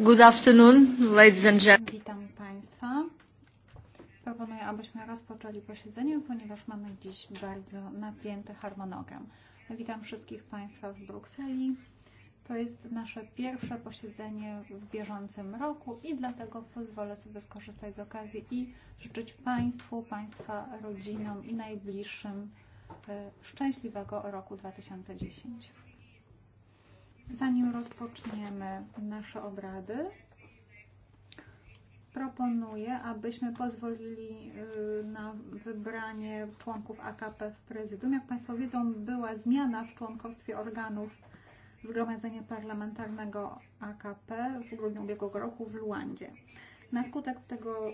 Good afternoon, ladies and gentlemen. Witam Państwa. Proponuję, abyśmy rozpoczęli posiedzenie, ponieważ mamy dziś bardzo napięty harmonogram. Witam wszystkich Państwa w Brukseli. To jest nasze pierwsze posiedzenie w bieżącym roku i dlatego pozwolę sobie skorzystać z okazji i życzyć Państwu, Państwa rodzinom i najbliższym e, szczęśliwego roku 2010. Zanim rozpoczniemy nasze obrady, proponuję, abyśmy pozwolili na wybranie członków AKP w prezydium. Jak Państwo wiedzą, była zmiana w członkostwie organów Zgromadzenia Parlamentarnego AKP w grudniu ubiegłego roku w Luandzie. Na skutek, tego,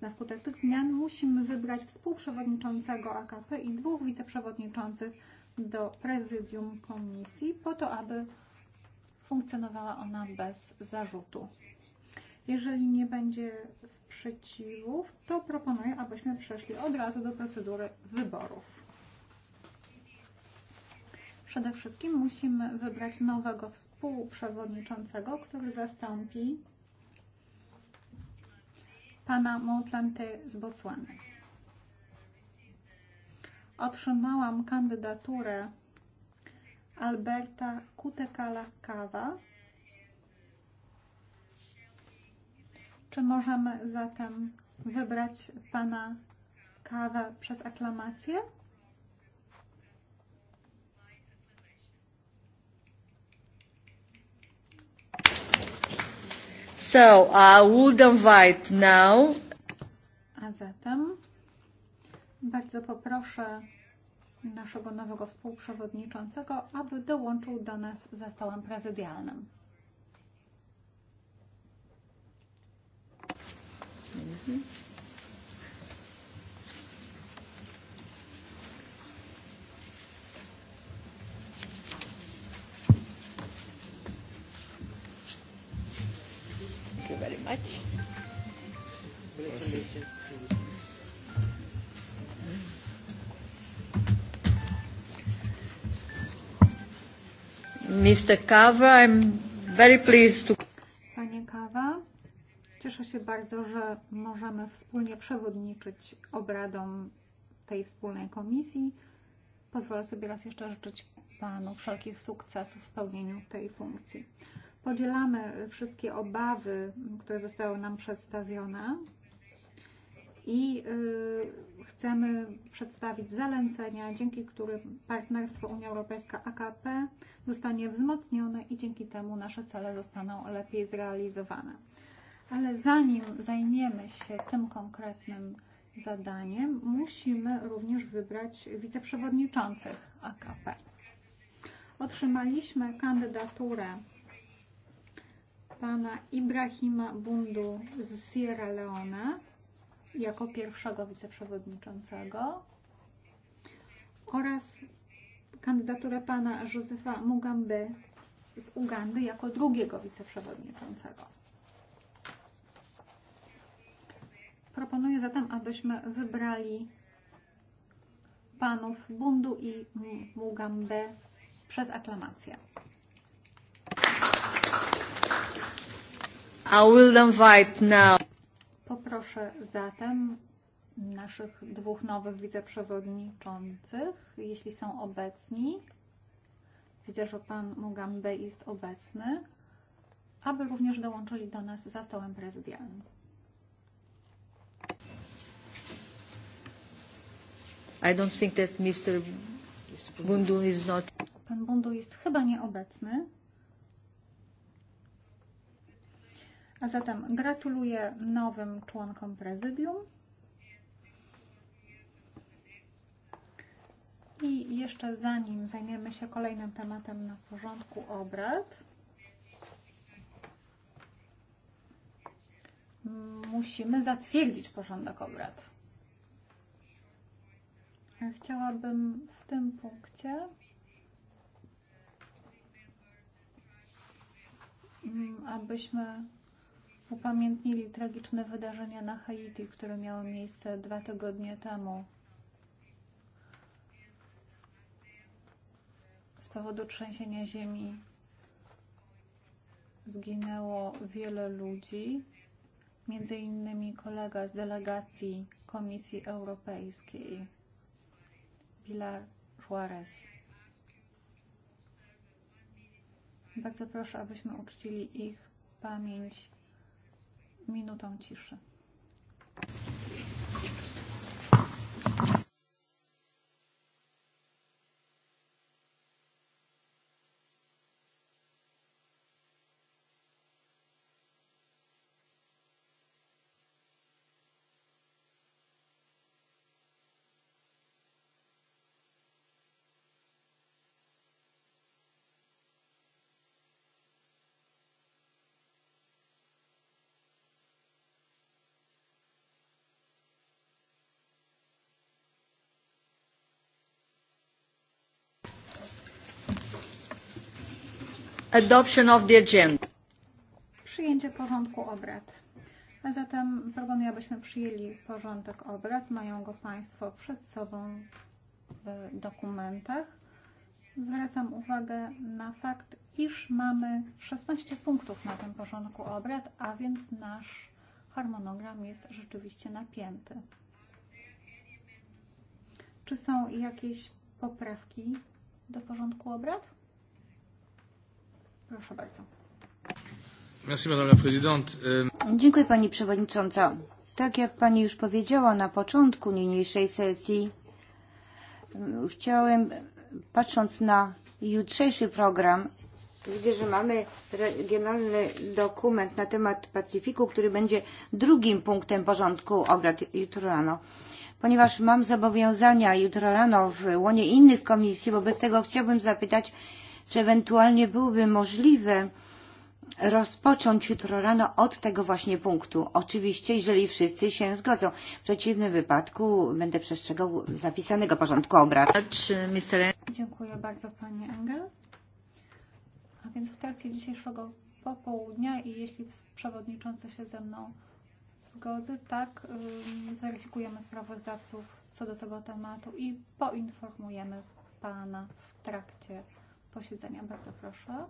na skutek tych zmian musimy wybrać współprzewodniczącego AKP i dwóch wiceprzewodniczących do prezydium komisji po to, aby funkcjonowała ona bez zarzutu. Jeżeli nie będzie sprzeciwów, to proponuję, abyśmy przeszli od razu do procedury wyborów. Przede wszystkim musimy wybrać nowego współprzewodniczącego, który zastąpi pana Moutlanty z Botswany. Otrzymałam kandydaturę Alberta Kutekala Kawa. Czy możemy zatem wybrać pana kawę przez aklamację? So I would invite now. A zatem bardzo poproszę naszego nowego współprzewodniczącego, aby dołączył do nas za stołem prezydialnym. Thank you very much. you. Mr. Kawa, I'm very pleased to... Panie Kawa, cieszę się bardzo, że możemy wspólnie przewodniczyć obradom tej wspólnej komisji. Pozwolę sobie raz jeszcze życzyć Panu wszelkich sukcesów w pełnieniu tej funkcji. Podzielamy wszystkie obawy, które zostały nam przedstawione i e, chcemy przedstawić zalecenia, dzięki którym partnerstwo Unia Europejska-AKP zostanie wzmocnione i dzięki temu nasze cele zostaną lepiej zrealizowane. Ale zanim zajmiemy się tym konkretnym zadaniem, musimy również wybrać wiceprzewodniczących AKP. Otrzymaliśmy kandydaturę pana Ibrahima Bundu z Sierra Leone jako pierwszego wiceprzewodniczącego oraz kandydaturę pana Józefa Mugamby z Ugandy jako drugiego wiceprzewodniczącego. Proponuję zatem, abyśmy wybrali panów Bundu i Mugambe przez aklamację. I will invite now. Poproszę zatem naszych dwóch nowych wiceprzewodniczących, jeśli są obecni. Widzę, że pan Mugambe jest obecny, aby również dołączyli do nas za stołem prezydialnym. I don't think that Mr. Bundu is not. Pan Bundu jest chyba nieobecny. A zatem gratuluję nowym członkom prezydium. I jeszcze zanim zajmiemy się kolejnym tematem na porządku obrad, musimy zatwierdzić porządek obrad. Chciałabym w tym punkcie mm, abyśmy upamiętnili tragiczne wydarzenia na Haiti, które miały miejsce dwa tygodnie temu. Z powodu trzęsienia ziemi zginęło wiele ludzi, między innymi kolega z delegacji Komisji Europejskiej, Pilar Juarez. Bardzo proszę, abyśmy uczcili ich pamięć minutą ciszy. Adoption of the agenda. Przyjęcie porządku obrad. A zatem proponuję, abyśmy przyjęli porządek obrad. Mają go Państwo przed sobą w dokumentach. Zwracam uwagę na fakt, iż mamy 16 punktów na tym porządku obrad, a więc nasz harmonogram jest rzeczywiście napięty. Czy są jakieś poprawki do porządku obrad? Proszę bardzo. Euh, Dziękuję Pani Przewodnicząca. Tak jak Pani już powiedziała na początku niniejszej sesji, chciałem, patrząc na jutrzejszy program, widzę, że mamy regionalny dokument na temat Pacyfiku, który będzie drugim punktem porządku obrad jutro rano. Ponieważ mam zobowiązania jutro rano w łonie innych komisji, wobec tego chciałbym zapytać, czy ewentualnie byłoby możliwe rozpocząć jutro rano od tego właśnie punktu. Oczywiście, jeżeli wszyscy się zgodzą. W przeciwnym wypadku będę przestrzegał zapisanego porządku obrad. Dziękuję bardzo Pani Engel. A więc w trakcie dzisiejszego popołudnia i jeśli przewodniczący się ze mną zgodzy, tak zweryfikujemy sprawozdawców co do tego tematu i poinformujemy Pana w trakcie posiedzenia. Bardzo proszę.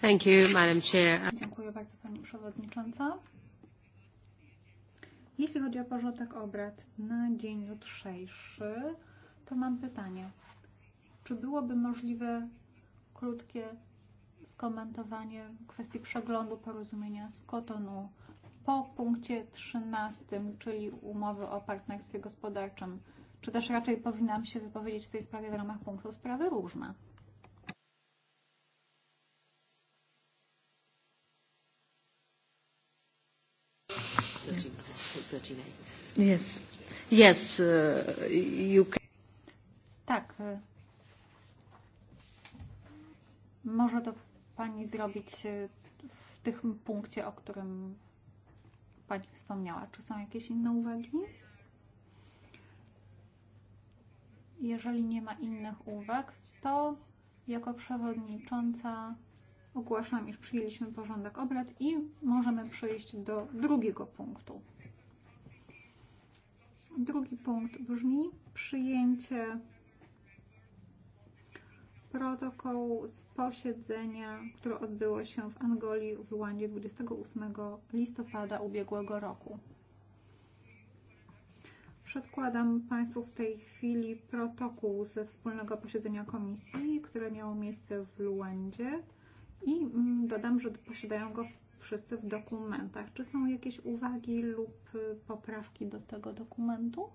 Thank you, Madam Chair. Dziękuję bardzo Pani Przewodnicząca. Jeśli chodzi o porządek obrad na dzień jutrzejszy, to mam pytanie. Czy byłoby możliwe krótkie skomentowanie kwestii przeglądu porozumienia z Kotonu po punkcie 13, czyli umowy o partnerstwie gospodarczym? Czy też raczej powinnam się wypowiedzieć w tej sprawie w ramach punktu sprawy różne? Yes. Yes, uh, you can. Tak. E, Może to Pani zrobić w e, tym punkcie, o którym Pani wspomniała. Czy są jakieś inne uwagi? Jeżeli nie ma innych uwag, to jako przewodnicząca ogłaszam, iż przyjęliśmy porządek obrad i możemy przejść do drugiego punktu. Drugi punkt brzmi przyjęcie protokołu z posiedzenia, które odbyło się w Angolii w Rwandzie 28 listopada ubiegłego roku. Przedkładam Państwu w tej chwili protokół ze wspólnego posiedzenia komisji, które miało miejsce w Luendzie i mm, dodam, że posiadają go wszyscy w dokumentach. Czy są jakieś uwagi lub poprawki do tego dokumentu?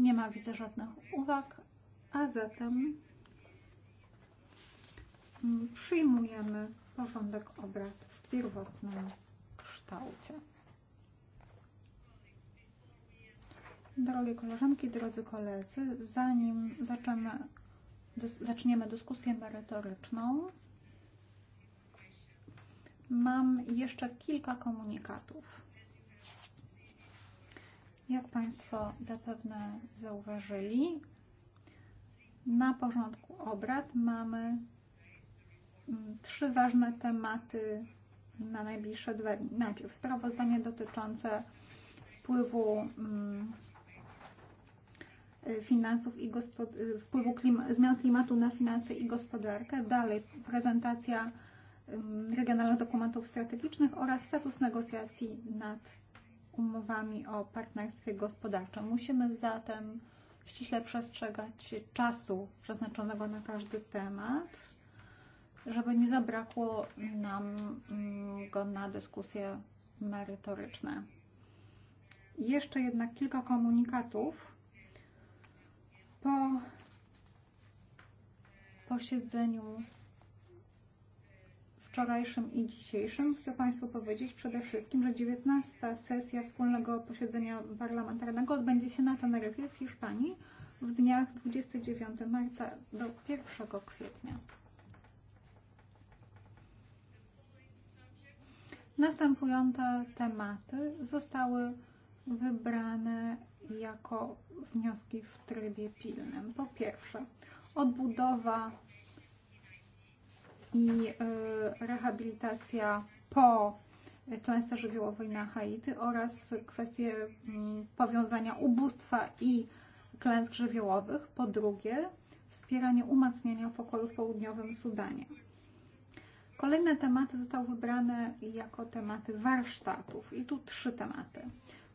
Nie ma, widzę, żadnych uwag, a zatem mm, przyjmujemy porządek obrad w pierwotnym kształcie. Drogie koleżanki, drodzy koledzy, zanim zaczniemy, zaczniemy dyskusję merytoryczną, mam jeszcze kilka komunikatów. Jak Państwo zapewne zauważyli, na porządku obrad mamy mm, trzy ważne tematy na najbliższe dwa dni. Najpierw sprawozdanie dotyczące wpływu mm, finansów i wpływu klima zmian klimatu na finanse i gospodarkę. Dalej prezentacja mm, regionalnych dokumentów strategicznych oraz status negocjacji nad umowami o partnerstwie gospodarczym. Musimy zatem ściśle przestrzegać czasu przeznaczonego na każdy temat, żeby nie zabrakło nam mm, go na dyskusje merytoryczne. Jeszcze jednak kilka komunikatów. Po posiedzeniu wczorajszym i dzisiejszym. Chcę Państwu powiedzieć przede wszystkim, że 19. sesja wspólnego posiedzenia parlamentarnego odbędzie się na Teneryfie w Hiszpanii w dniach 29 marca do 1 kwietnia. Następujące tematy zostały wybrane jako wnioski w trybie pilnym. Po pierwsze, odbudowa i e, rehabilitacja po klęsce żywiołowej na Haiti oraz kwestie mm, powiązania ubóstwa i klęsk żywiołowych. Po drugie, wspieranie umacniania pokoju w południowym Sudanie. Kolejne tematy zostały wybrane jako tematy warsztatów i tu trzy tematy.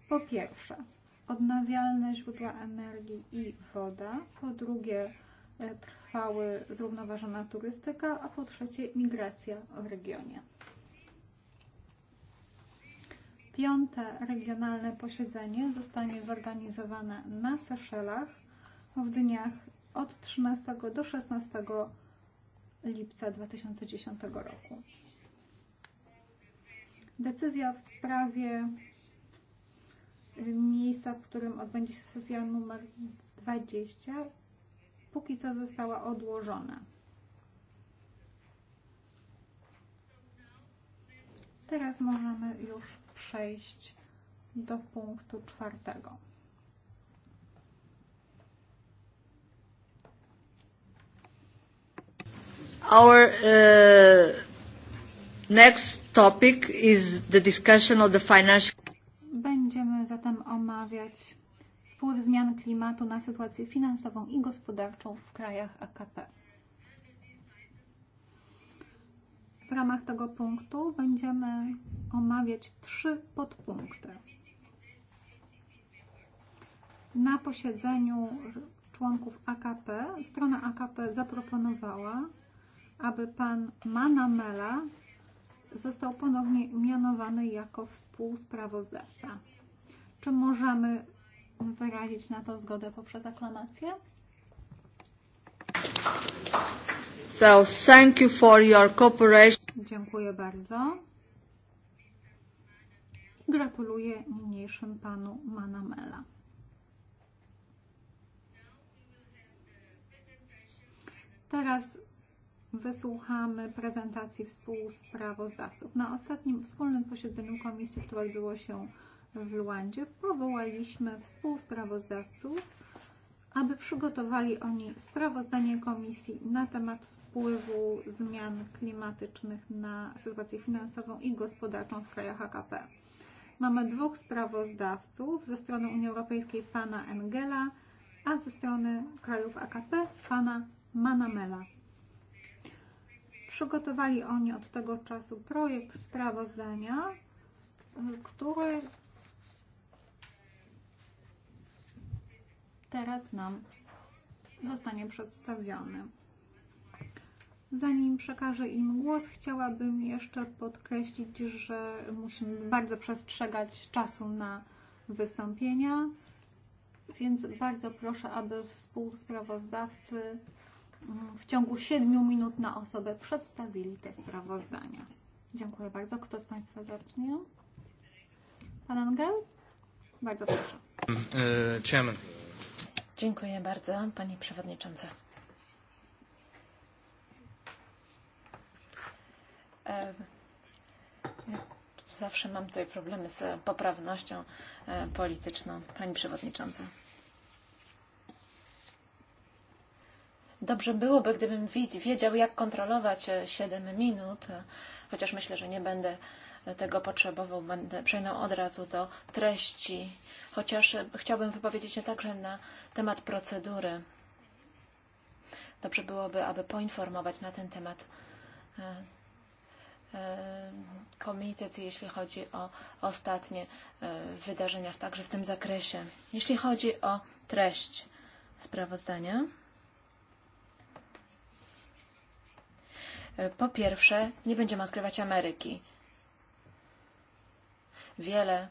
Po pierwsze, odnawialne źródła energii i woda. Po drugie, trwały, zrównoważona turystyka, a po trzecie migracja w regionie. Piąte regionalne posiedzenie zostanie zorganizowane na Seszelach w dniach od 13 do 16 lipca 2010 roku. Decyzja w sprawie miejsca, w którym odbędzie się sesja numer 20 póki co została odłożona. Teraz możemy już przejść do punktu czwartego. Our uh, next topic is the discussion of the financial. Będziemy zatem omawiać wpływ zmian klimatu na sytuację finansową i gospodarczą w krajach AKP. W ramach tego punktu będziemy omawiać trzy podpunkty. Na posiedzeniu członków AKP strona AKP zaproponowała, aby pan Manamela został ponownie mianowany jako współsprawozdawca. Czy możemy wyrazić na to zgodę poprzez aklamację. So, thank you for your cooperation. Dziękuję bardzo. Gratuluję niniejszym panu Manamela. Teraz wysłuchamy prezentacji współsprawozdawców. Na ostatnim wspólnym posiedzeniu komisji, które odbyło się w Luandzie powołaliśmy współsprawozdawców, aby przygotowali oni sprawozdanie komisji na temat wpływu zmian klimatycznych na sytuację finansową i gospodarczą w krajach AKP. Mamy dwóch sprawozdawców ze strony Unii Europejskiej pana Engela, a ze strony krajów AKP pana Manamela. Przygotowali oni od tego czasu projekt sprawozdania, który teraz nam zostanie przedstawiony. Zanim przekażę im głos, chciałabym jeszcze podkreślić, że musimy bardzo przestrzegać czasu na wystąpienia, więc bardzo proszę, aby współsprawozdawcy mm, w ciągu 7 minut na osobę przedstawili te sprawozdania. Dziękuję bardzo. Kto z Państwa zacznie? Pan Angel? Bardzo proszę. E, chairman. Dziękuję bardzo, Pani Przewodnicząca. E, zawsze mam tutaj problemy z poprawnością e, polityczną, Pani Przewodnicząca. Dobrze byłoby, gdybym wiedział, jak kontrolować 7 minut, chociaż myślę, że nie będę tego potrzebował. Będę przejdą od razu do treści, chociaż chciałbym wypowiedzieć się także na temat procedury. Dobrze byłoby, aby poinformować na ten temat e, e, komitet, jeśli chodzi o ostatnie e, wydarzenia, także w tym zakresie. Jeśli chodzi o treść sprawozdania, po pierwsze, nie będziemy odkrywać Ameryki. Wiele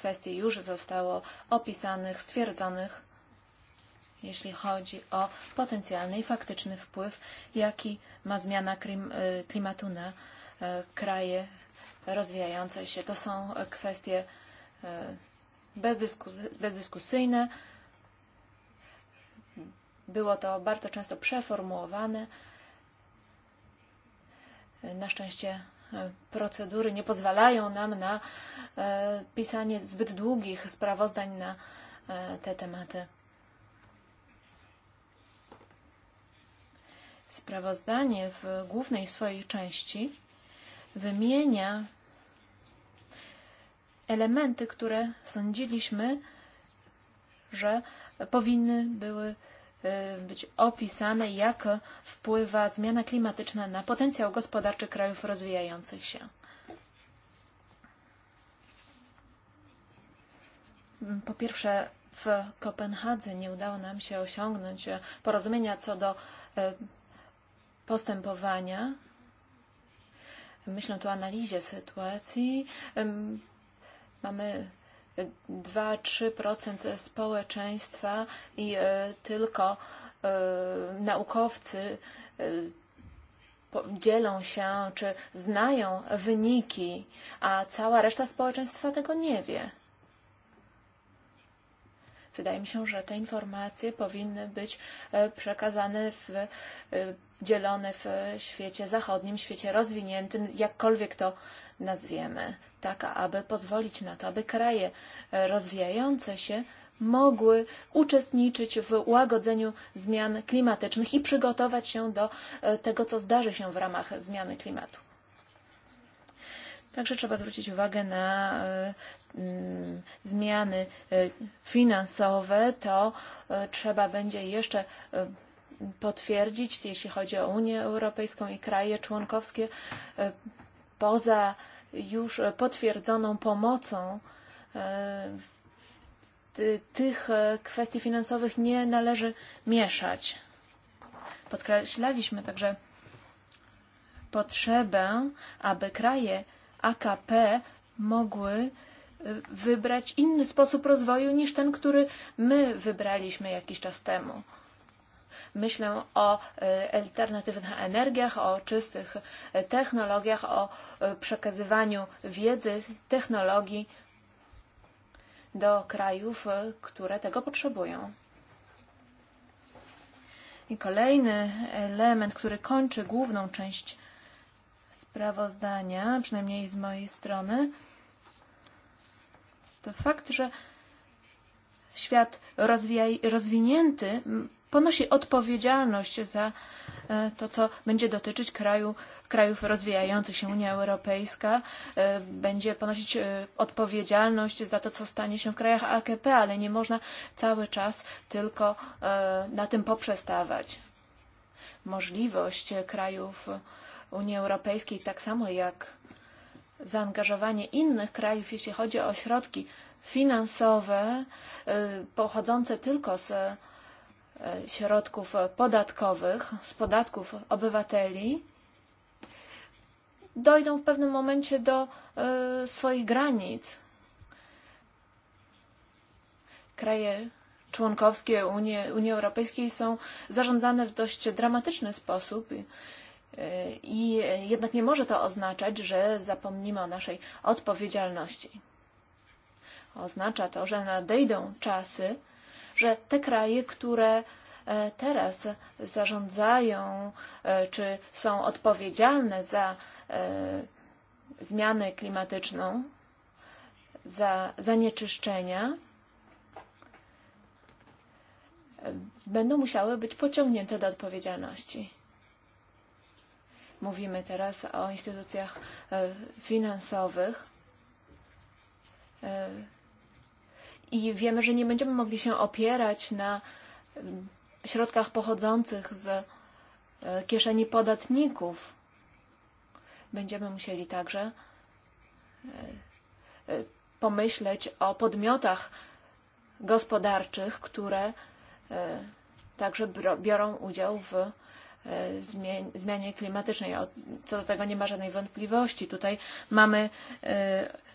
kwestii już zostało opisanych, stwierdzonych, jeśli chodzi o potencjalny i faktyczny wpływ, jaki ma zmiana klimatu na kraje rozwijające się. To są kwestie bezdyskusyjne. Było to bardzo często przeformułowane. Na szczęście procedury nie pozwalają nam na e, pisanie zbyt długich sprawozdań na e, te tematy. Sprawozdanie w głównej swojej części wymienia elementy, które sądziliśmy, że powinny były być opisane, jak wpływa zmiana klimatyczna na potencjał gospodarczy krajów rozwijających się. Po pierwsze, w Kopenhadze nie udało nam się osiągnąć porozumienia co do e, postępowania. Myślę tu o analizie sytuacji. Mamy 2-3% społeczeństwa i e, tylko e, naukowcy e, dzielą się czy znają wyniki, a cała reszta społeczeństwa tego nie wie. Wydaje mi się, że te informacje powinny być przekazane w dzielone w świecie zachodnim, świecie rozwiniętym, jakkolwiek to nazwiemy, tak aby pozwolić na to, aby kraje rozwijające się mogły uczestniczyć w łagodzeniu zmian klimatycznych i przygotować się do e, tego, co zdarzy się w ramach zmiany klimatu. Także trzeba zwrócić uwagę na e, zmiany e, finansowe. To trzeba będzie jeszcze potwierdzić, jeśli chodzi o Unię Europejską i kraje członkowskie, e, poza już potwierdzoną pomocą e, tych e, kwestii finansowych nie należy mieszać. Podkreślaliśmy także potrzebę, aby kraje AKP mogły wybrać inny sposób rozwoju niż ten, który my wybraliśmy jakiś czas temu myślę o e, alternatywnych energiach, o czystych e, technologiach, o e, przekazywaniu wiedzy, technologii do krajów, które tego potrzebują. I kolejny element, który kończy główną część sprawozdania, przynajmniej z mojej strony, to fakt, że świat rozwinięty ponosi odpowiedzialność za eh, to, co będzie dotyczyć kraju, krajów rozwijających się Unia Europejska, eh, będzie ponosić eh, odpowiedzialność za to, co stanie się w krajach AKP, ale nie można cały czas tylko na tym poprzestawać. Możliwość krajów Unii Europejskiej, tak samo jak zaangażowanie innych krajów, jeśli chodzi o środki finansowe pochodzące tylko z środków podatkowych, z podatków obywateli, dojdą w pewnym momencie do e, swoich granic. Kraje członkowskie Unii, Unii Europejskiej są zarządzane w dość dramatyczny sposób. E, I jednak nie może to oznaczać, że zapomnimy o naszej odpowiedzialności. Oznacza to, że nadejdą czasy, że te kraje, które e, teraz zarządzają e, czy są odpowiedzialne za e, zmianę klimatyczną, za zanieczyszczenia, będą musiały być pociągnięte do odpowiedzialności. Mówimy teraz o instytucjach finansowych, i wiemy, że nie będziemy mogli się opierać na środkach pochodzących z e, kieszeni podatników. Będziemy musieli także e, e, pomyśleć o podmiotach gospodarczych, które także biorą udział w zmianie klimatycznej. Co do tego nie ma żadnej wątpliwości. Tutaj mamy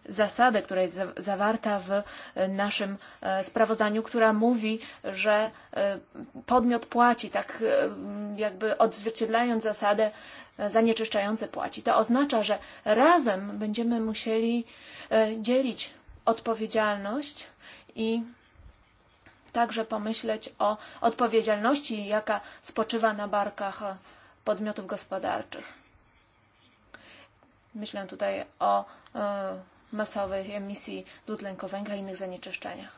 zasadę, która jest zawarta w e, naszym e, sprawozdaniu, która mówi, że e, podmiot płaci, tak jakby odzwierciedlając zasadę zanieczyszczający płaci. To oznacza, że razem będziemy musieli dzielić odpowiedzialność i także pomyśleć o odpowiedzialności, jaka spoczywa na barkach podmiotów gospodarczych. Myślę tutaj o y, masowych emisji dwutlenku węgla i innych zanieczyszczeniach.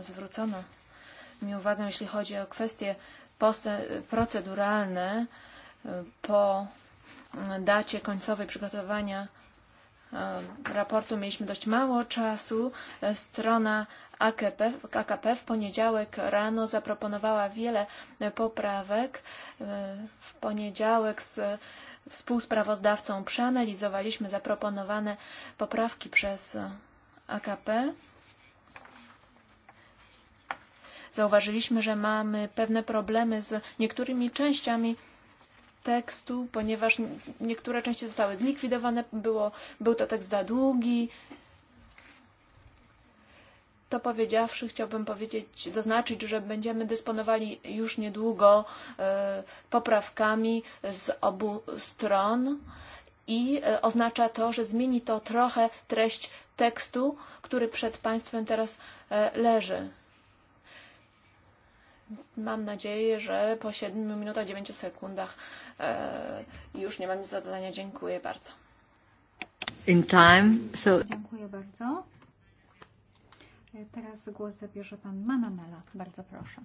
Zwrócono mi uwagę, jeśli chodzi o kwestie proceduralne po dacie końcowej przygotowania e, raportu mieliśmy dość mało czasu. Strona AKP, AKP w poniedziałek rano zaproponowała wiele poprawek. E, w poniedziałek z współsprawozdawcą przeanalizowaliśmy zaproponowane poprawki przez AKP. Zauważyliśmy, że mamy pewne problemy z niektórymi częściami tekstu, ponieważ niektóre części zostały zlikwidowane, było, był to tekst za długi, to powiedziawszy, chciałbym powiedzieć, zaznaczyć, że będziemy dysponowali już niedługo e, poprawkami z obu stron i e, oznacza to, że zmieni to trochę treść tekstu, który przed Państwem teraz e, leży. Mam nadzieję, że po 7 minutach 9 sekundach już nie mam nic do dodania. Dziękuję bardzo. In time, so... Dziękuję bardzo. Teraz głos zabierze pan Manamela. Bardzo proszę.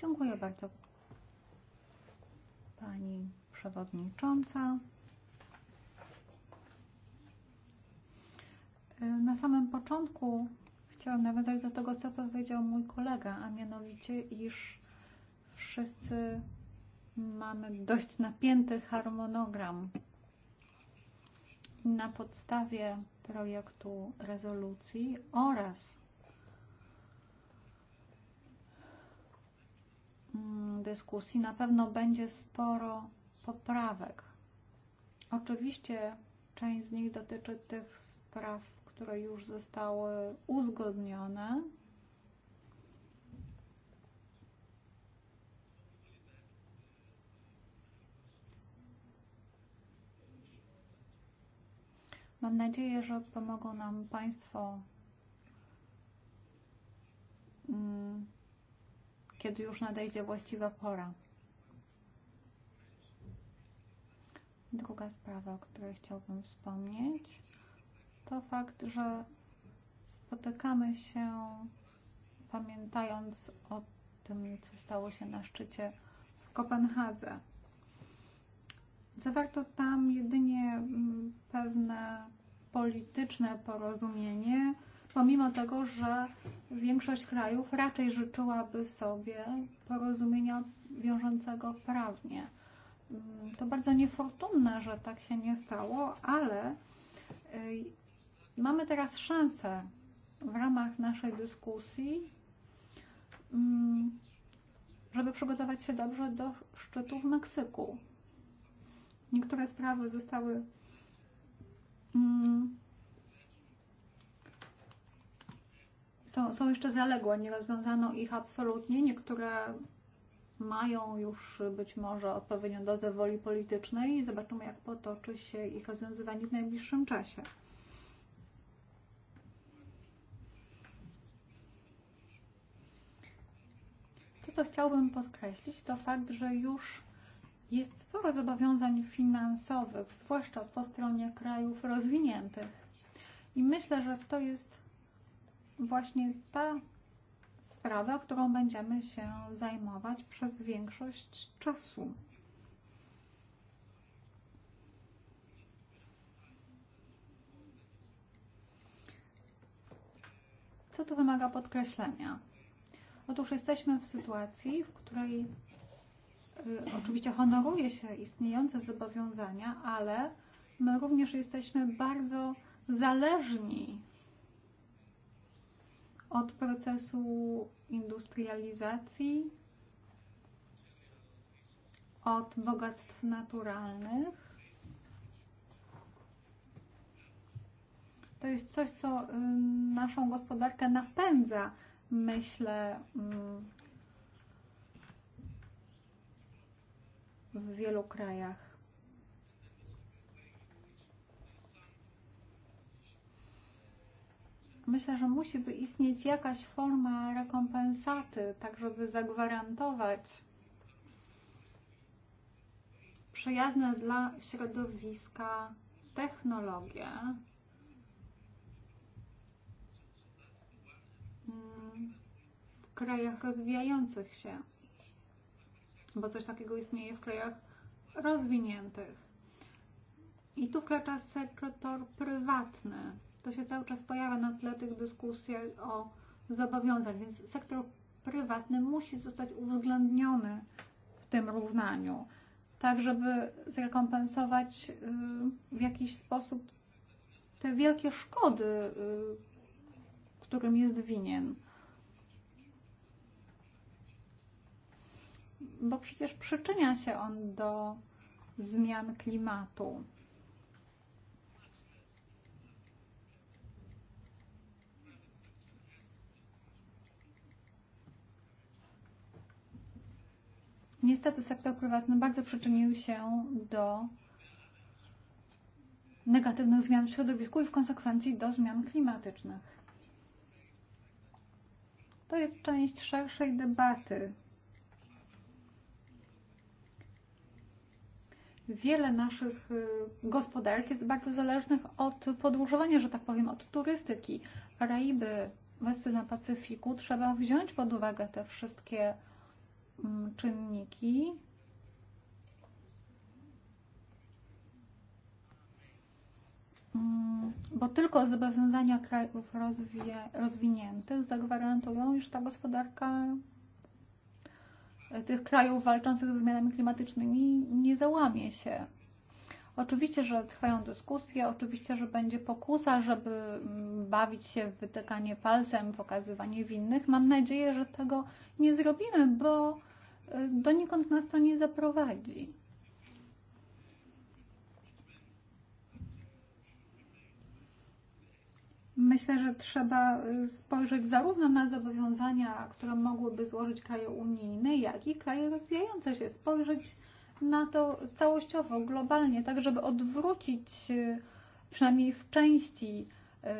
Dziękuję bardzo. Pani przewodnicząca. E, na samym początku chciałam nawiązać do tego, co powiedział mój kolega, a mianowicie, iż wszyscy mamy dość napięty harmonogram. Na podstawie projektu rezolucji oraz Hmm, dyskusji na pewno będzie sporo poprawek. Oczywiście część z nich dotyczy tych spraw, które już zostały uzgodnione. Mam nadzieję, że pomogą nam Państwo. Mm kiedy już nadejdzie właściwa pora. Druga sprawa, o której chciałbym wspomnieć, to fakt, że spotykamy się pamiętając o tym, co stało się na szczycie w Kopenhadze. Zawarto tam jedynie mm, pewne polityczne porozumienie, pomimo tego, że większość krajów raczej życzyłaby sobie porozumienia wiążącego prawnie. Mm, to bardzo niefortunne, że tak się nie stało, ale mamy teraz szansę w ramach naszej dyskusji, mm, żeby przygotować się dobrze do szczytu w Meksyku. Niektóre sprawy zostały mm, są, są jeszcze zaległe, nie rozwiązano ich absolutnie. Niektóre mają już być może odpowiednią dozę woli politycznej i zobaczymy, jak potoczy się ich rozwiązywanie w najbliższym czasie. To, co chciałbym podkreślić, to fakt, że już jest sporo zobowiązań finansowych, zwłaszcza po stronie krajów rozwiniętych. I myślę, że to jest właśnie ta sprawa, którą będziemy się zajmować przez większość czasu. Co tu wymaga podkreślenia? Otóż jesteśmy w sytuacji, w której y, oczywiście honoruje się istniejące zobowiązania, ale my również jesteśmy bardzo zależni od procesu industrializacji, od bogactw naturalnych. To jest coś, co naszą gospodarkę napędza, myślę, mm, w wielu krajach. Myślę, że musi by istnieć jakaś forma rekompensaty, tak żeby zagwarantować przyjazne dla środowiska technologie. Mm, w krajach rozwijających się, bo coś takiego istnieje w krajach rozwiniętych. I tu wkracza sektor prywatny to się cały czas pojawia na tle tych dyskusji o zobowiązań, więc sektor prywatny musi zostać uwzględniony w tym równaniu, tak żeby zrekompensować w jakiś sposób te wielkie szkody, którym jest winien. Bo przecież przyczynia się on do zmian klimatu. Niestety sektor prywatny bardzo przyczynił się do negatywnych zmian w środowisku i w konsekwencji do zmian klimatycznych. To jest część szerszej debaty. Wiele naszych gospodarek jest bardzo zależnych od podróżowania, że tak powiem, od turystyki. Karaiby, wyspy na Pacyfiku, trzeba wziąć pod uwagę te wszystkie czynniki. Mm, mm, bo tylko zobowiązania krajów rozwie, rozwiniętych zagwarantują, iż ta gospodarka e, tych krajów walczących ze zmianami klimatycznymi nie załamie się. Oczywiście, że trwają dyskusje, oczywiście, że będzie pokusa, żeby mm, bawić się w wytykanie palcem, pokazywanie winnych. Mam nadzieję, że tego nie zrobimy, bo donikąd nas to nie zaprowadzi. Myślę, że trzeba spojrzeć zarówno na zobowiązania, które mogłyby złożyć kraje unijne, jak i kraje rozwijające się, spojrzeć na to całościowo, globalnie, tak żeby odwrócić eh, przynajmniej w części eh,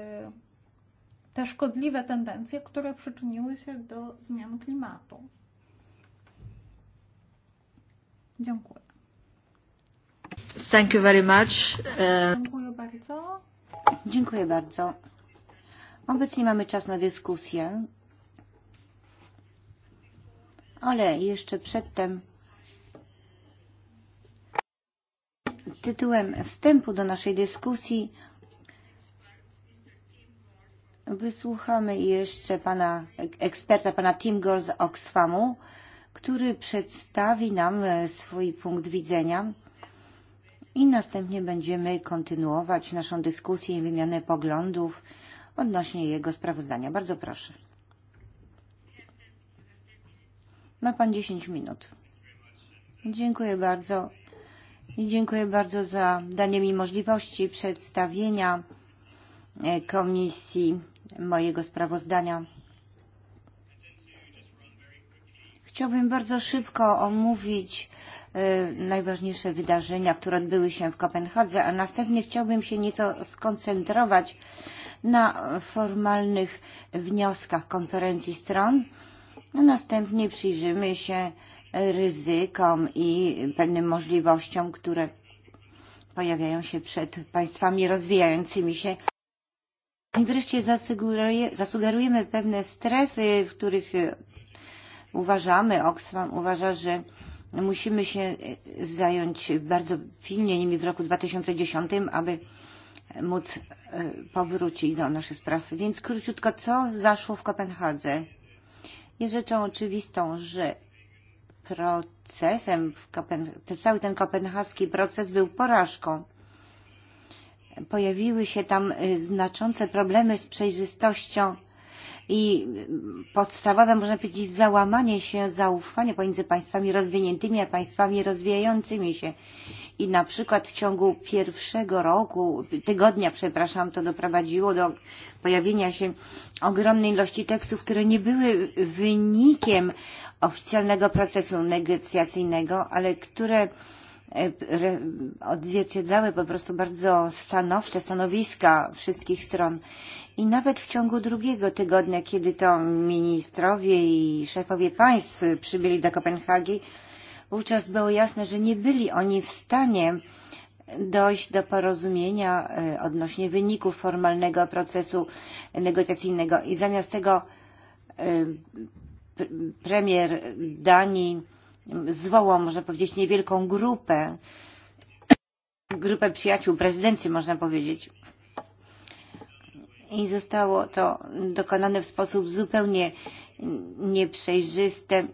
te szkodliwe tendencje, które przyczyniły się do zmian klimatu. Dziękuję. Thank you very much. Eh, Dziękuję bardzo. Dziękuję bardzo. Obecnie mamy czas na dyskusję. Ale jeszcze przedtem tytułem wstępu do naszej dyskusji wysłuchamy jeszcze pana eksperta, pana Tim Gore z Oxfamu, który przedstawi nam e, swój punkt widzenia i następnie będziemy kontynuować naszą dyskusję i wymianę poglądów odnośnie jego sprawozdania. Bardzo proszę. Ma Pan 10 minut. Dziękuję bardzo. I dziękuję bardzo za danie mi możliwości przedstawienia e, komisji mojego sprawozdania. Chciałbym bardzo szybko omówić e, najważniejsze wydarzenia, które odbyły się w Kopenhadze, a następnie chciałbym się nieco skoncentrować na formalnych wnioskach konferencji stron. A no, następnie przyjrzymy się ryzykom i pewnym możliwościom, które pojawiają się przed państwami rozwijającymi się. I wreszcie zasugerujemy pewne strefy, w których uważamy, Oxfam uważa, że musimy się zająć bardzo pilnie nimi w roku 2010, aby móc e, powrócić do naszych spraw. Więc króciutko, co zaszło w Kopenhadze? Jest rzeczą oczywistą, że procesem, w Kopen... ten cały ten kopenhaski proces był porażką. Pojawiły się tam e, znaczące problemy z przejrzystością i podstawowe, można powiedzieć, załamanie się zaufania pomiędzy państwami rozwiniętymi a państwami rozwijającymi się. I na przykład w ciągu pierwszego roku, tygodnia, przepraszam, to doprowadziło do pojawienia się ogromnej ilości tekstów, które nie były wynikiem oficjalnego procesu negocjacyjnego, ale które e, odzwierciedlały po prostu bardzo stanowcze stanowiska wszystkich stron. I nawet w ciągu drugiego tygodnia, kiedy to ministrowie i szefowie państw przybyli do Kopenhagi, wówczas było jasne, że nie byli oni w stanie dojść do porozumienia e, odnośnie wyników formalnego procesu negocjacyjnego. I zamiast tego e, premier Danii zwołał, można powiedzieć, niewielką grupę, grupę przyjaciół prezydencji, można powiedzieć, i zostało to dokonane w sposób zupełnie nieprzejrzysty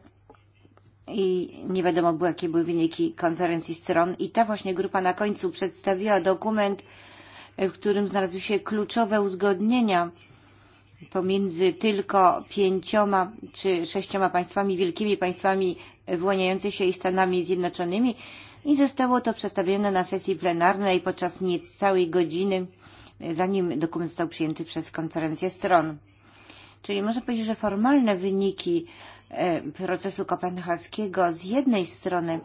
i nie wiadomo było, jakie były wyniki konferencji stron. I ta właśnie grupa na końcu przedstawiła dokument, w którym znalazły się kluczowe uzgodnienia pomiędzy tylko pięcioma czy sześcioma państwami, wielkimi państwami wyłaniającymi się i Stanami Zjednoczonymi. I zostało to przedstawione na sesji plenarnej podczas niecałej godziny zanim dokument został przyjęty przez konferencję stron. Czyli można powiedzieć, że formalne wyniki eh, procesu kopenhaskiego z jednej strony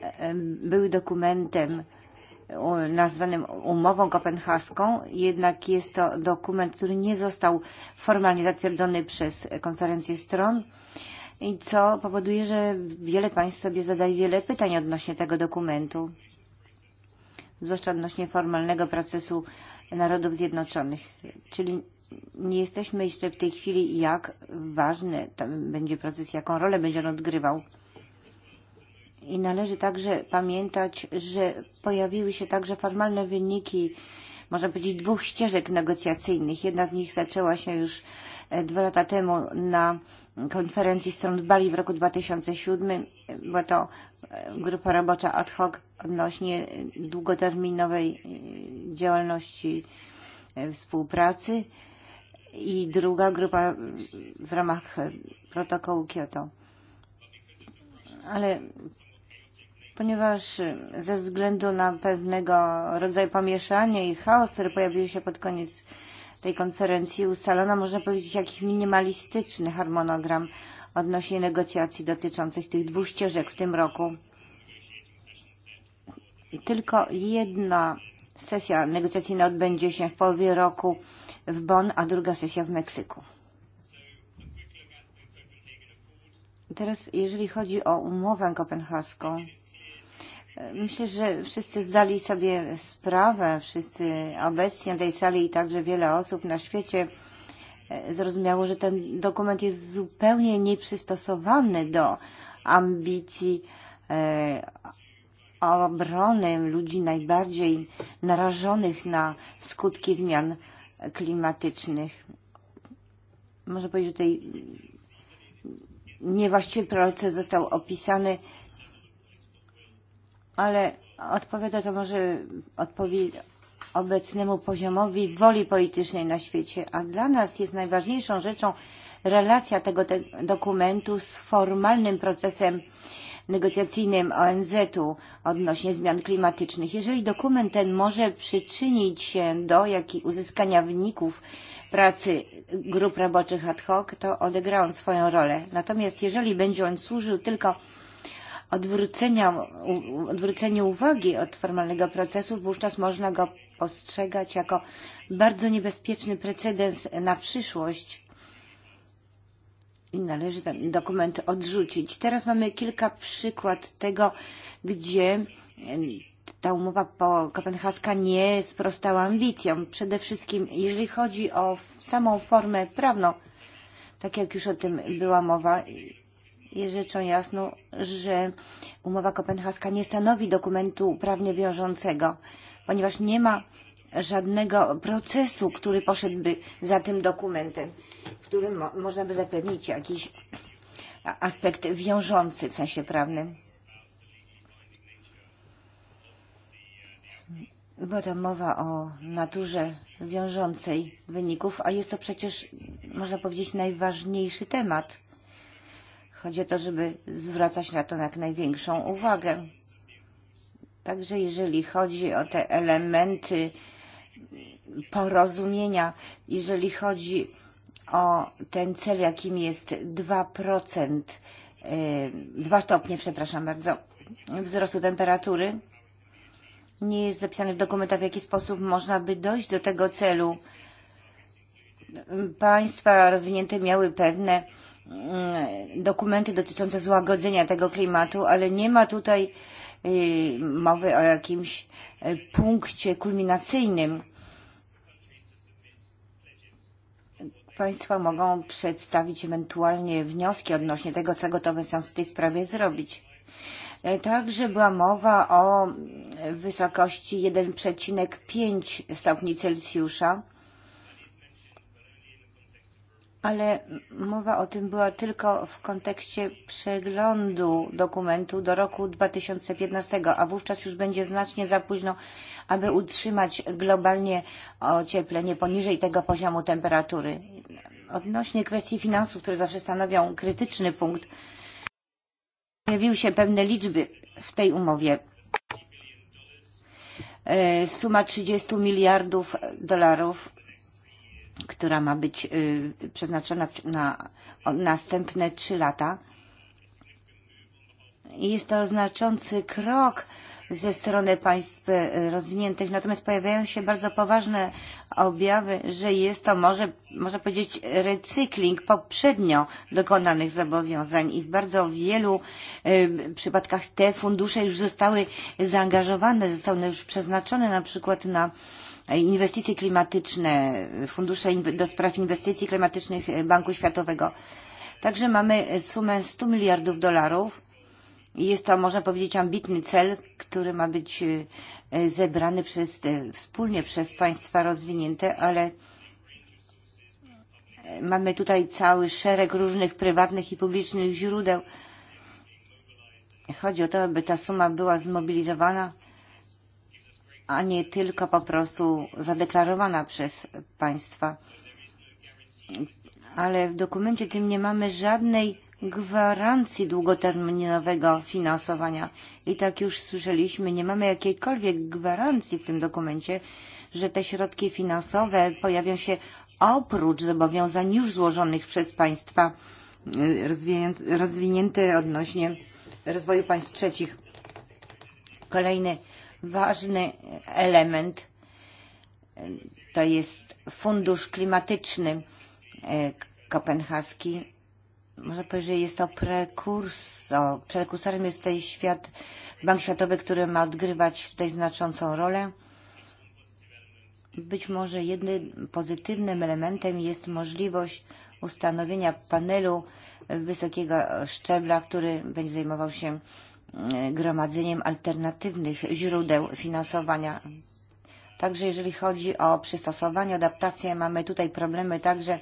eh, były dokumentem eh, nazwanym umową kopenhaską, jednak jest to dokument, który nie został formalnie zatwierdzony przez konferencję stron i co powoduje, że wiele państw sobie zadaje wiele pytań odnośnie tego dokumentu zwłaszcza odnośnie formalnego procesu Narodów Zjednoczonych. Czyli nie jesteśmy jeszcze w tej chwili, jak ważny tam będzie proces, jaką rolę będzie on odgrywał. I należy także pamiętać, że pojawiły się także formalne wyniki, można powiedzieć, dwóch ścieżek negocjacyjnych. Jedna z nich zaczęła się już e, dwa lata temu na konferencji stron w Bali w roku 2007. Była to e, grupa robocza ad hoc odnośnie długoterminowej e, działalności e, współpracy i druga grupa w ramach e, protokołu Kyoto. Ale ponieważ ze względu na pewnego rodzaju pomieszanie i chaos, który pojawił się pod koniec tej konferencji, ustalono, można powiedzieć, jakiś minimalistyczny harmonogram odnośnie negocjacji dotyczących tych dwóch ścieżek w tym roku Tylko jedna sesja negocjacyjna odbędzie się w połowie roku w Bonn, a druga sesja w Meksyku. Teraz, jeżeli chodzi o umowę kopenhaską, myślę, że wszyscy zdali sobie sprawę, wszyscy obecni na tej sali i także wiele osób na świecie e, zrozumiało, że ten dokument jest zupełnie nieprzystosowany do ambicji e, obronę ludzi najbardziej narażonych na skutki zmian klimatycznych. Można powiedzieć, że tutaj niewłaściwy proces został opisany, ale odpowiada to może odpowiedź obecnemu poziomowi woli politycznej na świecie, a dla nas jest najważniejszą rzeczą relacja tego te dokumentu z formalnym procesem negocjacyjnym ONZ-u odnośnie zmian klimatycznych. Jeżeli dokument ten może przyczynić się do jak i uzyskania wyników pracy grup roboczych ad hoc, to odegra on swoją rolę. Natomiast jeżeli będzie on służył tylko odwróceniu uwagi od formalnego procesu, wówczas można go postrzegać jako bardzo niebezpieczny precedens na przyszłość należy ten dokument odrzucić. Teraz mamy kilka przykład tego, gdzie e, ta umowa po kopenhaska nie sprostała ambicjom. Przede wszystkim, jeżeli chodzi o samą formę prawną, tak jak już o tym była mowa, e, jest rzeczą jasną, że umowa kopenhaska nie stanowi dokumentu prawnie wiążącego, ponieważ nie ma żadnego procesu, który poszedłby za tym dokumentem w którym mo można by zapewnić jakiś aspekt wiążący w sensie prawnym. Była tam mowa o naturze wiążącej wyników, a jest to przecież, można powiedzieć, najważniejszy temat. Chodzi o to, żeby zwracać na to jak największą uwagę. Także jeżeli chodzi o te elementy porozumienia, jeżeli chodzi o ten cel, jakim jest 2%, 2 e, stopnie, przepraszam bardzo, wzrostu temperatury. Nie jest zapisane w dokumentach, w jaki sposób można by dojść do tego celu. Państwa rozwinięte miały pewne mm, dokumenty dotyczące złagodzenia tego klimatu, ale nie ma tutaj mowy o jakimś e, punkcie kulminacyjnym Państwa mogą przedstawić ewentualnie wnioski odnośnie tego, co gotowe są w tej sprawie zrobić. E, także była mowa o wysokości 1,5 stopni Celsjusza ale mowa o tym była tylko w kontekście przeglądu dokumentu do roku 2015, a wówczas już będzie znacznie za późno, aby utrzymać globalnie ocieplenie poniżej tego poziomu temperatury. Odnośnie kwestii finansów, które zawsze stanowią krytyczny punkt, pojawiły się pewne liczby w tej umowie. E, suma 30 miliardów dolarów która ma być eh, przeznaczona na następne trzy lata. Jest to znaczący krok ze strony państw eh, rozwiniętych, natomiast pojawiają się bardzo poważne objawy, że jest to może, może powiedzieć, recykling poprzednio dokonanych zobowiązań i w bardzo wielu y, przypadkach te fundusze już zostały zaangażowane, zostały już przeznaczone na przykład na y, inwestycje klimatyczne, fundusze do spraw inwestycji klimatycznych Banku Światowego. Także mamy sumę 100 miliardów dolarów. Jest to, można powiedzieć, ambitny cel, który ma być zebrany przez, wspólnie przez państwa rozwinięte, ale mamy tutaj cały szereg różnych prywatnych i publicznych źródeł. Chodzi o to, aby ta suma była zmobilizowana a nie tylko po prostu zadeklarowana przez państwa. Ale w dokumencie tym nie mamy żadnej gwarancji długoterminowego finansowania. I tak już słyszeliśmy, nie mamy jakiejkolwiek gwarancji w tym dokumencie, że te środki finansowe pojawią się oprócz zobowiązań już złożonych przez państwa rozwinięte odnośnie rozwoju państw trzecich. Kolejny ważny element to jest fundusz klimatyczny e, kopenhaski. Można powiedzieć, że jest to prekursor. Prekursorem jest tutaj świat, Bank Światowy, który ma odgrywać tutaj znaczącą rolę. Być może jednym pozytywnym elementem jest możliwość ustanowienia panelu wysokiego szczebla, który będzie zajmował się gromadzeniem alternatywnych źródeł finansowania. Także jeżeli chodzi o przystosowanie, adaptację, mamy tutaj problemy także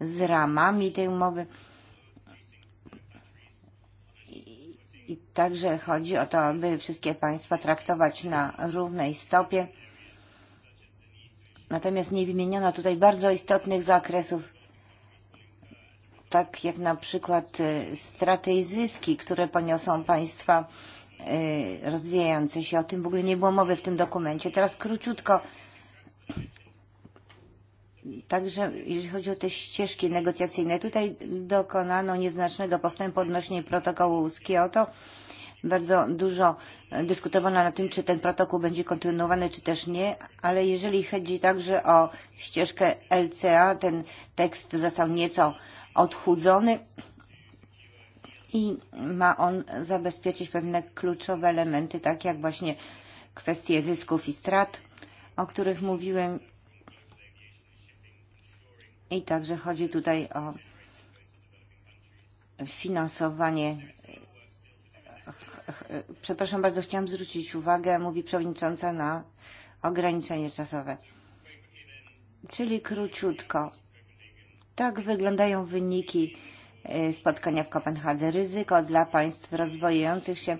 z ramami tej umowy. I, także chodzi o to, aby wszystkie państwa traktować na równej stopie. Natomiast nie wymieniono tutaj bardzo istotnych zakresów tak jak na przykład e, straty i zyski, które poniosą państwa e, rozwijające się. O tym w ogóle nie było mowy w tym dokumencie. Teraz króciutko. Także jeżeli chodzi o te ścieżki negocjacyjne, tutaj dokonano nieznacznego postępu odnośnie protokołu z Kioto. Bardzo dużo dyskutowano na tym, czy ten protokół będzie kontynuowany, czy też nie, ale jeżeli chodzi także o ścieżkę LCA, ten tekst został nieco odchudzony i ma on zabezpieczyć pewne kluczowe elementy, tak jak właśnie kwestie zysków i strat, o których mówiłem. I także chodzi tutaj o finansowanie. Przepraszam bardzo, chciałam zwrócić uwagę, mówi przewodnicząca, na ograniczenie czasowe. Czyli króciutko tak wyglądają wyniki e, spotkania w Kopenhadze. Ryzyko dla państw rozwijających się,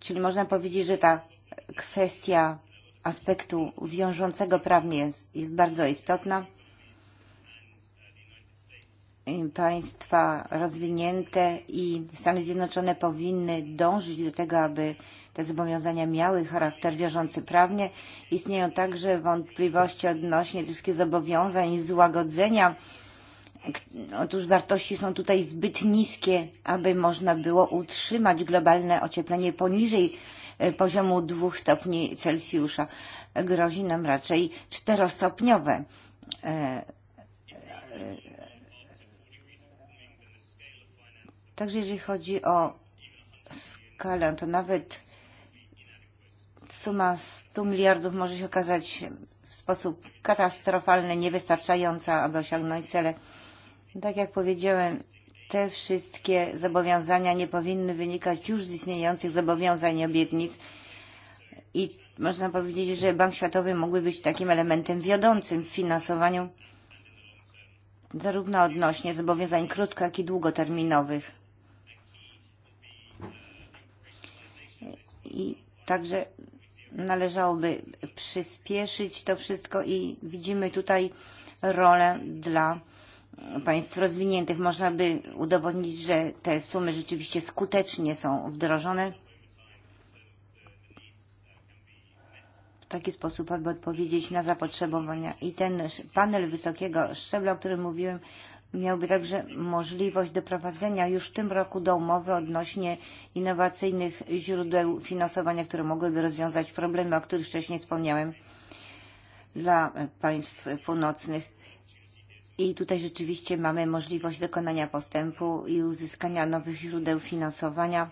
czyli można powiedzieć, że ta kwestia aspektu wiążącego prawnie jest, jest bardzo istotna państwa rozwinięte i Stany Zjednoczone powinny dążyć do tego, aby te zobowiązania miały charakter wiążący prawnie. Istnieją także wątpliwości odnośnie tych wszystkich zobowiązań i złagodzenia. Otóż wartości są tutaj zbyt niskie, aby można było utrzymać globalne ocieplenie poniżej e, poziomu 2 stopni Celsjusza. Grozi nam raczej czterostopniowe e, e, Także jeżeli chodzi o skalę, to nawet suma 100 miliardów może się okazać w sposób katastrofalny, niewystarczająca, aby osiągnąć cele. Tak jak powiedziałem, te wszystkie zobowiązania nie powinny wynikać już z istniejących zobowiązań i obietnic i można powiedzieć, że Bank Światowy mógłby być takim elementem wiodącym w finansowaniu zarówno odnośnie zobowiązań krótko, jak i długoterminowych. i także należałoby przyspieszyć to wszystko i widzimy tutaj rolę dla państw rozwiniętych. Można by udowodnić, że te sumy rzeczywiście skutecznie są wdrożone. W taki sposób, aby odpowiedzieć na zapotrzebowania. I ten panel wysokiego szczebla, o którym mówiłem, miałby także możliwość doprowadzenia już w tym roku do umowy odnośnie innowacyjnych źródeł finansowania, które mogłyby rozwiązać problemy, o których wcześniej wspomniałem, dla państw północnych. I tutaj rzeczywiście mamy możliwość dokonania postępu i uzyskania nowych źródeł finansowania,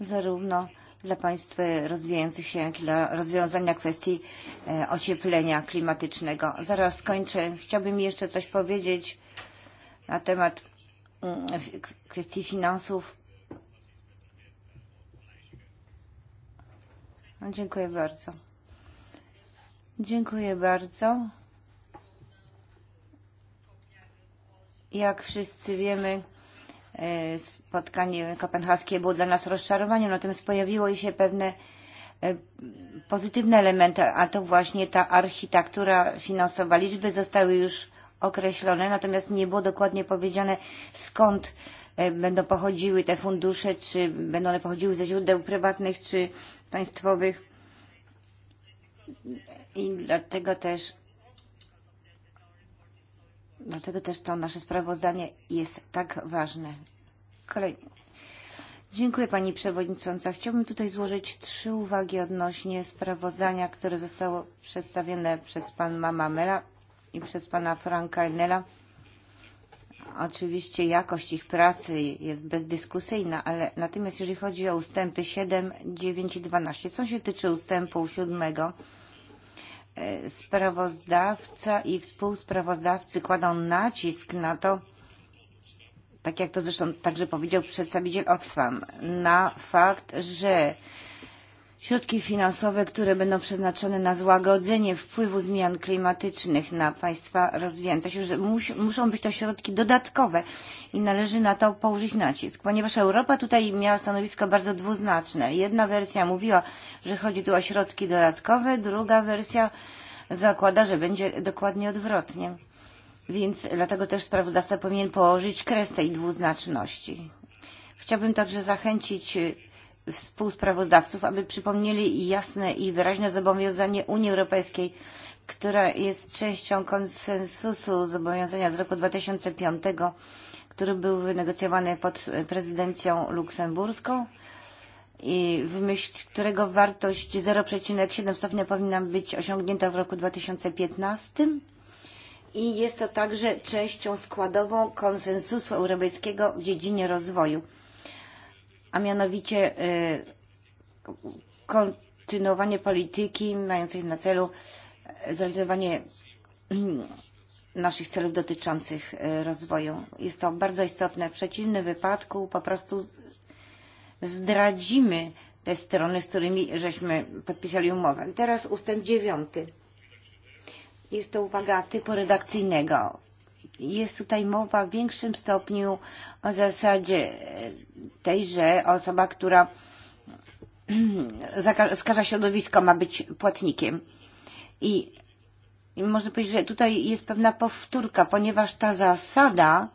zarówno dla państw rozwijających się, jak i dla rozwiązania kwestii e, ocieplenia klimatycznego. Zaraz skończę. Chciałbym jeszcze coś powiedzieć na temat mm, kwestii finansów. No, dziękuję bardzo. Dziękuję bardzo. Jak wszyscy wiemy, eh, spotkanie kopenhaskie było dla nas rozczarowaniem, natomiast no, pojawiły się pewne eh, pozytywne elementy, a to właśnie vlastně ta architektura finansowa. Liczby zostały już określone, natomiast nie było dokładnie powiedziane skąd e, będą pochodziły te fundusze, czy będą one pochodziły ze źródeł prywatnych, czy państwowych. I dlatego też dlatego też to nasze sprawozdanie jest tak ważne. Kolejne. Dziękuję Pani Przewodnicząca. Chciałbym tutaj złożyć trzy uwagi odnośnie sprawozdania, które zostało przedstawione przez Pan Mamela i przez pana Franka Enela. Oczywiście jakość ich pracy jest bezdyskusyjna, ale natomiast jeżeli chodzi o ustępy 7, 9 i 12, co się tyczy ustępu 7, sprawozdawca i współsprawozdawcy kładą nacisk na to, tak jak to zresztą także powiedział przedstawiciel Oxfam, na fakt, że Środki finansowe, które będą przeznaczone na złagodzenie wpływu zmian klimatycznych na państwa rozwijające się, że mus, muszą być to środki dodatkowe i należy na to położyć nacisk, ponieważ Europa tutaj miała stanowisko bardzo dwuznaczne. Jedna wersja mówiła, że chodzi tu o środki dodatkowe, druga wersja zakłada, że będzie dokładnie odwrotnie. Więc dlatego też sprawozdawca powinien położyć kres tej dwuznaczności. Chciałbym także zachęcić współsprawozdawców, aby przypomnieli jasne i wyraźne zobowiązanie Unii Europejskiej, która jest częścią konsensusu zobowiązania z roku 2005, który był wynegocjowany pod prezydencją luksemburską i w myśl którego wartość 0,7 stopnia powinna być osiągnięta w roku 2015 i jest to także częścią składową konsensusu europejskiego w dziedzinie rozwoju a mianowicie e, kontynuowanie polityki mającej na celu e, zrealizowanie naszych celów dotyczących e, rozwoju. Jest to bardzo istotne. W przeciwnym wypadku po prostu zdradzimy te strony, z którymi żeśmy podpisali umowę. Teraz ustęp dziewiąty. Jest to uwaga typu redakcyjnego jest tutaj mowa w większym stopniu o zasadzie tej, że osoba, która skaża środowisko, ma być płatnikiem. I, I można powiedzieć, że tutaj jest pewna powtórka, ponieważ ta zasada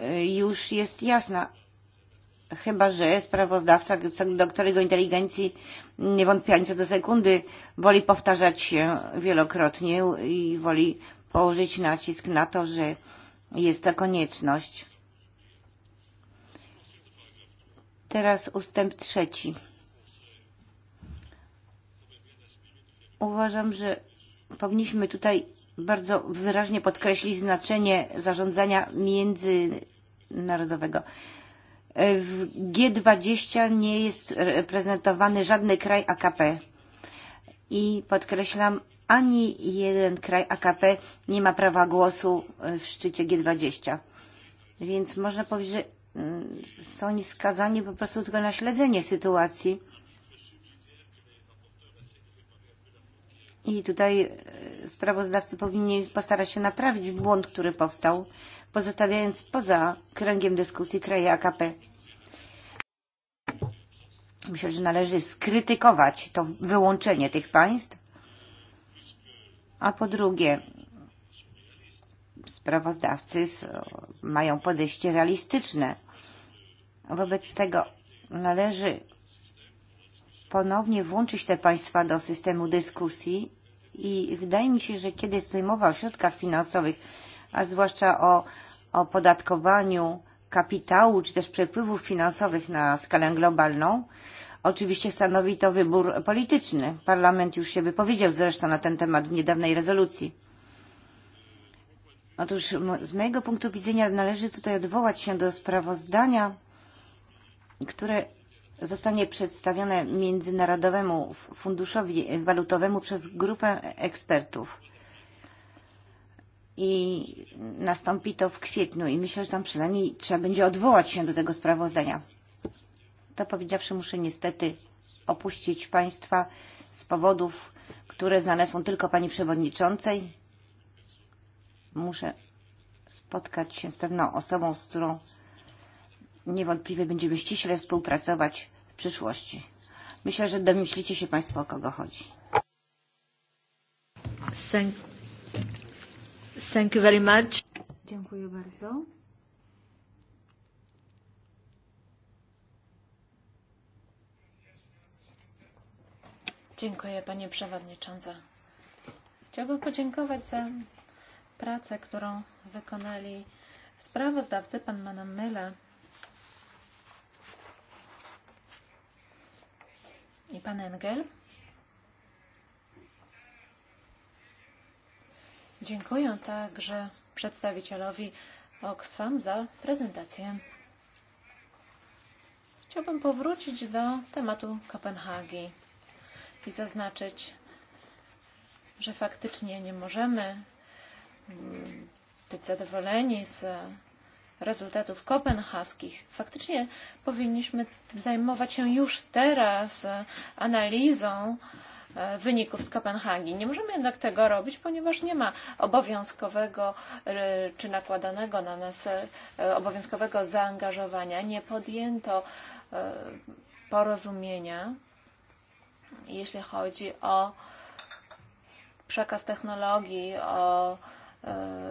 e, już jest jasna. Chyba, że sprawozdawca, do którego inteligencji nie wątpię ani co do sekundy, woli powtarzać się wielokrotnie i woli położyć nacisk na to, że jest to konieczność. Teraz ustęp trzeci. Uważam, że powinniśmy tutaj bardzo wyraźnie podkreślić znaczenie zarządzania międzynarodowego. W G20 nie jest reprezentowany żadny kraj AKP. I podkreślam ani jeden kraj AKP nie ma prawa głosu w szczycie G20. Więc można powiedzieć, że mm, są oni skazani po prostu tylko na śledzenie sytuacji. I tutaj e, sprawozdawcy powinni postarać się naprawić błąd, który powstał, pozostawiając poza kręgiem dyskusji kraje AKP. Myślę, że należy skrytykować to wyłączenie tych państw, a po drugie, sprawozdawcy mają podejście realistyczne. Wobec tego należy ponownie włączyć te państwa do systemu dyskusji i wydaje mi się, że kiedy jest tutaj mowa o środkach finansowych, a zwłaszcza o opodatkowaniu kapitału czy też przepływów finansowych na skalę globalną, Oczywiście stanowi to wybór polityczny. Parlament już się wypowiedział zresztą na ten temat w niedawnej rezolucji. Otóż z mojego punktu widzenia należy tutaj odwołać się do sprawozdania, które zostanie przedstawione Międzynarodowemu Funduszowi Walutowemu przez grupę ekspertów. I nastąpi to w kwietniu i myślę, że tam przynajmniej trzeba będzie odwołać się do tego sprawozdania. To powiedziawszy, muszę niestety opuścić Państwa z powodów, które znane są tylko Pani Przewodniczącej. Muszę spotkać się z pewną osobą, z którą niewątpliwie będziemy ściśle współpracować w przyszłości. Myślę, że domyślicie się Państwo, o kogo chodzi. Thank, you very much. Dziękuję bardzo. Dziękuję, Panie Przewodniczący. Chciałbym podziękować za pracę, którą wykonali sprawozdawcy, pan Manon Myle i pan Engel. Dziękuję także przedstawicielowi Oxfam za prezentację. Chciałbym powrócić do tematu Kopenhagi i zaznaczyć, że faktycznie nie możemy mm, być zadowoleni z rezultatów kopenhaskich. Faktycznie powinniśmy zajmować się już teraz analizą e, wyników z Kopenhagi. Nie możemy jednak tego robić, ponieważ nie ma obowiązkowego e, czy nakładanego na nas e, obowiązkowego zaangażowania. Nie podjęto porozumienia jeśli chodzi o przekaz technologii, o e,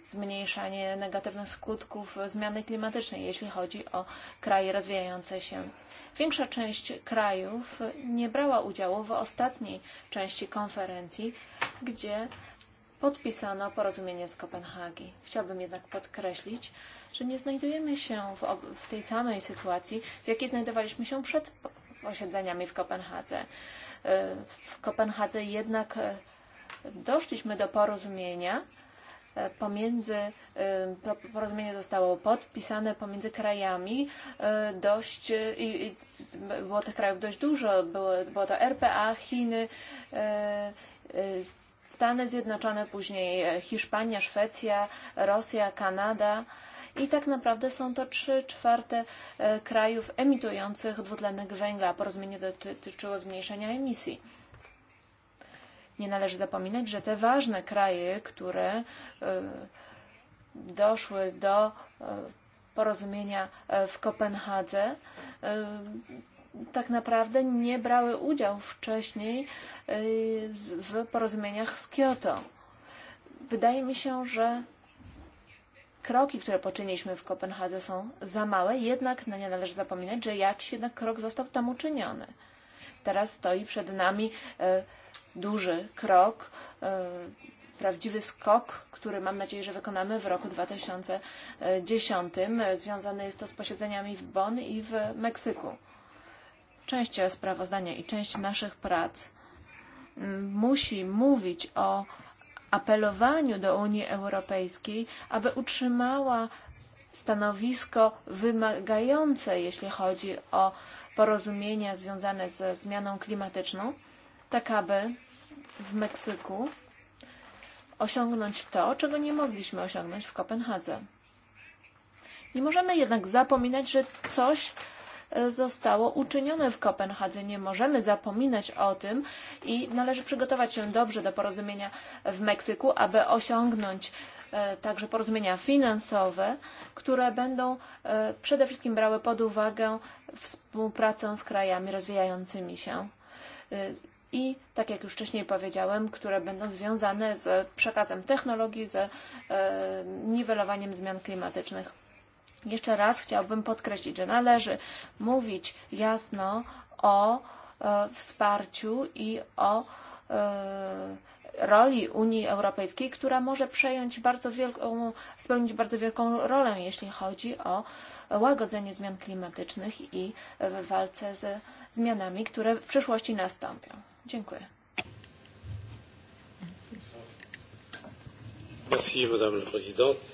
zmniejszanie negatywnych skutków zmiany klimatycznej, jeśli chodzi o kraje rozwijające się. Większa część krajów nie brała udziału w ostatniej części konferencji, gdzie podpisano porozumienie z Kopenhagi. Chciałbym jednak podkreślić, że nie znajdujemy się w, w tej samej sytuacji, w jakiej znajdowaliśmy się przed osiedzeniami w Kopenhadze. W e, Kopenhadze jednak e, doszliśmy do porozumienia, e, pomiędzy, to porozumienie zostało podpisane pomiędzy krajami dość, i, i było tych krajów dość dużo, było, było to RPA, Chiny, Stany Zjednoczone, później Hiszpania, Szwecja, Rosja, Kanada, i tak naprawdę są to 3 czwarte e, krajów emitujących dwutlenek węgla. Porozumienie dotyczyło zmniejszenia emisji. Nie należy zapominać, że te ważne kraje, które e, doszły do e, porozumienia w Kopenhadze, tak naprawdę nie brały udziału wcześniej w porozumieniach z Kioto. Wydaje mi się, że kroki, które poczyniliśmy w Kopenhadze są za małe, jednak nie należy zapominać, że jakiś jednak krok został tam uczyniony. Teraz stoi przed nami e, duży krok, e, prawdziwy skok, który mam nadzieję, że wykonamy w roku 2010. Związany jest to z posiedzeniami w Bonn i w Meksyku. Część sprawozdania i część naszych prac musi mówić o apelowaniu do Unii Europejskiej, aby utrzymała stanowisko wymagające, jeśli chodzi o porozumienia związane ze zmianą klimatyczną, tak aby w Meksyku osiągnąć to, czego nie mogliśmy osiągnąć w Kopenhadze. Nie możemy jednak zapominać, że coś zostało uczynione w Kopenhadze. Nie możemy zapominać o tym i należy przygotować się dobrze do porozumienia w Meksyku, aby osiągnąć e, także porozumienia finansowe, które będą e, przede wszystkim brały pod uwagę współpracę z krajami rozwijającymi się e, i, tak jak już wcześniej powiedziałem, które będą związane z przekazem technologii, z niwelowaniem zmian klimatycznych. Jeszcze raz chciałbym podkreślić, że należy mówić jasno o e, wsparciu i o e, roli Unii Europejskiej, która może przejąć bardzo wielką, spełnić bardzo wielką rolę, jeśli chodzi o łagodzenie zmian klimatycznych i w walce ze zmianami, które w przyszłości nastąpią. Dziękuję. Merci, Madame la Présidente.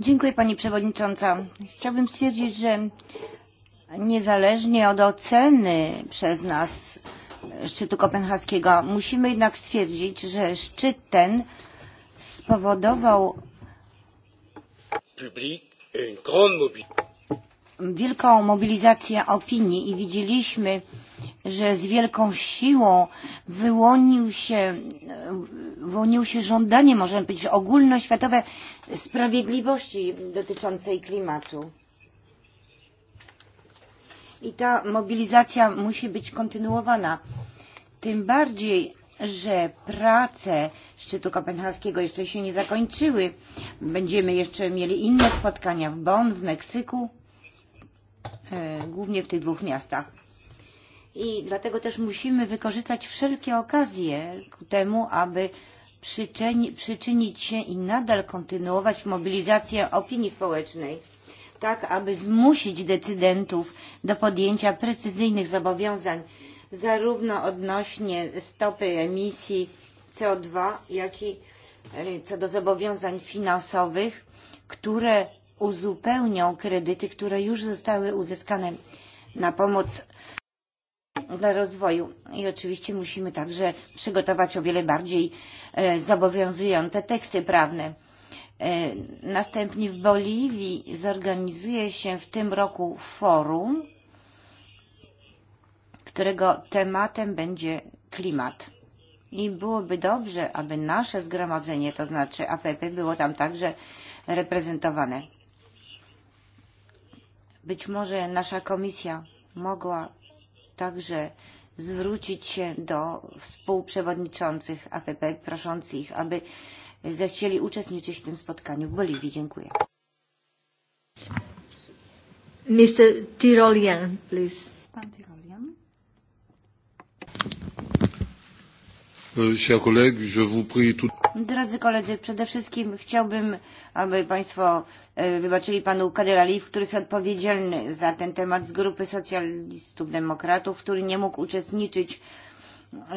Dziękuję Pani Przewodnicząca. Chciałbym stwierdzić, że niezależnie od oceny przez nas szczytu kopenhaskiego, musimy jednak stwierdzić, że szczyt ten spowodował wielką mobilizację opinii i widzieliśmy, że z wielką siłą wyłonił się, wyłonił się żądanie, możemy powiedzieć, ogólnoświatowe sprawiedliwości dotyczącej klimatu. I ta mobilizacja musi być kontynuowana. Tym bardziej, że prace szczytu kopenhaskiego jeszcze się nie zakończyły. Będziemy jeszcze mieli inne spotkania w Bonn, w Meksyku. Eh, głównie w tych dwóch miastach. I dlatego też musimy wykorzystać wszelkie okazje ku temu, aby przyczyni, przyczynić się i nadal kontynuować mobilizację opinii społecznej, tak aby zmusić decydentów do podjęcia precyzyjnych zobowiązań zarówno odnośnie stopy emisji CO2, jak i e, co do zobowiązań finansowych, które uzupełnią kredyty, które już zostały uzyskane na pomoc dla rozwoju. I oczywiście musimy także przygotować o wiele bardziej e, zobowiązujące teksty prawne. E, następnie w Boliwii zorganizuje się w tym roku forum, którego tematem będzie klimat. I byłoby dobrze, aby nasze zgromadzenie, to znaczy APP, było tam także reprezentowane. Być może nasza komisja mogła także zwrócić się do współprzewodniczących APP, prosząc ich, aby zechcieli uczestniczyć w tym spotkaniu w Boliwii. Dziękuję. Mr. Tirolian, please. Eh, Drodzy koledzy, przede wszystkim chciałbym, aby Państwo e, wybaczyli Panu Kadyraliw, który jest odpowiedzialny za ten temat z grupy socjalistów demokratów, który nie mógł uczestniczyć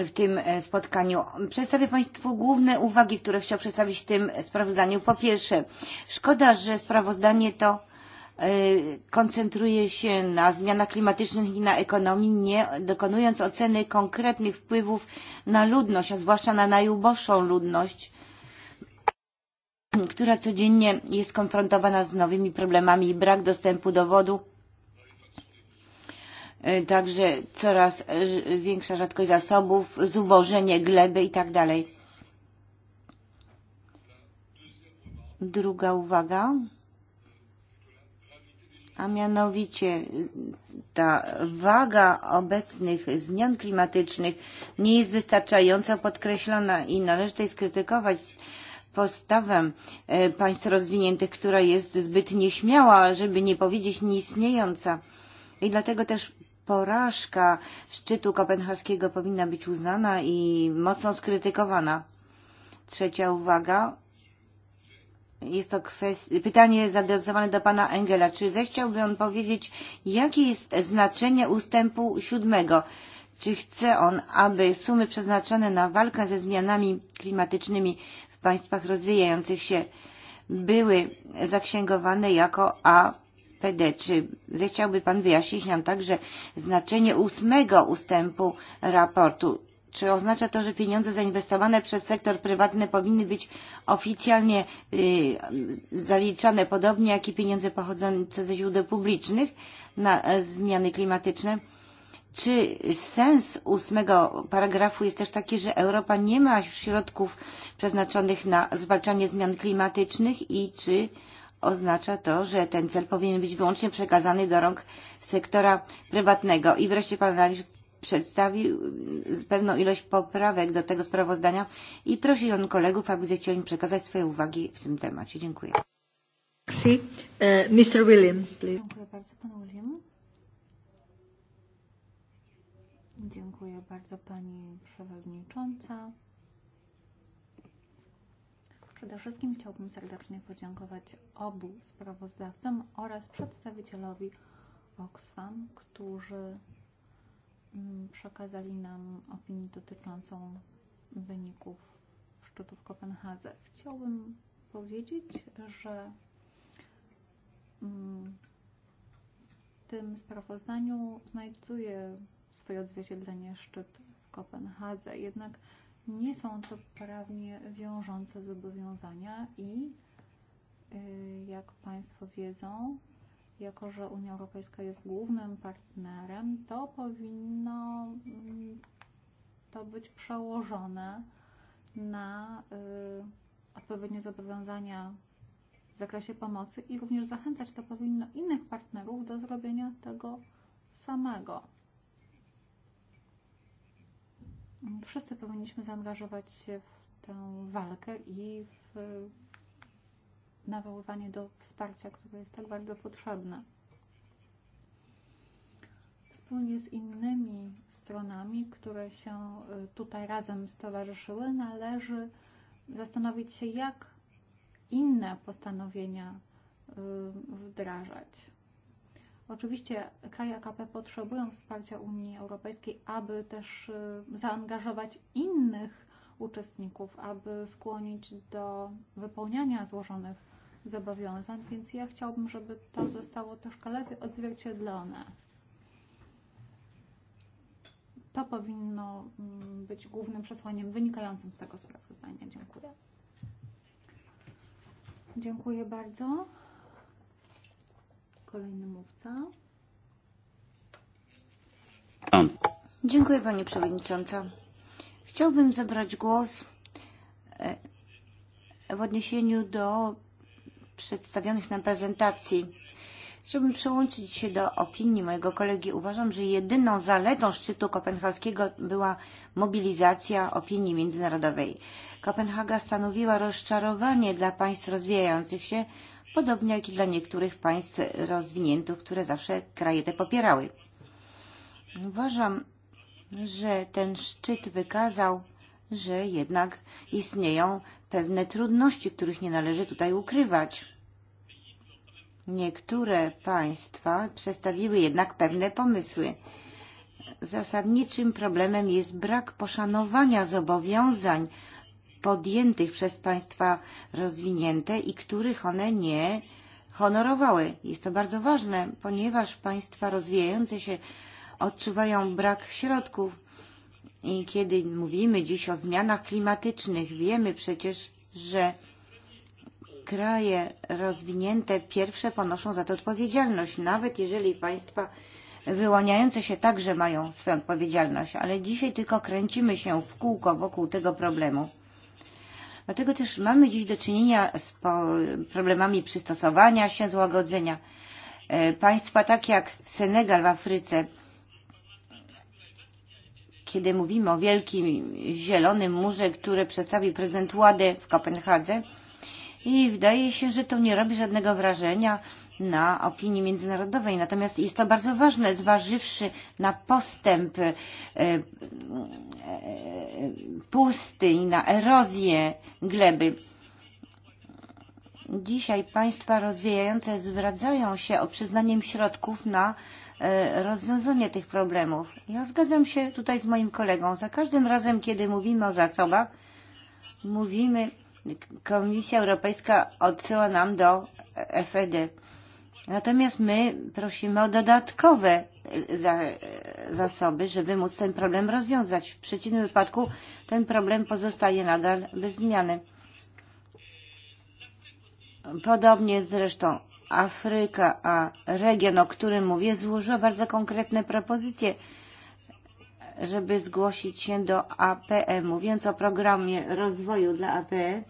w tym e, spotkaniu. Przedstawię Państwu główne uwagi, które chciał przedstawić w tym sprawozdaniu. Po pierwsze, szkoda, że sprawozdanie to Eh, koncentruje się na zmianach klimatycznych i na ekonomii, nie dokonując oceny konkretnych wpływów na ludność, a zwłaszcza na najuboższą ludność, która codziennie jest konfrontowana z nowymi problemami i brak dostępu do wodu. Eh, także coraz e, większa rzadkość zasobów, zubożenie gleby itd. Druga uwaga a mianowicie ta waga obecnych zmian klimatycznych nie jest wystarczająco podkreślona i należy tutaj skrytykować postawę e, państw rozwiniętych, która jest zbyt nieśmiała, żeby nie powiedzieć nieistniejąca. I dlatego też porażka szczytu kopenhaskiego powinna być uznana i mocno skrytykowana. Trzecia uwaga jest to kwestia, pytanie zaadresowane do pana Engela. Czy zechciałby on powiedzieć, jakie jest znaczenie ustępu siódmego? Czy chce on, aby sumy przeznaczone na walkę ze zmianami klimatycznymi w państwach rozwijających się były zaksięgowane jako APD? Czy zechciałby pan wyjaśnić nam także znaczenie ósmego ustępu raportu? czy oznacza to, że pieniądze zainwestowane przez sektor prywatny powinny być oficjalnie y, zaliczane, podobnie jak i pieniądze pochodzące ze źródeł publicznych na e, zmiany klimatyczne? Czy sens ósmego paragrafu jest też taki, że Europa nie ma już środków przeznaczonych na zwalczanie zmian klimatycznych i czy oznacza to, że ten cel powinien być wyłącznie przekazany do rąk sektora prywatnego? I wreszcie pan przedstawił pewną ilość poprawek do tego sprawozdania i prosi on kolegów, aby zechcieli im przekazać swoje uwagi w tym temacie. Dziękuję. Mr. Eh, William, please. Dziękuję bardzo panu William. Dziękuję bardzo pani przewodnicząca. Przede wszystkim chciałbym serdecznie podziękować obu sprawozdawcom oraz przedstawicielowi Oxfam, którzy Mm, przekazali nam opinię dotyczącą wyników szczytu w Kopenhadze. Chciałbym powiedzieć, że w mm, tym sprawozdaniu znajduje swoje odzwierciedlenie szczyt w Kopenhadze, jednak nie są to prawnie wiążące zobowiązania i jak Państwo wiedzą, jako że Unia Europejska jest głównym partnerem, to powinno mm, to być przełożone na y, odpowiednie zobowiązania w zakresie pomocy i również zachęcać to powinno innych partnerów do zrobienia tego samego. Wszyscy powinniśmy zaangażować się w tę walkę i w nawoływanie do wsparcia, które jest tak bardzo potrzebne. Wspólnie z innymi stronami, które się e, tutaj razem stowarzyszyły, należy zastanowić się, jak inne postanowienia e, wdrażać. Oczywiście kraje AKP potrzebują wsparcia Unii Europejskiej, aby też e, zaangażować innych uczestników, aby skłonić do wypełniania złożonych zobowiązań, więc ja chciałbym, żeby to zostało troszkę lepiej odzwierciedlone. To powinno mm, być głównym przesłaniem wynikającym z tego sprawozdania. Dziękuję. Dziękuję bardzo. Kolejny mówca. Dziękuję Pani Przewodnicząca. Chciałbym zabrać głos e, w odniesieniu do przedstawionych na prezentacji. Chciałbym przyłączyć się do opinii mojego kolegi. Uważam, że jedyną zaletą szczytu kopenhaskiego była mobilizacja opinii międzynarodowej. Kopenhaga stanowiła rozczarowanie dla państw rozwijających się, podobnie jak i dla niektórych państw rozwiniętych, które zawsze kraje te popierały. Uważam, że ten szczyt wykazał, że jednak istnieją pewne trudności, których nie należy tutaj ukrywać. Niektóre państwa przedstawiły jednak pewne pomysły. Zasadniczym problemem jest brak poszanowania zobowiązań podjętych przez państwa rozwinięte i których one nie honorowały. Jest to bardzo ważne, ponieważ państwa rozwijające się odczuwają brak środków. I kiedy mówimy dziś o zmianach klimatycznych, wiemy przecież, że kraje rozwinięte pierwsze ponoszą za to odpowiedzialność, nawet jeżeli państwa wyłaniające się także mają swoją odpowiedzialność, ale dzisiaj tylko kręcimy się w kółko wokół tego problemu. Dlatego też mamy dziś do czynienia z problemami przystosowania się, złagodzenia. E, państwa takie jak Senegal w Afryce, kiedy mówimy o wielkim zielonym murze, który przedstawił prezydent Łady w Kopenhadze, i wydaje się, że to nie robi żadnego wrażenia na opinii międzynarodowej. Natomiast jest to bardzo ważne, zważywszy na postęp e, e, pustyń, na erozję gleby. Dzisiaj państwa rozwijające zwracają się o przyznanie środków na e, rozwiązanie tych problemów. Ja zgadzam się tutaj z moim kolegą. Za każdym razem, kiedy mówimy o zasobach, mówimy Komisja Europejska odsyła nam do FED. Natomiast my prosimy o dodatkowe e, zasoby, żeby móc ten problem rozwiązać. W przeciwnym wypadku ten problem pozostaje nadal bez zmiany. Podobnie zresztą Afryka, a region, o którym mówię, złożyła bardzo konkretne propozycje żeby zgłosić się do APE. Mówiąc o programie rozwoju dla APM. E.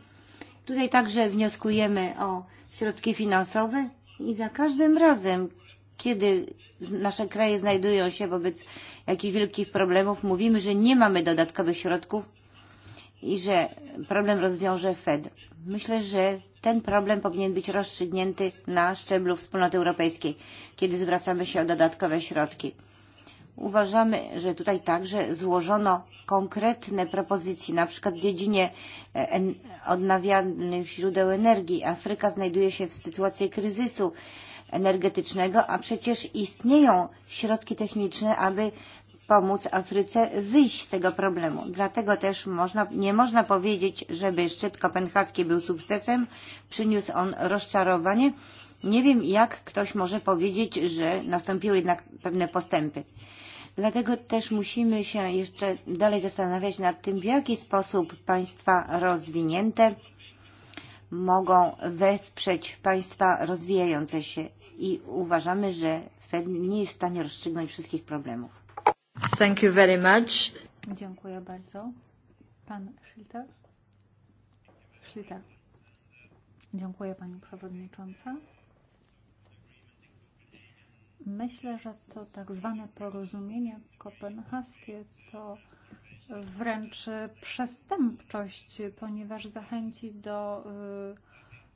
tutaj także wnioskujemy o środki finansowe i za każdym razem, kiedy nasze kraje znajdują się wobec jakichś wielkich problemów, mówimy, że nie mamy dodatkowych środków i że problem rozwiąże Fed. Myślę, że ten problem powinien być rozstrzygnięty na szczeblu Wspólnoty Europejskiej, kiedy zwracamy się o dodatkowe środki. Uważamy, że tutaj także złożono konkretne propozycje, na przykład w dziedzinie e, odnawialnych źródeł energii. Afryka znajduje się w sytuacji kryzysu energetycznego, a przecież istnieją środki techniczne, aby pomóc Afryce wyjść z tego problemu. Dlatego też można, nie można powiedzieć, żeby szczyt kopenhaski był sukcesem, przyniósł on rozczarowanie. Nie wiem, jak ktoś może powiedzieć, że nastąpiły jednak pewne postępy. Dlatego też musimy się jeszcze dalej zastanawiać nad tym, w jaki sposób państwa rozwinięte mogą wesprzeć państwa rozwijające się i uważamy, że Fed nie jest w stanie rozstrzygnąć wszystkich problemów. Thank you very much. Dziękuję bardzo. Pan Schlitter? Schlitter. Dziękuję Pani Przewodnicząca. Myślę, że to tak zwane porozumienie kopenhaskie to wręcz przestępczość, ponieważ zachęci do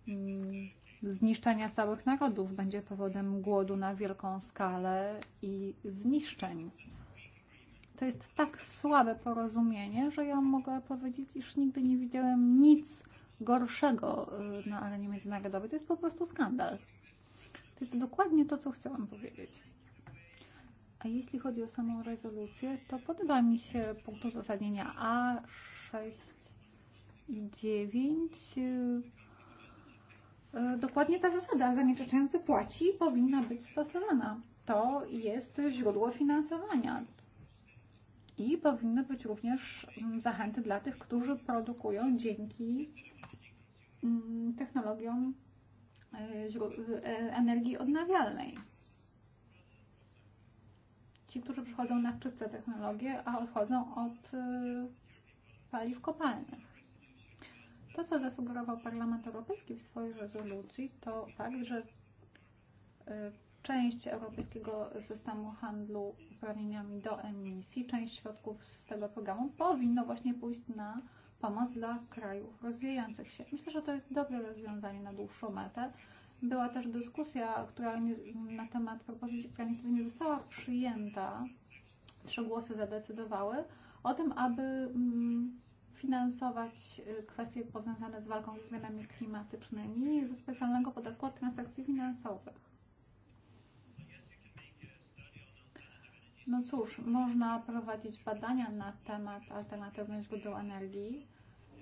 mm, zniszczenia całych narodów, będzie powodem głodu na wielką skalę i zniszczeń. To jest tak słabe porozumienie, że ja mogę powiedzieć, iż nigdy nie widziałem nic gorszego na arenie międzynarodowej. To jest po prostu skandal. E, to jest dokładnie to, co chciałam powiedzieć. A jeśli chodzi o samą rezolucję, to podoba mi się punkt uzasadnienia A6 i 9. Dokładnie ta zasada zanieczyszczający płaci powinna być stosowana. To jest źródło finansowania. I powinny być również zachęty dla tych, którzy produkują dzięki mm, technologiom Eh, eh, energii odnawialnej. Ci, którzy przychodzą na czyste technologie, a odchodzą od e, paliw kopalnych. To, co zasugerował Parlament Europejski w swojej rezolucji, to fakt, że e, część europejskiego systemu handlu uprawnieniami do emisji, część środków z tego programu powinno właśnie pójść na pomoc dla krajów rozwijających się. Myślę, że to jest dobre rozwiązanie na dłuższą metę. Była też dyskusja, która nie, na temat propozycji, która niestety nie została przyjęta, trzy głosy zadecydowały o tym, aby mm, finansować kwestie powiązane z walką z zmianami klimatycznymi ze specjalnego podatku od transakcji finansowych. No cóż, można prowadzić badania na temat alternatywnych źródeł energii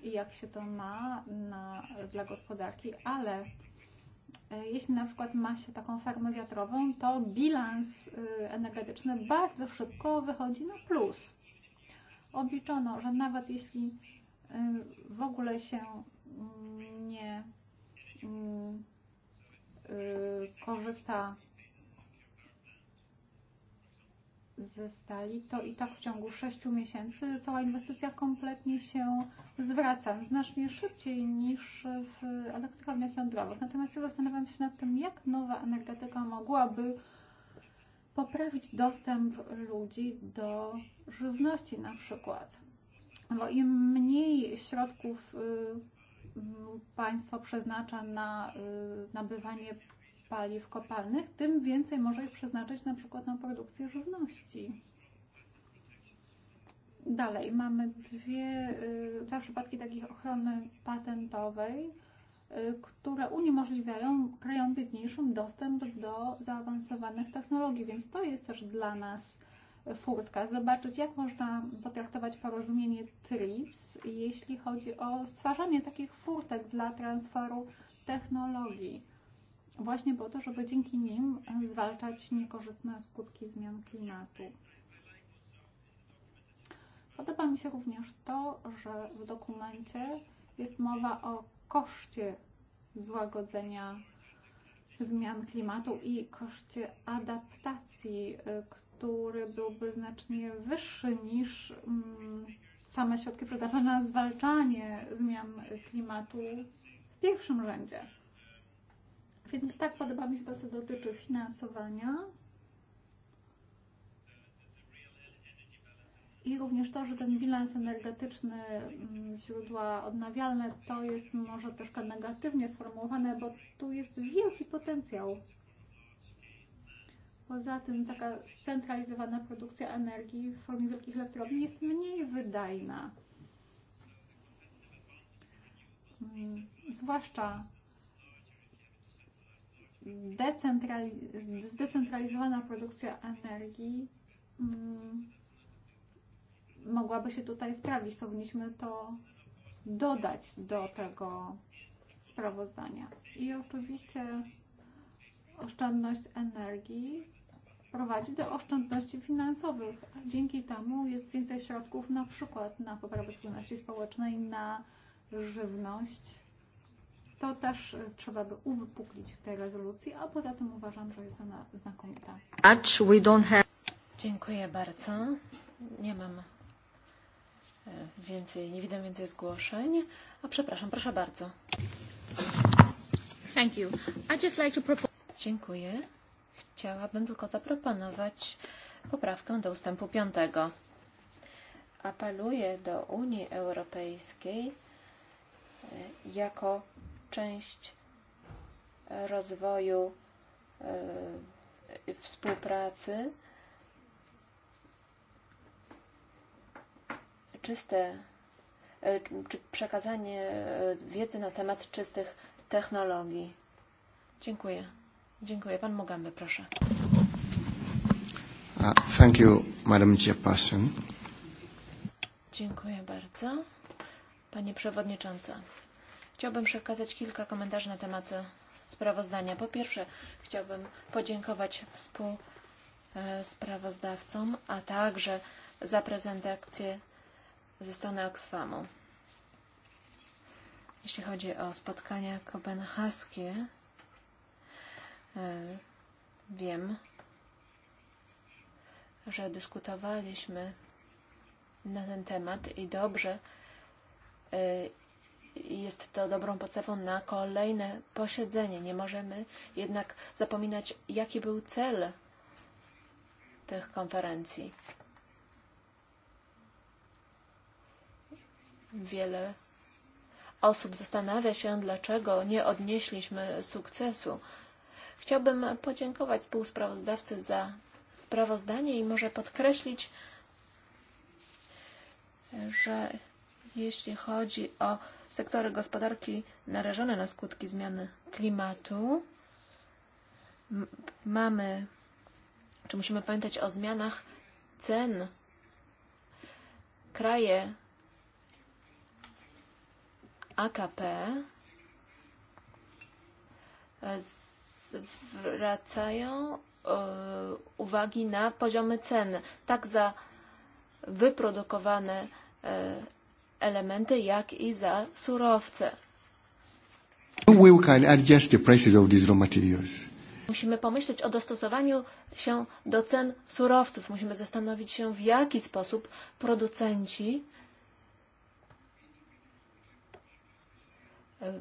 i jak się to ma na, dla gospodarki, ale e, jeśli na przykład ma się taką farmę wiatrową, to bilans e, energetyczny bardzo szybko wychodzi na plus. Obliczono, że nawet jeśli e, w ogóle się mm, nie mm, korzysta ze stali, to i tak w ciągu 6 miesięcy cała inwestycja kompletnie się zwraca, znacznie szybciej niż w elektrowniach jądrowych. Natomiast ja zastanawiam się nad tym, jak nowa energetyka mogłaby poprawić dostęp ludzi do żywności na przykład. Bo im mniej środków y, państwo przeznacza na y, nabywanie paliw kopalnych, tym więcej może ich przeznaczyć na przykład na produkcję żywności. Dalej, mamy dwie, dwa przypadki takich ochrony patentowej, które uniemożliwiają krajom biedniejszym dostęp do zaawansowanych technologii, więc to jest też dla nas furtka, zobaczyć jak można potraktować porozumienie TRIPS, jeśli chodzi o stwarzanie takich furtek dla transferu technologii właśnie po to, żeby dzięki nim zwalczać niekorzystne skutki zmian klimatu. Podoba mi się również to, że w dokumencie jest mowa o koszcie złagodzenia zmian klimatu i koszcie adaptacji, który byłby znacznie wyższy niż mm, same środki przeznaczone na zwalczanie zmian klimatu w pierwszym rzędzie. Więc tak, podoba mi się to, co dotyczy finansowania. I również to, że ten bilans energetyczny, mm, źródła odnawialne, to jest może troszkę negatywnie sformułowane, bo tu jest wielki potencjał. Poza tym taka scentralizowana produkcja energii w formie wielkich elektrowni jest mniej wydajna. Mm, zwłaszcza zdecentralizowana produkcja energii mm, mogłaby się tutaj sprawdzić. Powinniśmy to dodać do tego sprawozdania. I oczywiście oszczędność energii prowadzi do oszczędności finansowych. Dzięki temu jest więcej środków na przykład na poprawę spójności społecznej, na żywność to też trzeba by uwypuklić w tej rezolucji, a poza tym uważam, że jest ona znakomita. Dziękuję bardzo. Nie mam e, więcej, nie widzę więcej zgłoszeń. A przepraszam, proszę bardzo. Thank you. I just like to propose... Dziękuję. Chciałabym tylko zaproponować poprawkę do ustępu piątego. Apeluję do Unii Europejskiej e, jako część rozwoju współpracy. Eh, Czyste, eh, czy przekazanie eh, wiedzy na temat czystych technologii. Dziękuję. Dziękuję. Pan Mugambe, proszę. Uh, thank you, Madam Chairperson. Dziękuję bardzo. Panie Przewodnicząca. Chciałbym przekazać kilka komentarzy na temat e, sprawozdania. Po pierwsze, chciałbym podziękować współsprawozdawcom, a także za prezentację ze strony Oxfamu. Jeśli chodzi o spotkania kopenhaskie, e, wiem, że dyskutowaliśmy na ten temat i dobrze e, jest to dobrą podstawą na kolejne posiedzenie. Nie możemy jednak zapominać, jaki był cel tych konferencji. Wiele osób zastanawia się, dlaczego nie odnieśliśmy sukcesu. Chciałbym podziękować współsprawozdawcy za sprawozdanie i może podkreślić, że jeśli chodzi o sektory gospodarki narażone na skutki zmian klimatu. Mamy, czy musimy pamiętać o zmianach cen. Kraje AKP e, zwracają e, uwagi na poziomy cen, tak za wyprodukowane e, elementy, jak i za surowce. We can adjust the prices of these raw materials. Musimy pomyśleć o dostosowaniu się do cen surowców. Musimy zastanowić się, w jaki sposób producenci e,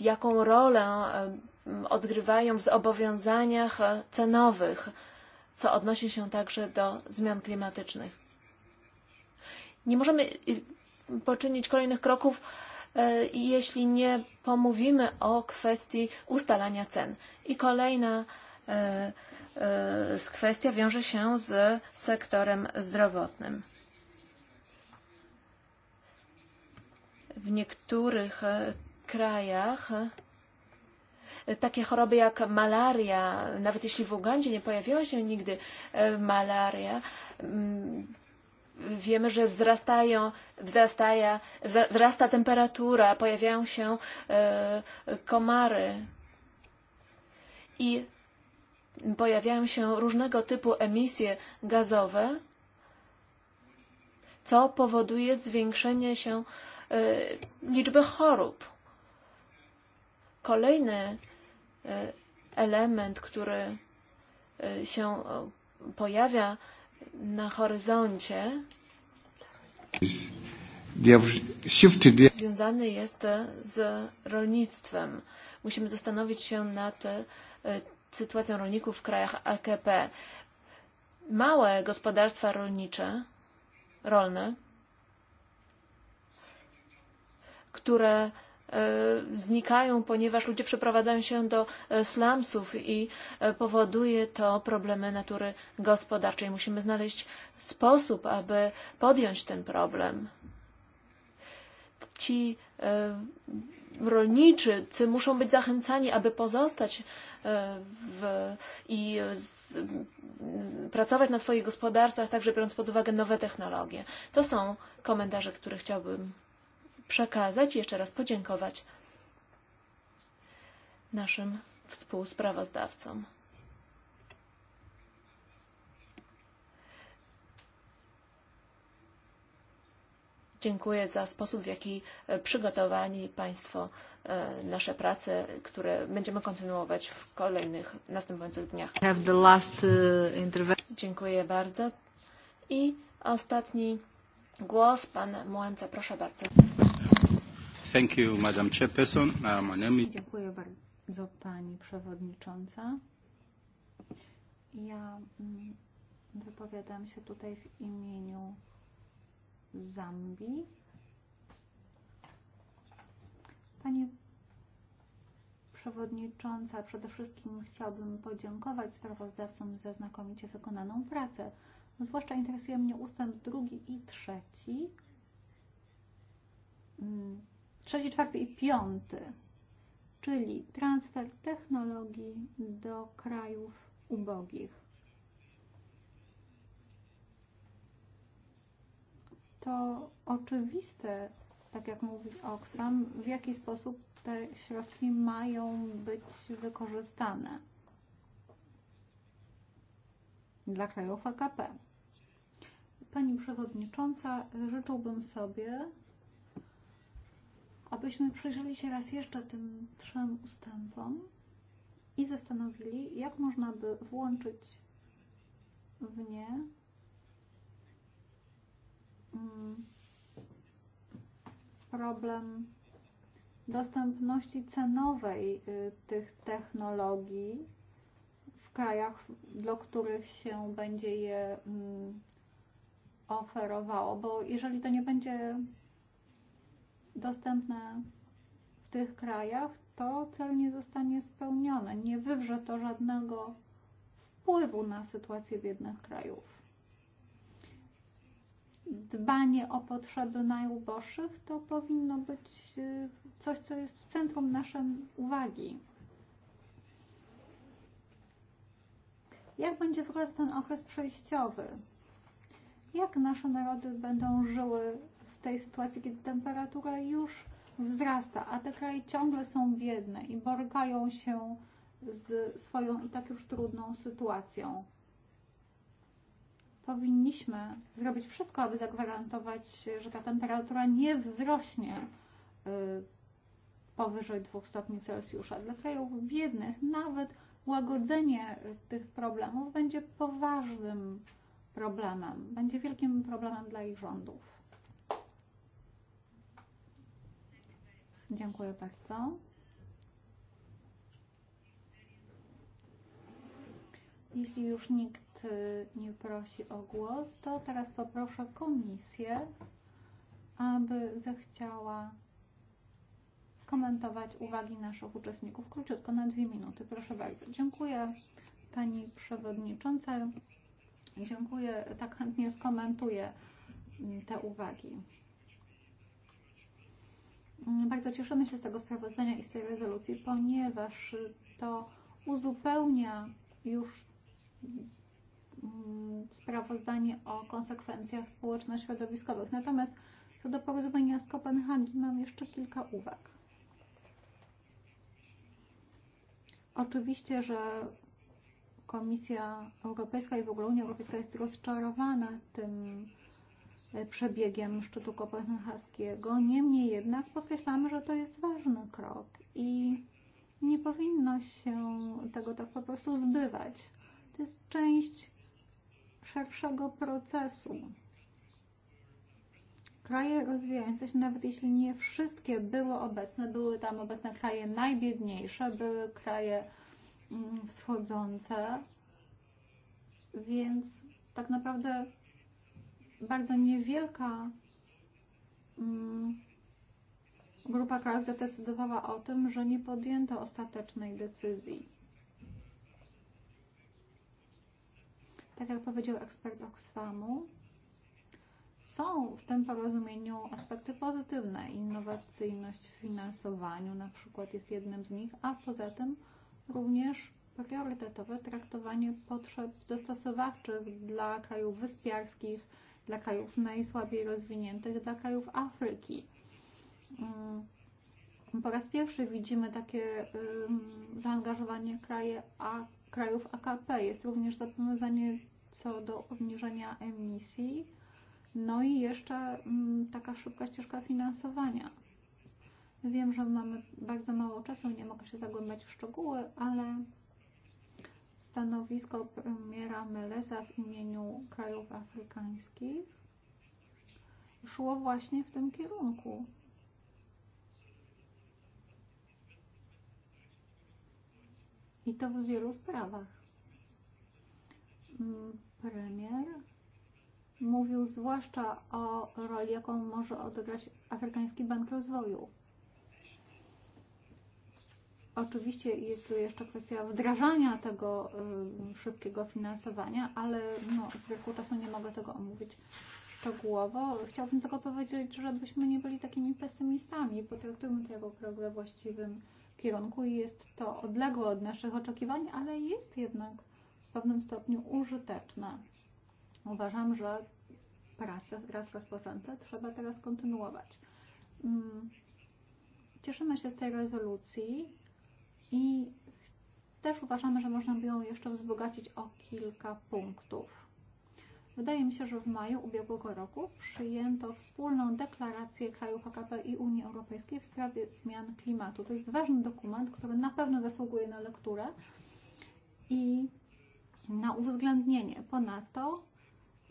jaką rolę e, odgrywają w zobowiązaniach cenowych, co odnosi się także do zmian klimatycznych. Nie możemy poczynić kolejnych kroków, e, jeśli nie pomówimy o kwestii ustalania cen. I kolejna e, e, kwestia wiąże się z sektorem zdrowotnym. W niektórych krajach takie choroby jak malaria, nawet jeśli w Ugandzie nie pojawiła się nigdy malaria, wiemy, że wzrastają, wzrastaja, wzrasta temperatura, pojawiają się e, komary i pojawiają się różnego typu emisje gazowe, co powoduje zwiększenie się e, liczby chorób. Kolejny e, element, który się pojawia na horyzoncie związany jest z rolnictwem. Musimy zastanowić się nad e, sytuacją rolników w krajach AKP. Małe gospodarstwa rolnicze, rolne, które E, znikają, ponieważ ludzie przeprowadzają się do e, slumsów i e, powoduje to problemy natury gospodarczej. Musimy znaleźć sposób, aby podjąć ten problem. Ci rolniczycy muszą być zachęcani, aby pozostać w, i z, pracować na swoich gospodarstwach, także biorąc pod uwagę nowe technologie. To są komentarze, które chciałbym przekazać i jeszcze raz podziękować naszym współsprawozdawcom. Dziękuję za sposób, w jaki e, przygotowani Państwo e, nasze prace, które będziemy kontynuować w kolejnych, następujących dniach. Have the last e, Dziękuję bardzo. I ostatni głos, pan Młęca. proszę bardzo. Thank you, Madam Chairperson. Uh, Dziękuję bardzo, Pani Przewodnicząca. Ja mm, wypowiadam się tutaj w imieniu Zambii. Pani Przewodnicząca, przede wszystkim chciałbym podziękować sprawozdawcom za znakomicie wykonaną pracę. Zwłaszcza interesuje mnie ustęp drugi i trzeci mm, trzeci, czwarty i piąty, czyli transfer technologii do krajów ubogich. To oczywiste, tak jak mówi Oxfam, w jaki sposób te środki mają być wykorzystane dla krajów AKP. Pani Przewodnicząca, życzyłbym sobie, abyśmy przyjrzeli się raz jeszcze tym trzem ustępom i zastanowili, jak można by włączyć w nie mm, problem dostępności cenowej tych technologii w krajach, do których się będzie je mm, oferowało, bo jeżeli to nie będzie dostępne w tych krajach, to cel nie zostanie spełniony. Nie wywrze to żadnego wpływu na sytuację biednych krajów. Dbanie o potrzeby najuboższych to powinno być e, coś, co jest w centrum naszej uwagi. Jak będzie wyglądał ten okres przejściowy? Jak nasze narody będą żyły tej sytuacji, kiedy temperatura już wzrasta, a te kraje ciągle są biedne i borykają się z swoją i tak już trudną sytuacją. Powinniśmy zrobić wszystko, aby zagwarantować, że ta temperatura nie wzrośnie powyżej 2 stopni Celsjusza. Dla krajów biednych nawet łagodzenie tych problemów będzie poważnym problemem, będzie wielkim problemem dla ich rządów. Dziękuję bardzo. Jeśli już nikt eh, nie prosi o głos, to teraz poproszę komisję, aby zechciała skomentować uwagi naszych uczestników króciutko, na dwie minuty. Proszę bardzo. Dziękuję Pani Przewodnicząca. Dziękuję, tak chętnie skomentuję mm, te uwagi. Mm, bardzo cieszymy się z tego sprawozdania i z tej rezolucji, ponieważ to uzupełnia już mm, sprawozdanie o konsekwencjach społeczno-środowiskowych. Natomiast co do porozumienia z Kopenhagi mam jeszcze kilka uwag. Oczywiście, że Komisja Europejska i w ogóle Unia Europejska jest rozczarowana tym, przebiegiem szczytu kopenhaskiego. Niemniej jednak podkreślamy, że to jest ważny krok i nie powinno się tego tak po prostu zbywać. To jest część szerszego procesu. Kraje rozwijające się, nawet jeśli nie wszystkie były obecne, były tam obecne kraje najbiedniejsze, były kraje mm, wschodzące, więc tak naprawdę bardzo niewielka mm, grupa krajów zadecydowała o tym, że nie podjęto ostatecznej decyzji. Tak jak powiedział ekspert Oxfamu, są w tym porozumieniu aspekty pozytywne. Innowacyjność w finansowaniu na przykład jest jednym z nich, a poza tym również priorytetowe traktowanie potrzeb dostosowawczych dla krajów wyspiarskich, dla krajów najsłabiej rozwiniętych, dla krajów Afryki. Mm, po raz pierwszy widzimy takie zaangażowanie kraje, a, krajów AKP. Jest również zobowiązanie co do obniżenia emisji, no i jeszcze taka szybka ścieżka finansowania. Wiem, że mamy bardzo mało czasu, nie mogę się zagłębiać w szczegóły, ale stanowisko premiera Meleza w imieniu krajów afrykańskich szło właśnie vlastně w tym kierunku. I to w wielu sprawach. Premier mówił zwłaszcza o roli, jaką może odegrać Afrykański Bank Rozwoju. Oczywiście jest tu jeszcze kwestia wdrażania tego szybkiego finansowania, ale no, z wielką czasu nie mogę tego omówić szczegółowo. Chciałabym tylko powiedzieć, żebyśmy nie byli takimi pesymistami. Potraktujmy to jako krok we właściwym kierunku i jest to odległe od naszych oczekiwań, ale jest jednak w pewnym stopniu użyteczne. Uważam, że prace raz rozpoczęte trzeba teraz kontynuować. Mm. Cieszymy się z tej rezolucji i też uważamy, że można by ją jeszcze wzbogacić o kilka punktów. Wydaje mi się, że w maju ubiegłego roku przyjęto wspólną deklarację krajów AKP i Unii Europejskiej w sprawie zmian klimatu. To jest ważny dokument, który na pewno zasługuje na lekturę i na uwzględnienie. Ponadto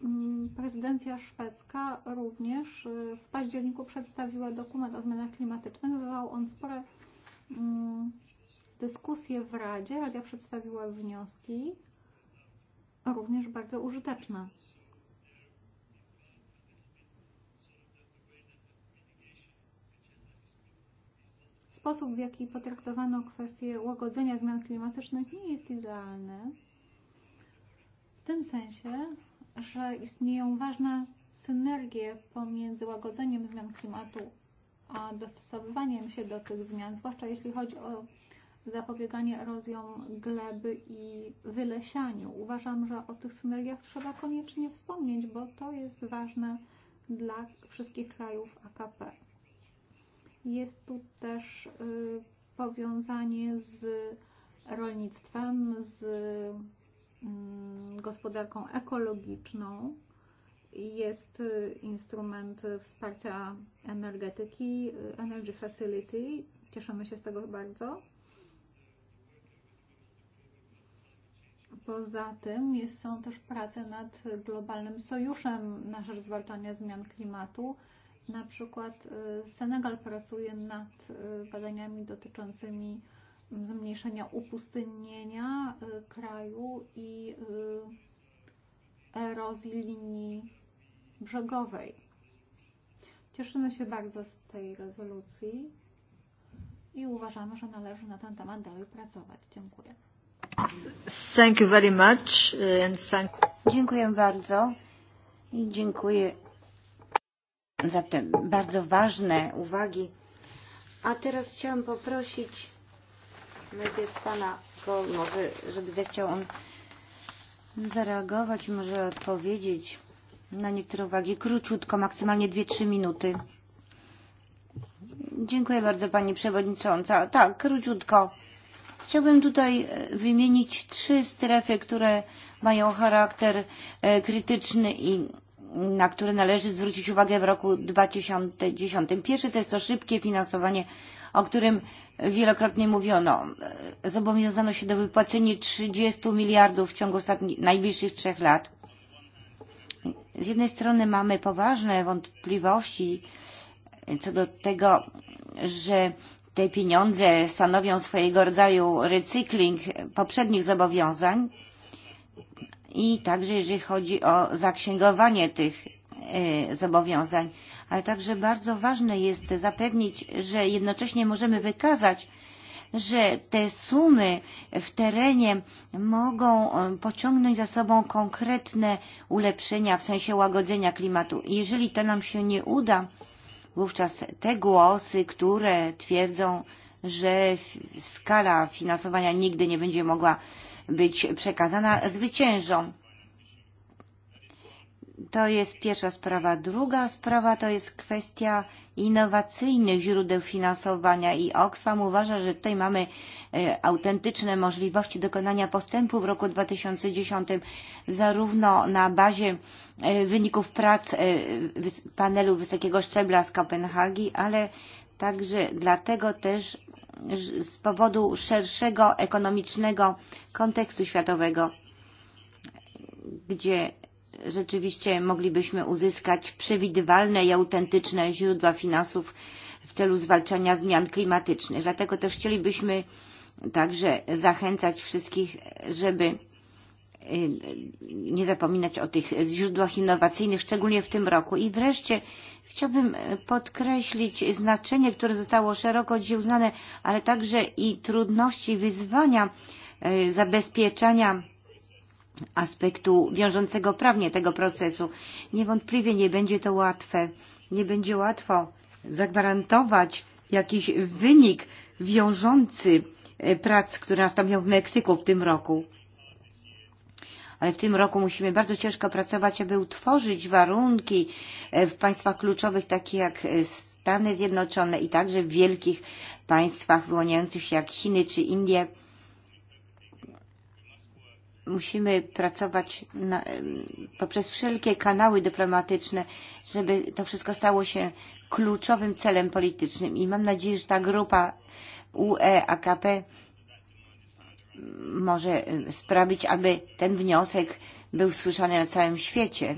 mm, prezydencja szwedzka również w październiku przedstawiła dokument o zmianach klimatycznych. Wywołał on spore mm, dyskusję w Radzie. Radia przedstawiła wnioski, również bardzo użyteczne. Sposób, w jaki potraktowano kwestię łagodzenia zmian klimatycznych, nie jest idealny. W tym sensie, że istnieją ważne synergie pomiędzy łagodzeniem zmian klimatu a dostosowywaniem się do tych zmian, zwłaszcza jeśli chodzi o zapobieganie erozjom gleby i wylesianiu. Uważam, że o tych synergiach trzeba koniecznie wspomnieć, bo to jest ważne dla wszystkich krajów AKP. Jest tu też y, powiązanie z rolnictwem, z y, mm, gospodarką ekologiczną. Jest y, instrument wsparcia energetyki, Energy Facility. Cieszymy się z tego bardzo Poza tym są też prace nad globalnym sojuszem na rzecz zwalczania zmian klimatu. Na przykład Senegal pracuje nad badaniami dotyczącymi mm, zmniejszenia upustynnienia kraju i erozji linii brzegowej. Cieszymy się bardzo z tej rezolucji i uważamy, że należy na ten temat dalej pracować. Dziękuję. Thank you very much eh, and thank... Dziękuję bardzo i dziękuję za te bardzo ważne uwagi. A teraz chciałam poprosić najpierw pana, może żeby zechciał on zareagować, może odpowiedzieć na niektóre uwagi króciutko, maksymalnie 2-3 minuty. Dziękuję bardzo pani przewodnicząca. Tak, króciutko. Chciałbym tutaj e, wymienić trzy strefy, które mają charakter e, krytyczny i na które należy zwrócić uwagę w roku 2010. Pierwszy to jest to szybkie finansowanie, o którym wielokrotnie mówiono. E, zobowiązano się do wypłacenia 30 miliardów w ciągu ostatnich, najbliższych trzech lat. Z jednej strony mamy poważne wątpliwości co do tego, że te pieniądze stanowią swojego rodzaju recykling poprzednich zobowiązań i także jeżeli chodzi o zaksięgowanie tych e, zobowiązań, ale także bardzo ważne jest zapewnić, że jednocześnie możemy wykazać, że te sumy w terenie mogą e, pociągnąć za sobą konkretne ulepszenia w sensie łagodzenia klimatu. Jeżeli to nam się nie uda, wówczas te głosy, które twierdzą, że skala finansowania nigdy nie będzie mogła być przekazana, zwyciężą. To jest pierwsza sprawa. Druga sprawa to jest kwestia innowacyjnych źródeł finansowania i Oxfam uważa, że tutaj mamy e, autentyczne możliwości dokonania postępu w roku 2010 zarówno na bazie e, wyników prac e, panelu wysokiego szczebla z Kopenhagi, ale także dlatego też z powodu szerszego ekonomicznego kontekstu światowego, gdzie rzeczywiście moglibyśmy uzyskać przewidywalne i autentyczne źródła finansów w celu zwalczania zmian klimatycznych. Dlatego też chcielibyśmy także zachęcać wszystkich, żeby e, nie zapominać o tych źródłach innowacyjnych, szczególnie w tym roku. I wreszcie chciałbym e, podkreślić znaczenie, które zostało szeroko dzisiaj uznane, ale także i trudności, wyzwania e, zabezpieczania aspektu wiążącego prawnie tego procesu. Niewątpliwie nie będzie to łatwe. Nie będzie łatwo zagwarantować jakiś wynik wiążący e, prac, które nastąpią w Meksyku w tym roku. Ale w tym roku musimy bardzo ciężko pracować, aby utworzyć warunki e, w państwach kluczowych, takich jak e, Stany Zjednoczone i także w wielkich państwach wyłaniających się jak Chiny czy Indie, musimy pracować na, poprzez wszelkie kanały dyplomatyczne, żeby to wszystko stało się kluczowym celem politycznym. I mam nadzieję, że ta grupa UE, AKP może sprawić, aby ten wniosek był słyszany na całym świecie.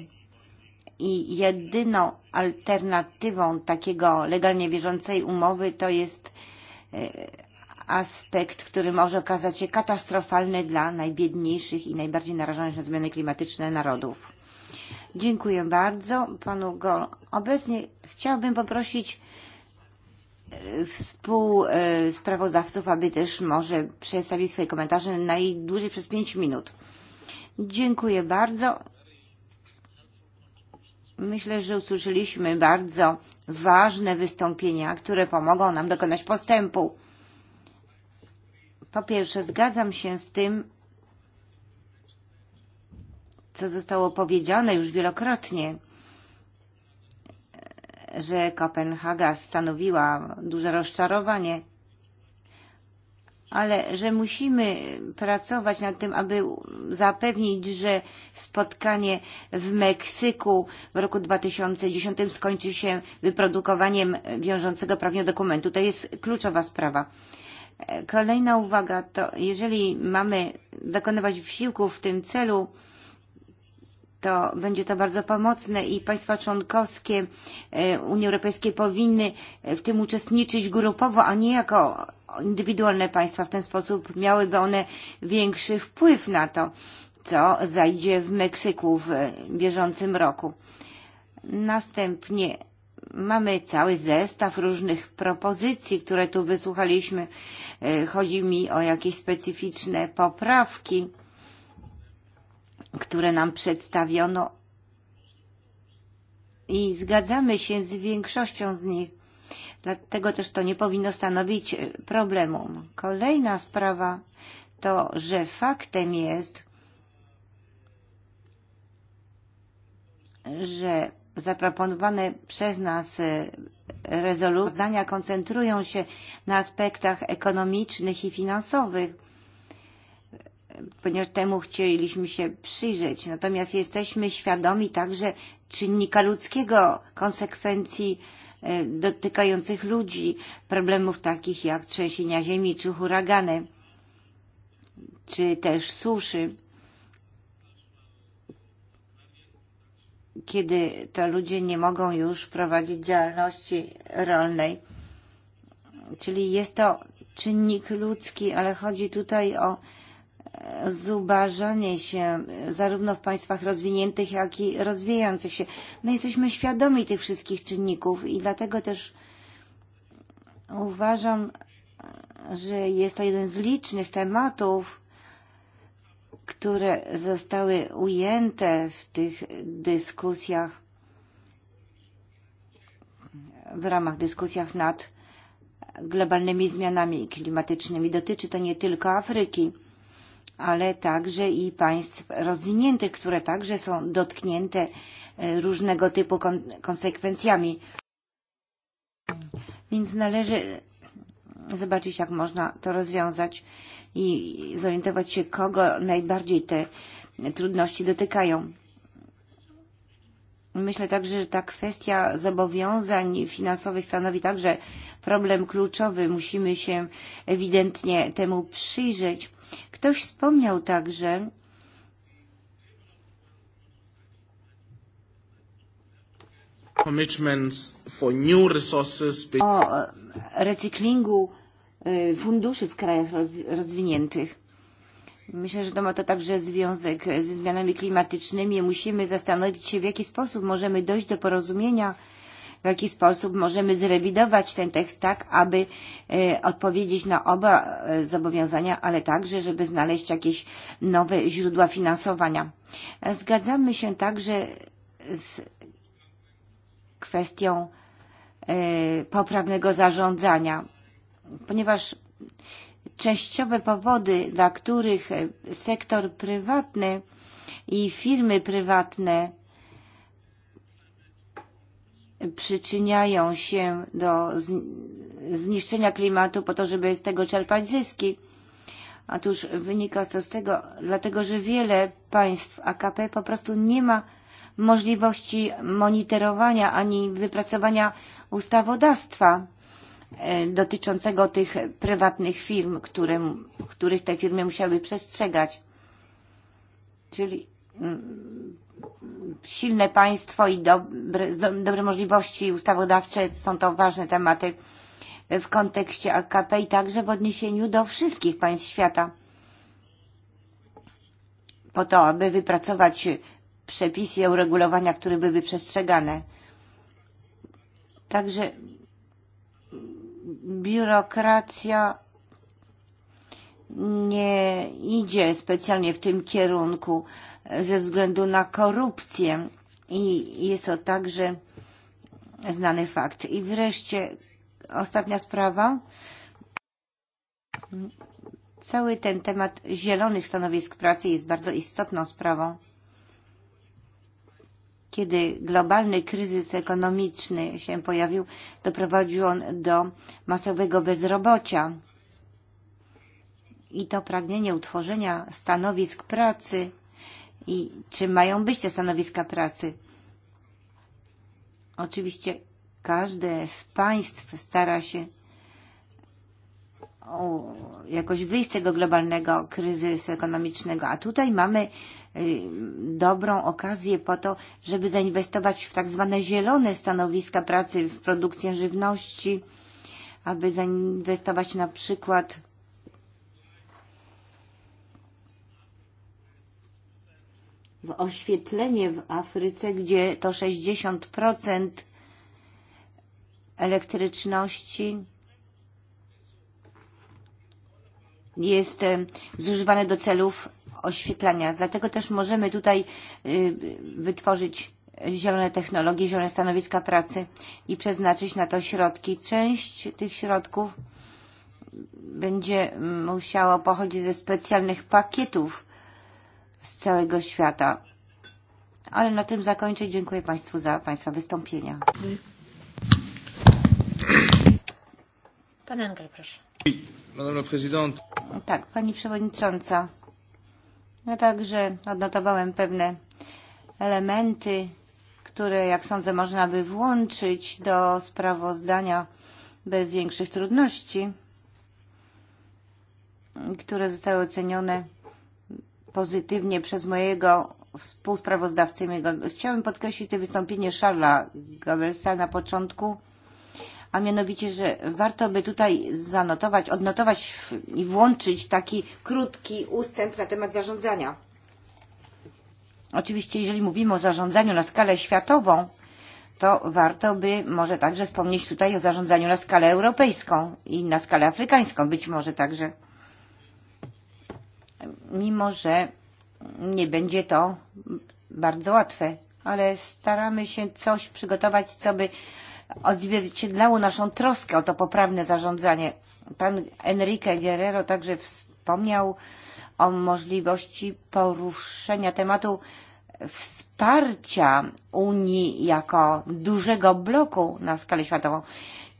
I jedyną alternatywą takiego legalnie bieżącej umowy to jest eh, aspekt, który może okazać się katastrofalny dla najbiedniejszych i najbardziej narażonych na zmiany klimatyczne narodów. Dziękuję bardzo panu Gol. Obecnie chciałbym poprosić e, współsprawozdawców, e, aby też może przedstawić swoje komentarze najdłużej przez pięć minut. Dziękuję bardzo. Myślę, że usłyszeliśmy bardzo ważne wystąpienia, które pomogą nam dokonać postępu. Po pierwsze, zgadzam się z tym, co zostało powiedziane już wielokrotnie, że Kopenhaga stanowiła duże rozczarowanie, ale że musimy pracować nad tym, aby zapewnić, że spotkanie w Meksyku w roku 2010 skończy się wyprodukowaniem wiążącego prawnie dokumentu. To jest kluczowa sprawa. Kolejna uwaga, to jeżeli mamy dokonywać wysiłku w tym celu, to będzie to bardzo pomocne i państwa członkowskie e, Unii Europejskiej powinny w tym uczestniczyć grupowo, a nie jako indywidualne państwa. W ten sposób miałyby one większy wpływ na to, co zajdzie w Meksyku w bieżącym roku. Następnie Mamy cały zestaw różnych propozycji, które tu wysłuchaliśmy. Eh, Chodzi mi o jakieś specyficzne poprawki, które nam przedstawiono i zgadzamy się z większością z nich. Dlatego też to nie powinno stanowić e, problemu. Kolejna sprawa to, że faktem jest, że zaproponowane przez nas e, rezolucje zdania koncentrują się na aspektach ekonomicznych i finansowych, ponieważ temu chcieliśmy się przyjrzeć. Natomiast jesteśmy świadomi także czynnika ludzkiego, konsekwencji e, dotykających ludzi, problemów takich jak trzęsienia ziemi czy huragany, czy też suszy kiedy to ludzie nie mogą już prowadzić działalności rolnej. Czyli jest to czynnik ludzki, ale chodzi tutaj o e, zubażanie się zarówno w państwach rozwiniętych, jak i rozwijających się. My jesteśmy świadomi tych wszystkich czynników i dlatego też uważam, że jest to jeden z licznych tematów, które zostały ujęte w tych dyskusjach, w ramach dyskusjach nad globalnymi zmianami klimatycznymi. Dotyczy to nie tylko Afryki, ale także i państw rozwiniętych, które także są dotknięte e, różnego typu kon konsekwencjami. Więc należy zobaczyć, jak można to rozwiązać i zorientować się, kogo najbardziej te trudności dotykają. Myślę także, że ta kwestia zobowiązań finansowych stanowi także problem kluczowy. Musimy się ewidentnie temu przyjrzeć. Ktoś wspomniał także, commitments for new resources. O recyklingu E, funduszy w krajach rozwiniętych. Myślę, że to ma to także związek ze zmianami klimatycznymi. Musimy zastanowić się, w jaki sposób możemy dojść do porozumienia, w jaki sposób możemy zrewidować ten tekst tak, aby e, odpowiedzieć na oba e, zobowiązania, ale także, żeby znaleźć jakieś nowe źródła finansowania. Zgadzamy się także z kwestią poprawnego zarządzania ponieważ częściowe powody, dla których sektor prywatny i firmy prywatne przyczyniają się do zniszczenia klimatu po to, żeby z tego czerpać zyski. Otóż wynika to z tego, dlatego że wiele państw AKP po prostu nie ma możliwości monitorowania ani wypracowania ustawodawstwa E, dotyczącego tych prywatnych firm, które, których te firmy musiały przestrzegać. Czyli mm, silne państwo i dobre, dobre możliwości ustawodawcze są to ważne tematy w kontekście AKP i także w odniesieniu do wszystkich państw świata. Po to, aby wypracować przepisy i uregulowania, które byłyby przestrzegane. Także biurokracja nie idzie specjalnie w tym kierunku ze względu na korupcję i jest to także znany fakt. I wreszcie ostatnia sprawa. Cały ten temat zielonych stanowisk pracy jest bardzo istotną sprawą. Kiedy globalny kryzys ekonomiczny się pojawił, doprowadził on do masowego bezrobocia. I to pragnienie utworzenia stanowisk pracy i czy mają być te stanowiska pracy. Oczywiście każde z państw stara się o, jakoś wyjść z tego globalnego kryzysu ekonomicznego, a tutaj mamy E, dobrą okazję po to, żeby zainwestować w tak zwane zielone stanowiska pracy, w produkcję żywności, aby zainwestować na przykład w oświetlenie w Afryce, gdzie to 60% elektryczności jest e, zużywane do celów oświetlania. Dlatego też możemy tutaj wytworzyć zielone technologie, zielone stanowiska pracy i przeznaczyć na to środki. Część tych środków będzie musiało pochodzić ze specjalnych pakietów z całego świata. Ale na tym zakończę. Dziękuję Państwu za Państwa wystąpienia. Pan Engel, proszę. Tak, Pani Przewodnicząca. No także odnotowałem pewne elementy, które, jak sądzę, można by włączyć do sprawozdania bez większych trudności, które zostały ocenione pozytywnie przez mojego współsprawozdawcę. Chciałbym podkreślić to wystąpienie Szarla Goebbelsa na początku a mianowicie, że warto by tutaj zanotować, odnotować i włączyć taki krótki ustęp na temat zarządzania. Oczywiście, jeżeli mówimy o zarządzaniu na skalę światową, to warto by może także wspomnieć tutaj o zarządzaniu na skalę europejską i na skalę afrykańską być może także. Mimo, że nie będzie to bardzo łatwe, ale staramy się coś przygotować, co by odzwierciedlało naszą troskę o to poprawne zarządzanie. Pan Enrique Guerrero także wspomniał o możliwości poruszenia tematu wsparcia Unii jako dużego bloku na skalę światową,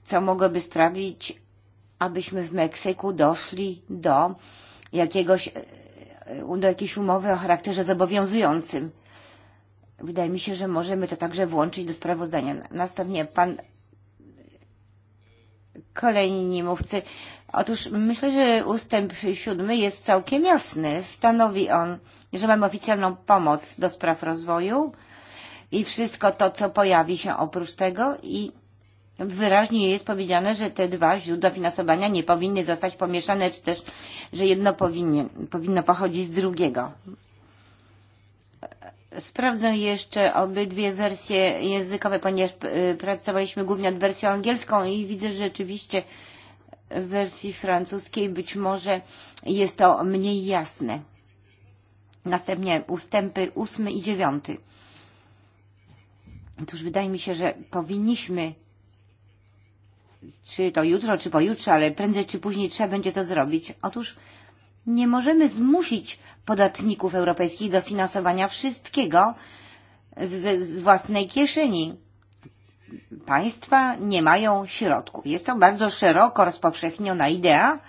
co mogłoby sprawić, abyśmy w Meksyku doszli do jakiegoś e, do jakiejś umowy o charakterze zobowiązującym. Wydaje mi się, że możemy to także włączyć do sprawozdania. Następnie pan kolejni mówcy. Otóż myślę, że ustęp siódmy jest całkiem jasny. Stanowi on, że mamy oficjalną pomoc do spraw rozwoju i wszystko to, co pojawi się oprócz tego i wyraźnie jest powiedziane, że te dwa źródła finansowania nie powinny zostać pomieszane, czy też, że jedno powinien, powinno pochodzić z drugiego. Sprawdzę jeszcze obydwie wersje językowe, ponieważ e, pracowaliśmy głównie nad wersją angielską i widzę, że rzeczywiście w wersji francuskiej być może jest to mniej jasne. Następnie ustępy ósmy i dziewiąty. Otóż wydaje mi się, że powinniśmy, czy to jutro, czy pojutrze, ale prędzej czy później trzeba będzie to zrobić. Otóż Nie możemy zmusić podatników europejskich do finansowania wszystkiego z, z własnej kieszeni. Państwa nie mają środków. Jest to bardzo szeroko rozpowszechniona idea.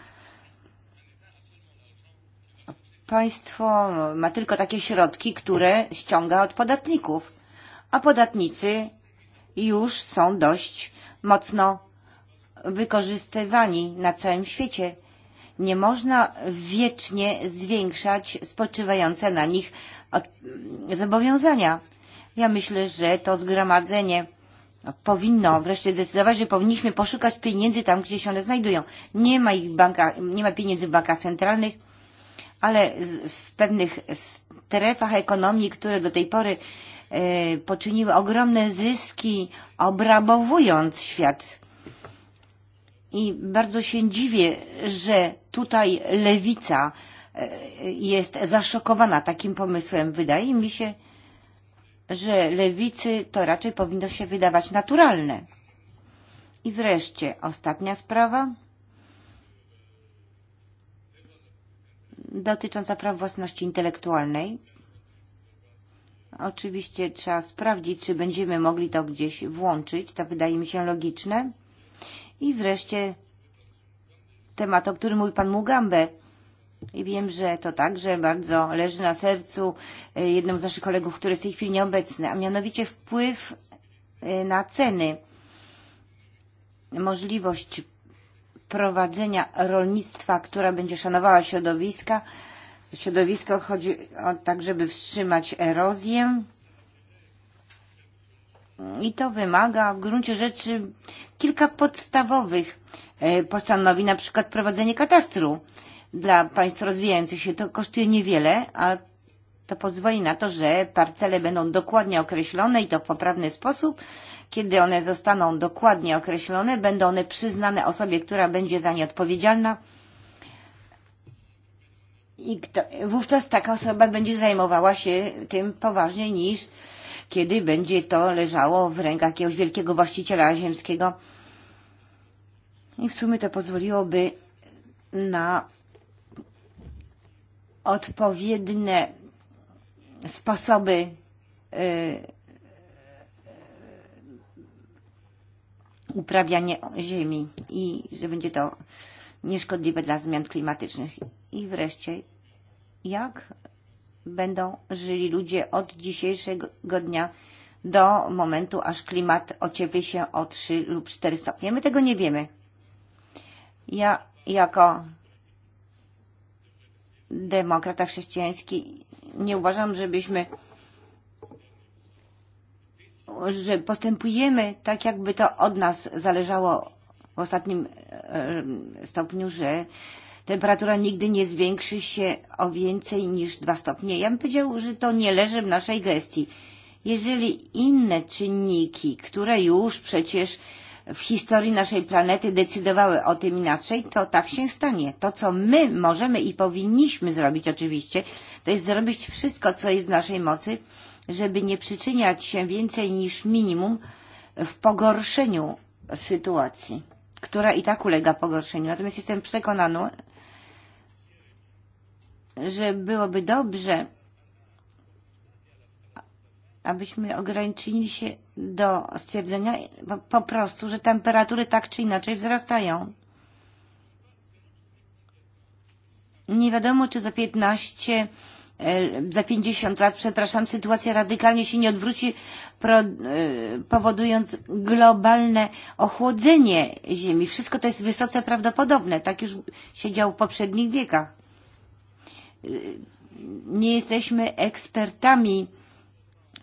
Państwo ma tylko takie środki, które ściąga od podatników, a podatnicy już są dość mocno wykorzystywani na całym świecie Nie można wiecznie zwiększać spoczywające na nich mm, zobowiązania. Ja myślę, że to zgromadzenie no, powinno wreszcie zdecydować, że powinniśmy poszukać pieniędzy tam, gdzie się one znajdują. Nie ma, ich banka, nie ma pieniędzy w bankach centralnych, ale w pewnych strefach ekonomii, które do tej pory e, poczyniły ogromne zyski, obrabowując świat. I bardzo się dziwię, że tutaj lewica e, jest zaszokowana takim pomysłem. Wydaje mi się, że lewicy to raczej powinno się wydawać naturalne. I wreszcie ostatnia sprawa dotycząca praw własności intelektualnej. Oczywiście trzeba sprawdzić, czy będziemy mogli to gdzieś włączyć. To wydaje mi się logiczne. I wreszcie temat, o którym mówi pan Mugambe. I wiem, że to także bardzo leży na sercu eh, jednym z naszych kolegów, który jest w tej chwili nieobecny, a mianowicie eh, wpływ na ceny, możliwość prowadzenia rolnictwa, która będzie szanowała środowiska. Środowisko chodzi o tak, żeby wstrzymać erozję. I to wymaga w gruncie rzeczy kilka podstawowych E, postanowi na przykład prowadzenie katastru dla państw rozwijających się. To kosztuje niewiele, a to pozwoli na to, że parcele będą dokładnie określone i to w poprawny sposób. Kiedy one zostaną dokładnie określone, będą one przyznane osobie, która będzie za nie odpowiedzialna. I kto, wówczas taka osoba będzie zajmowała się tym poważnie niż kiedy będzie to leżało w rękach jakiegoś wielkiego właściciela ziemskiego i w sumie to pozwoliłoby na odpowiednie sposoby e, uprawiania ziemi i że będzie to nieszkodliwe dla zmian klimatycznych. I wreszcie, jak będą żyli ludzie od dzisiejszego dnia do momentu, aż klimat ociepli się o 3 lub 4 stopnie. My tego nie wiemy. Ja jako demokrata chrześcijański nie uważam, żebyśmy że postępujemy tak, jakby to od nas zależało w ostatnim e, stopniu, że temperatura nigdy nie zwiększy się o więcej niż dwa stopnie. Ja bym powiedział, że to nie leży w naszej gestii. Jeżeli inne czynniki, które już przecież w historii naszej planety decydowały o tym inaczej, to tak się stanie. To, co my możemy i powinniśmy zrobić oczywiście, to jest zrobić wszystko, co jest w naszej mocy, żeby nie przyczyniać się więcej niż minimum w pogorszeniu sytuacji, która i tak ulega pogorszeniu. Natomiast jestem przekonana, że byłoby dobrze, abyśmy ograniczyli się do stwierdzenia po prostu, że temperatury tak czy inaczej wzrastają. Nie wiadomo, czy za 15 eh, za 50 lat, przepraszam, sytuacja radykalnie się nie odwróci, pro, eh, powodując globalne ochłodzenie Ziemi. Wszystko to jest wysoce prawdopodobne. Tak już się działo w poprzednich wiekach. Nie jesteśmy ekspertami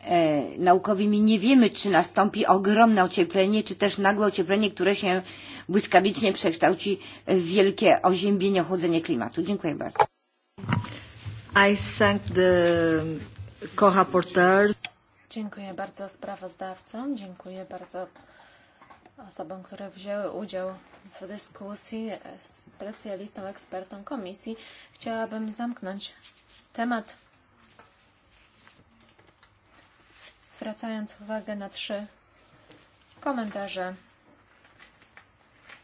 E, naukowymi nie wiemy, czy nastąpi ogromne ocieplenie, czy też nagłe ocieplenie, które się błyskawicznie przekształci w wielkie oziębienie, ochłodzenie klimatu. Dziękuję bardzo. I thank the co-rapporteur. Dziękuję bardzo sprawozdawcom, dziękuję bardzo osobom, które wzięły udział w dyskusji, e, specjalistom, ekspertom komisji. Chciałabym zamknąć temat zwracając uwagę na trzy komentarze.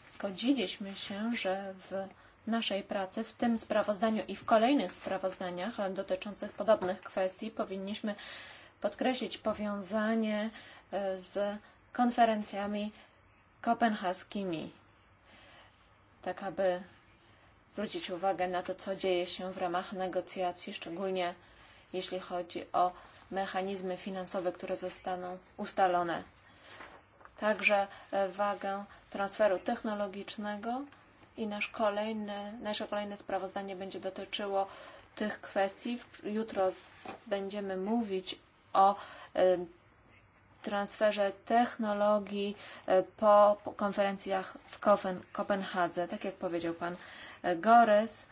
Zgodziliśmy się, że w naszej pracy, w tym sprawozdaniu i w kolejnych sprawozdaniach dotyczących podobnych kwestii powinniśmy podkreślić powiązanie e, z konferencjami kopenhaskimi, tak aby zwrócić uwagę na to, co dzieje się w ramach negocjacji, szczególnie jeśli chodzi o mechanizmy finansowe, które zostaną ustalone. Także e, wagę transferu technologicznego i nasz kolejny, nasze kolejne sprawozdanie będzie dotyczyło tych kwestii. Jutro z, będziemy mówić o y, e, transferze technologii e, po, po konferencjach w Kopenhadze. Tak jak powiedział pan Gores,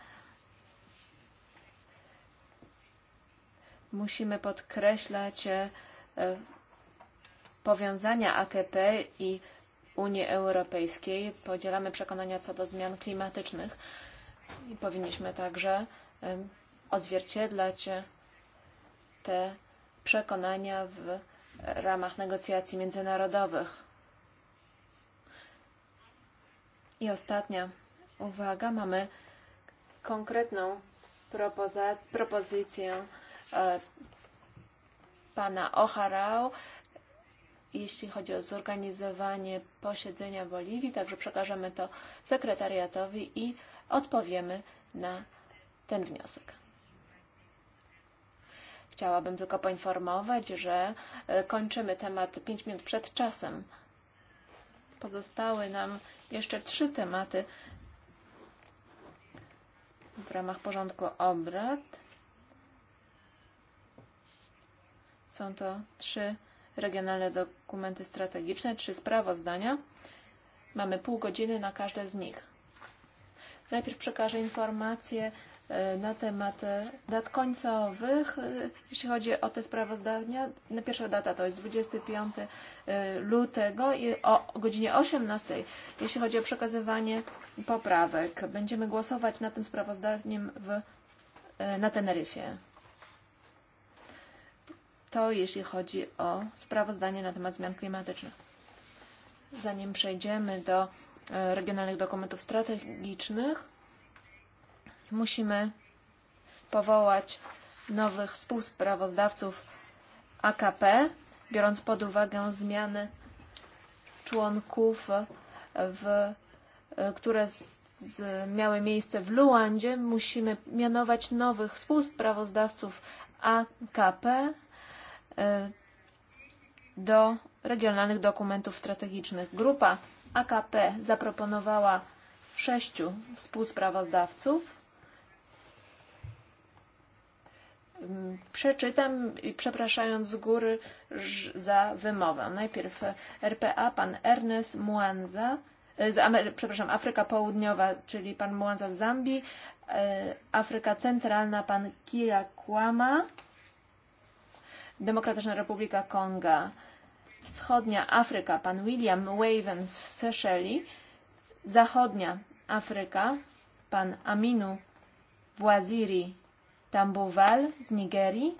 musimy podkreślać e, powiązania AKP i Unii Europejskiej. Podzielamy przekonania co do zmian klimatycznych i powinniśmy także odzwierciedlać te przekonania w ramach negocjacji międzynarodowych. I ostatnia uwaga, mamy konkretną propozycję Eh, pana Ocharao, jeśli chodzi o zorganizowanie posiedzenia Boliwii, także przekażemy to sekretariatowi i odpowiemy na ten wniosek. Chciałabym tylko poinformować, że eh, kończymy temat 5 minut przed czasem. Pozostały nam jeszcze trzy tematy w ramach porządku obrad. Są to trzy regionalne dokumenty strategiczne, trzy sprawozdania. Mamy pół godziny na każde z nich. Najpierw przekażę informacje e, na temat e, dat końcowych, e, jeśli chodzi o te sprawozdania. Pierwsza data to jest 25 lutego i o godzinie 18, jeśli chodzi o przekazywanie poprawek. Będziemy głosować nad tym sprawozdaniem w, na Teneryfie. To jeśli chodzi o sprawozdanie na temat zmian klimatycznych. Zanim przejdziemy do e, regionalnych dokumentów strategicznych, musimy powołać nowych współsprawozdawców AKP, biorąc pod uwagę zmiany członków, e, w, e, które z, z, miały miejsce w Luandzie, musimy mianować nowych współsprawozdawców AKP E, do regionalnych dokumentów strategicznych. Grupa AKP zaproponowała sześciu współsprawozdawców. Przeczytam i przepraszając z góry za wymowę. Najpierw RPA, pan Ernest Muanza, e, z Amery- przepraszam, Afryka Południowa, czyli pan Muanza z Zambii, e, Afryka Centralna, pan Kia Kłama, Demokratyczna Republika Konga, Wschodnia Afryka, pan William Waven z Seszeli, Zachodnia Afryka, pan Aminu Waziri Tambuwal z Nigerii,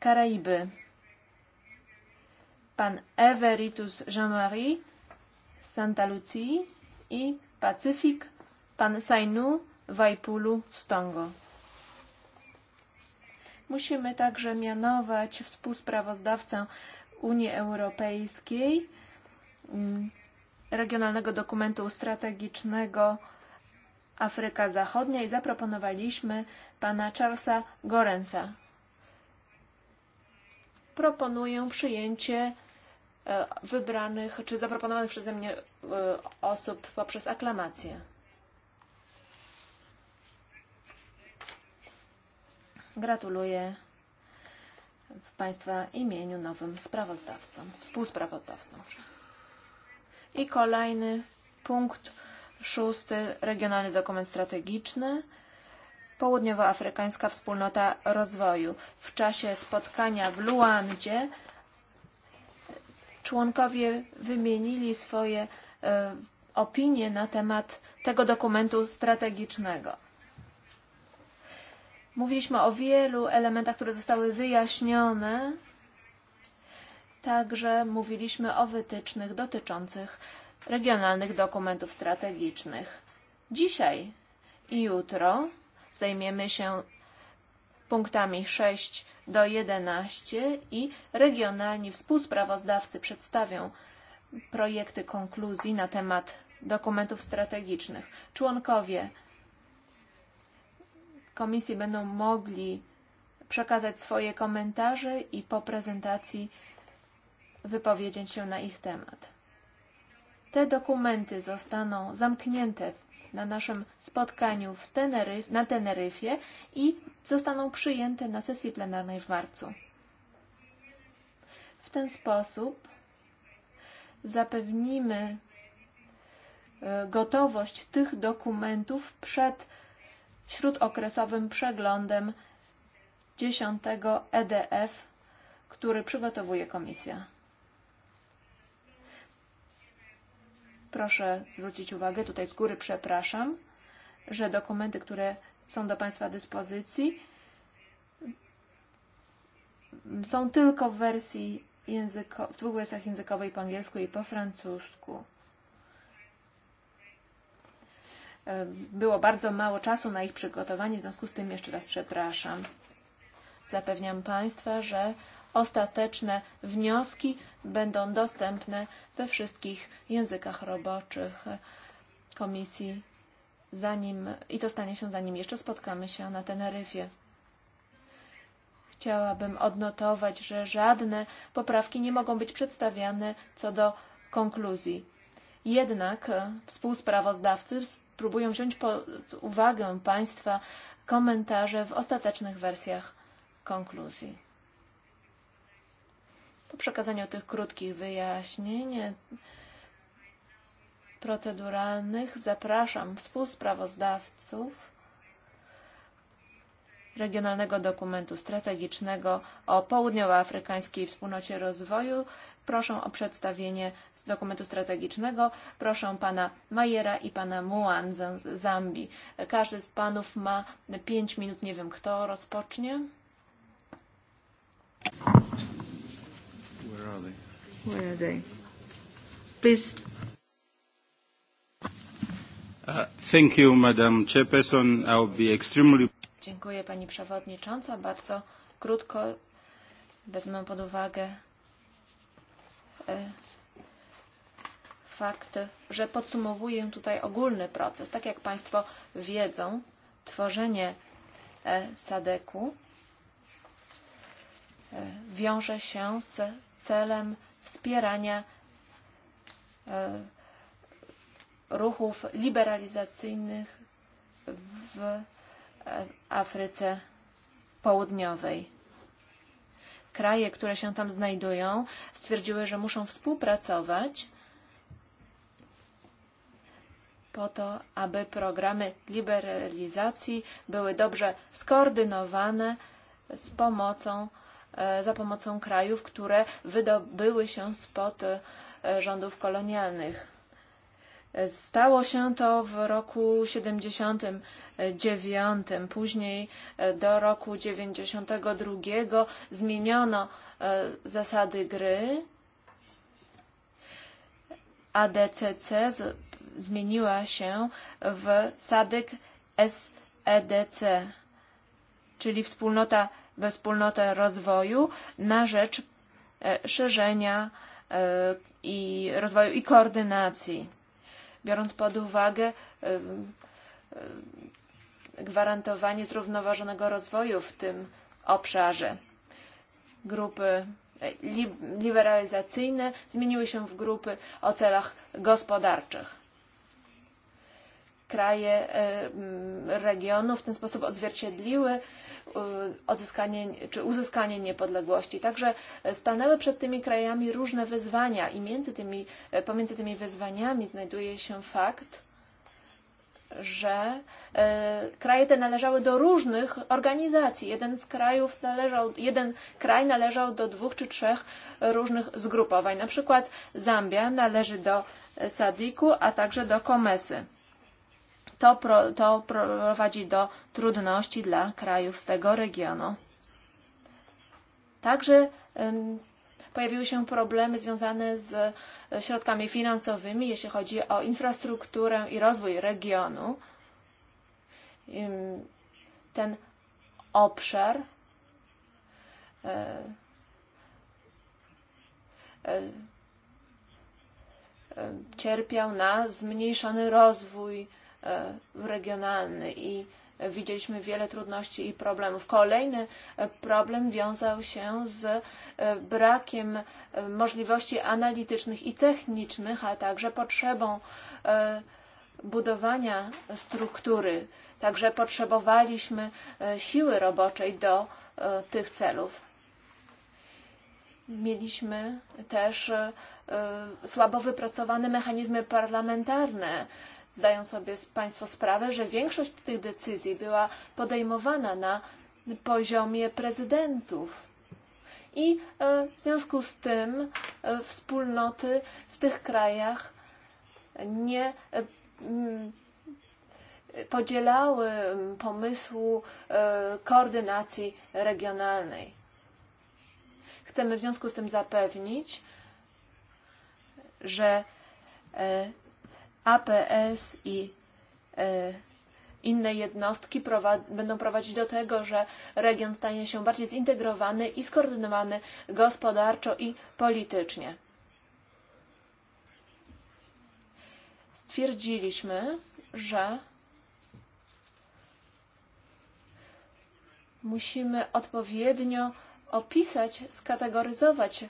Karaiby, pan Everitus Jean-Marie Santa Lucji i Pacyfik, pan Sainu z Stongo. Musimy także mianować współsprawozdawcę Unii Europejskiej mm, Regionalnego Dokumentu Strategicznego Afryka Zachodnia i zaproponowaliśmy pana Charlesa Gorensa. Proponuję przyjęcie e, wybranych czy zaproponowanych przeze mnie e, osób poprzez aklamację. Gratuluję w Państwa imieniu nowym sprawozdawcom, współsprawozdawcom. I kolejny punkt szósty, regionalny dokument strategiczny. Południowoafrykańska Wspólnota Rozwoju. W czasie spotkania w Luandzie członkowie wymienili swoje y, e, opinie na temat tego dokumentu strategicznego. Mówiliśmy o wielu elementach, które zostały wyjaśnione. Także mówiliśmy o wytycznych dotyczących regionalnych dokumentów strategicznych. Dzisiaj i jutro zajmiemy się punktami 6 do 11 i regionalni współsprawozdawcy przedstawią projekty konkluzji na temat dokumentów strategicznych. Członkowie komisji będą mogli przekazać swoje komentarze i po prezentacji wypowiedzieć się na ich temat. Te dokumenty zostaną zamknięte na naszym spotkaniu w Teneryf na Teneryfie i zostaną przyjęte na sesji plenarnej w marcu. W ten sposób zapewnimy e, gotowość tych dokumentów przed śródokresowym przeglądem 10 EDF, który przygotowuje Komisja. Proszę zwrócić uwagę, tutaj z góry przepraszam, że dokumenty, które są do Państwa dyspozycji, są tylko w wersji języko, w dwóch wersjach językowej po angielsku i po francusku. E, było bardzo mało czasu na ich przygotowanie, w związku z tym jeszcze raz przepraszam. Zapewniam Państwa, że ostateczne wnioski będą dostępne we wszystkich językach roboczych komisji zanim, i to stanie się zanim jeszcze spotkamy się na Teneryfie. Chciałabym odnotować, że żadne poprawki nie mogą być przedstawiane co do konkluzji. Jednak współsprawozdawcy próbują wziąć pod uwagę Państwa komentarze w ostatecznych wersjach konkluzji. Po przekazaniu tych krótkich wyjaśnień proceduralnych zapraszam współsprawozdawców regionalnego dokumentu strategicznego o południowoafrykańskiej wspólnocie rozwoju. Proszę o przedstawienie z dokumentu strategicznego. Proszę pana Majera i pana Muan z Zambii. Każdy z panów ma pięć minut. Nie wiem, kto rozpocznie. Where are they? Where are they? Please. Uh, thank you, Madam Chairperson. I'll be extremely Dziękuję Pani Przewodnicząca. Bardzo krótko wezmę pod uwagę e, fakt, że podsumowuję tutaj ogólny proces. Tak jak Państwo wiedzą, tworzenie e, Sadeku e, wiąże się z celem wspierania ruchów liberalizacyjnych w Eh, Afryce Południowej. Kraje, które się tam znajdują, stwierdziły, że muszą współpracować po to, aby programy liberalizacji były dobrze skoordynowane z pomocą, eh, za pomocą krajów, które wydobyły się spod eh, rządów kolonialnych. Stało się to w roku 79. Później e, do roku 92 zmieniono e, zasady gry. ADCC zmieniła się w SADC e SEDC, czyli wspólnota we wspólnotę rozwoju na rzecz szerzenia i rozwoju i koordynacji biorąc pod uwagę gwarantowanie zrównoważonego rozwoju w tym obszarze. Grupy e, liberalizacyjne zmieniły się w grupy o celach gospodarczych kraje e, regionu w ten sposób odzwierciedliły odzyskanie czy uzyskanie niepodległości. Także e, stanęły przed tymi krajami różne wyzwania i między tymi, e, pomiędzy tymi wyzwaniami znajduje się fakt, że kraje te należały do różnych organizacji. Jeden z krajów należał, jeden kraj należał do dwóch czy trzech różnych zgrupowań. Na przykład Zambia należy do Sadiku, a także do Komesy to, pro, to prowadzi do trudności dla krajów z tego regionu. Także um, pojawiły się problemy związane z e, środkami finansowymi, jeśli chodzi o infrastrukturę i rozwój regionu. Um, ten obszar e, e, cierpiał na zmniejszony rozwój E, regionalny i widzieliśmy wiele trudności i problemów. Kolejny e, problem wiązał się z e, brakiem możliwości analitycznych i technicznych, a także potrzebą budowania struktury. Także potrzebowaliśmy siły roboczej do tych celów. Mieliśmy też słabo wypracowane mechanizmy parlamentarne, zdają sobie Państwo sprawę, że większość tych decyzji była podejmowana na poziomie prezydentów. I e, w związku z tym e, wspólnoty w tych krajach nie e, podzielały pomysłu koordynacji regionalnej. Chcemy w związku z tym zapewnić, że APS i e, inne jednostki prowad- będą prowadzić do tego, że region stanie się bardziej zintegrowany i skoordynowany gospodarczo i politycznie. Stwierdziliśmy, że musimy odpowiednio opisać, skategoryzować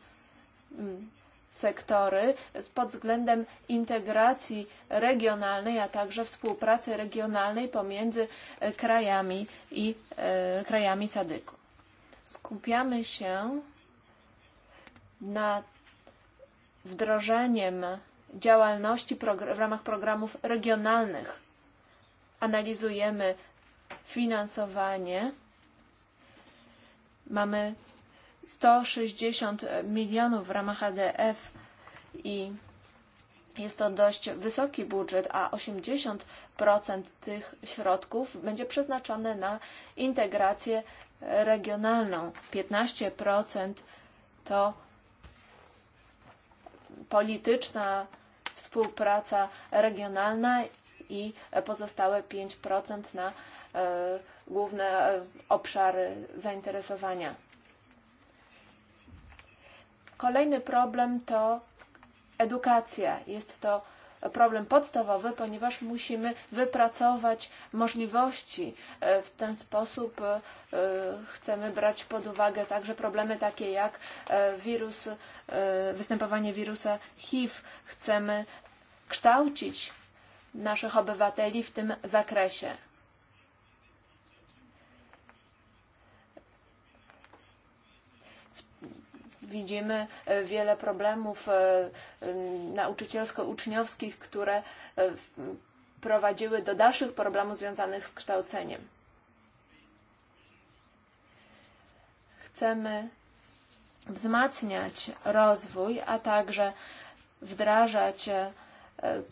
mm, sektory pod względem integracji regionalnej, a także współpracy regionalnej pomiędzy e, krajami i e, krajami Sadyku. Skupiamy się na wdrożeniem działalności w ramach programów regionalnych. Analizujemy finansowanie. Mamy 160 milionów w ramach ADF i jest to dość wysoki budżet, a 80% tych środków będzie przeznaczone na integrację regionalną. 15% to polityczna współpraca regionalna i pozostałe 5% na y, e, główne y, e, obszary zainteresowania. Kolejny problem to edukacja. Jest to problem podstawowy, ponieważ musimy wypracować możliwości. E, w ten sposób e, chcemy brać pod uwagę także problemy takie jak e, wirus, występowanie wirusa HIV. Chcemy kształcić naszych obywateli w tym zakresie. widzimy eh, wiele problemów eh, nauczycielsko-uczniowskich, które eh, prowadziły do dalszych problemów związanych z kształceniem. Chcemy wzmacniać rozwój, a także wdrażać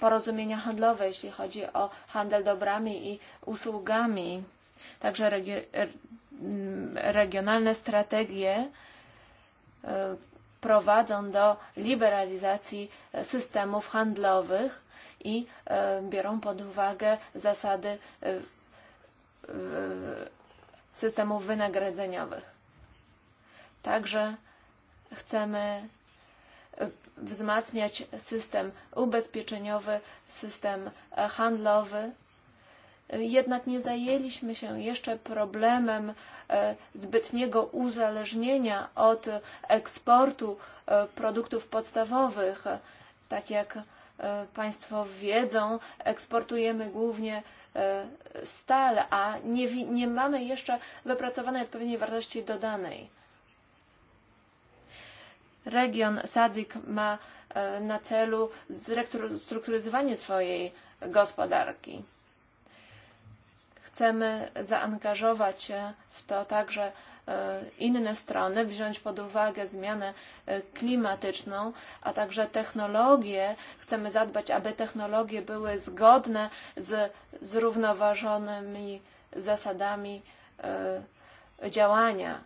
porozumienia handlowe, jeśli chodzi o handel dobrami i usługami, także regionalne strategie prowadzą do liberalizacji e, systemów handlowych i e, biorą pod uwagę zasady e, systemów wynagrodzeniowych. Także chcemy wzmacniać system ubezpieczeniowy, system handlowy jednak nie zajęliśmy się jeszcze problemem e, zbytniego uzależnienia od eksportu e, produktów podstawowych. Tak jak e, Państwo wiedzą, eksportujemy głównie stal, a nie, nie mamy jeszcze wypracowanej odpowiedniej wartości dodanej. Region Sadyk ma na celu zrestrukturyzowanie swojej gospodarki. Chcemy zaangażować się w to także e, inne strony, wziąć pod uwagę zmianę e, klimatyczną, a także technologie. Chcemy zadbać, aby technologie były zgodne z zrównoważonymi zasadami e, działania.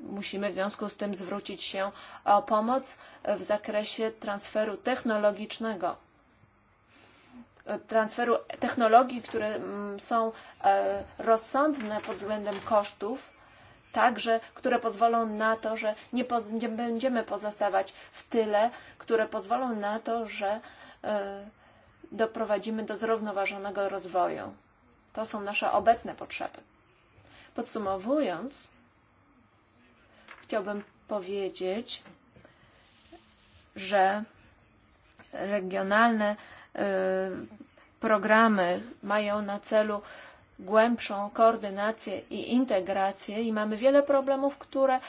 Musimy w związku z tym zwrócić się o pomoc w zakresie transferu technologicznego transferu technologii, które mm, są e, rozsądne pod względem kosztów, także, które pozwolą na to, że nie, będziemy pozostawać w tyle, które pozwolą na to, że e, doprowadzimy do zrównoważonego rozwoju. To są nasze obecne potrzeby. Podsumowując, chciałbym powiedzieć, że regionalne E, programy mają na celu głębszą koordynację i integrację i mamy wiele problemów, które e,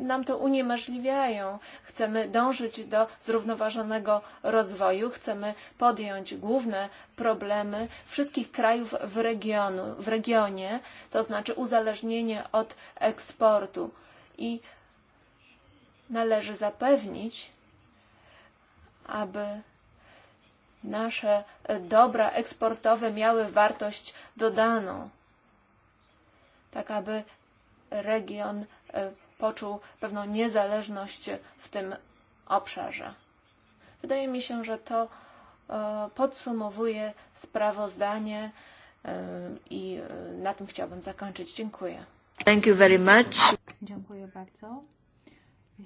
nam to uniemożliwiają. Chcemy dążyć do zrównoważonego rozwoju, chcemy podjąć główne problemy wszystkich krajów w, regionu, w regionie, to znaczy uzależnienie od eksportu i należy zapewnić, aby nasze e, dobra eksportowe miały wartość dodaną, tak aby region e, poczuł pewną niezależność w tym obszarze. Wydaje mi się, że to e, podsumowuje sprawozdanie i na tym chciałbym zakończyć. Dziękuję. Thank you very much. Dziękuję bardzo.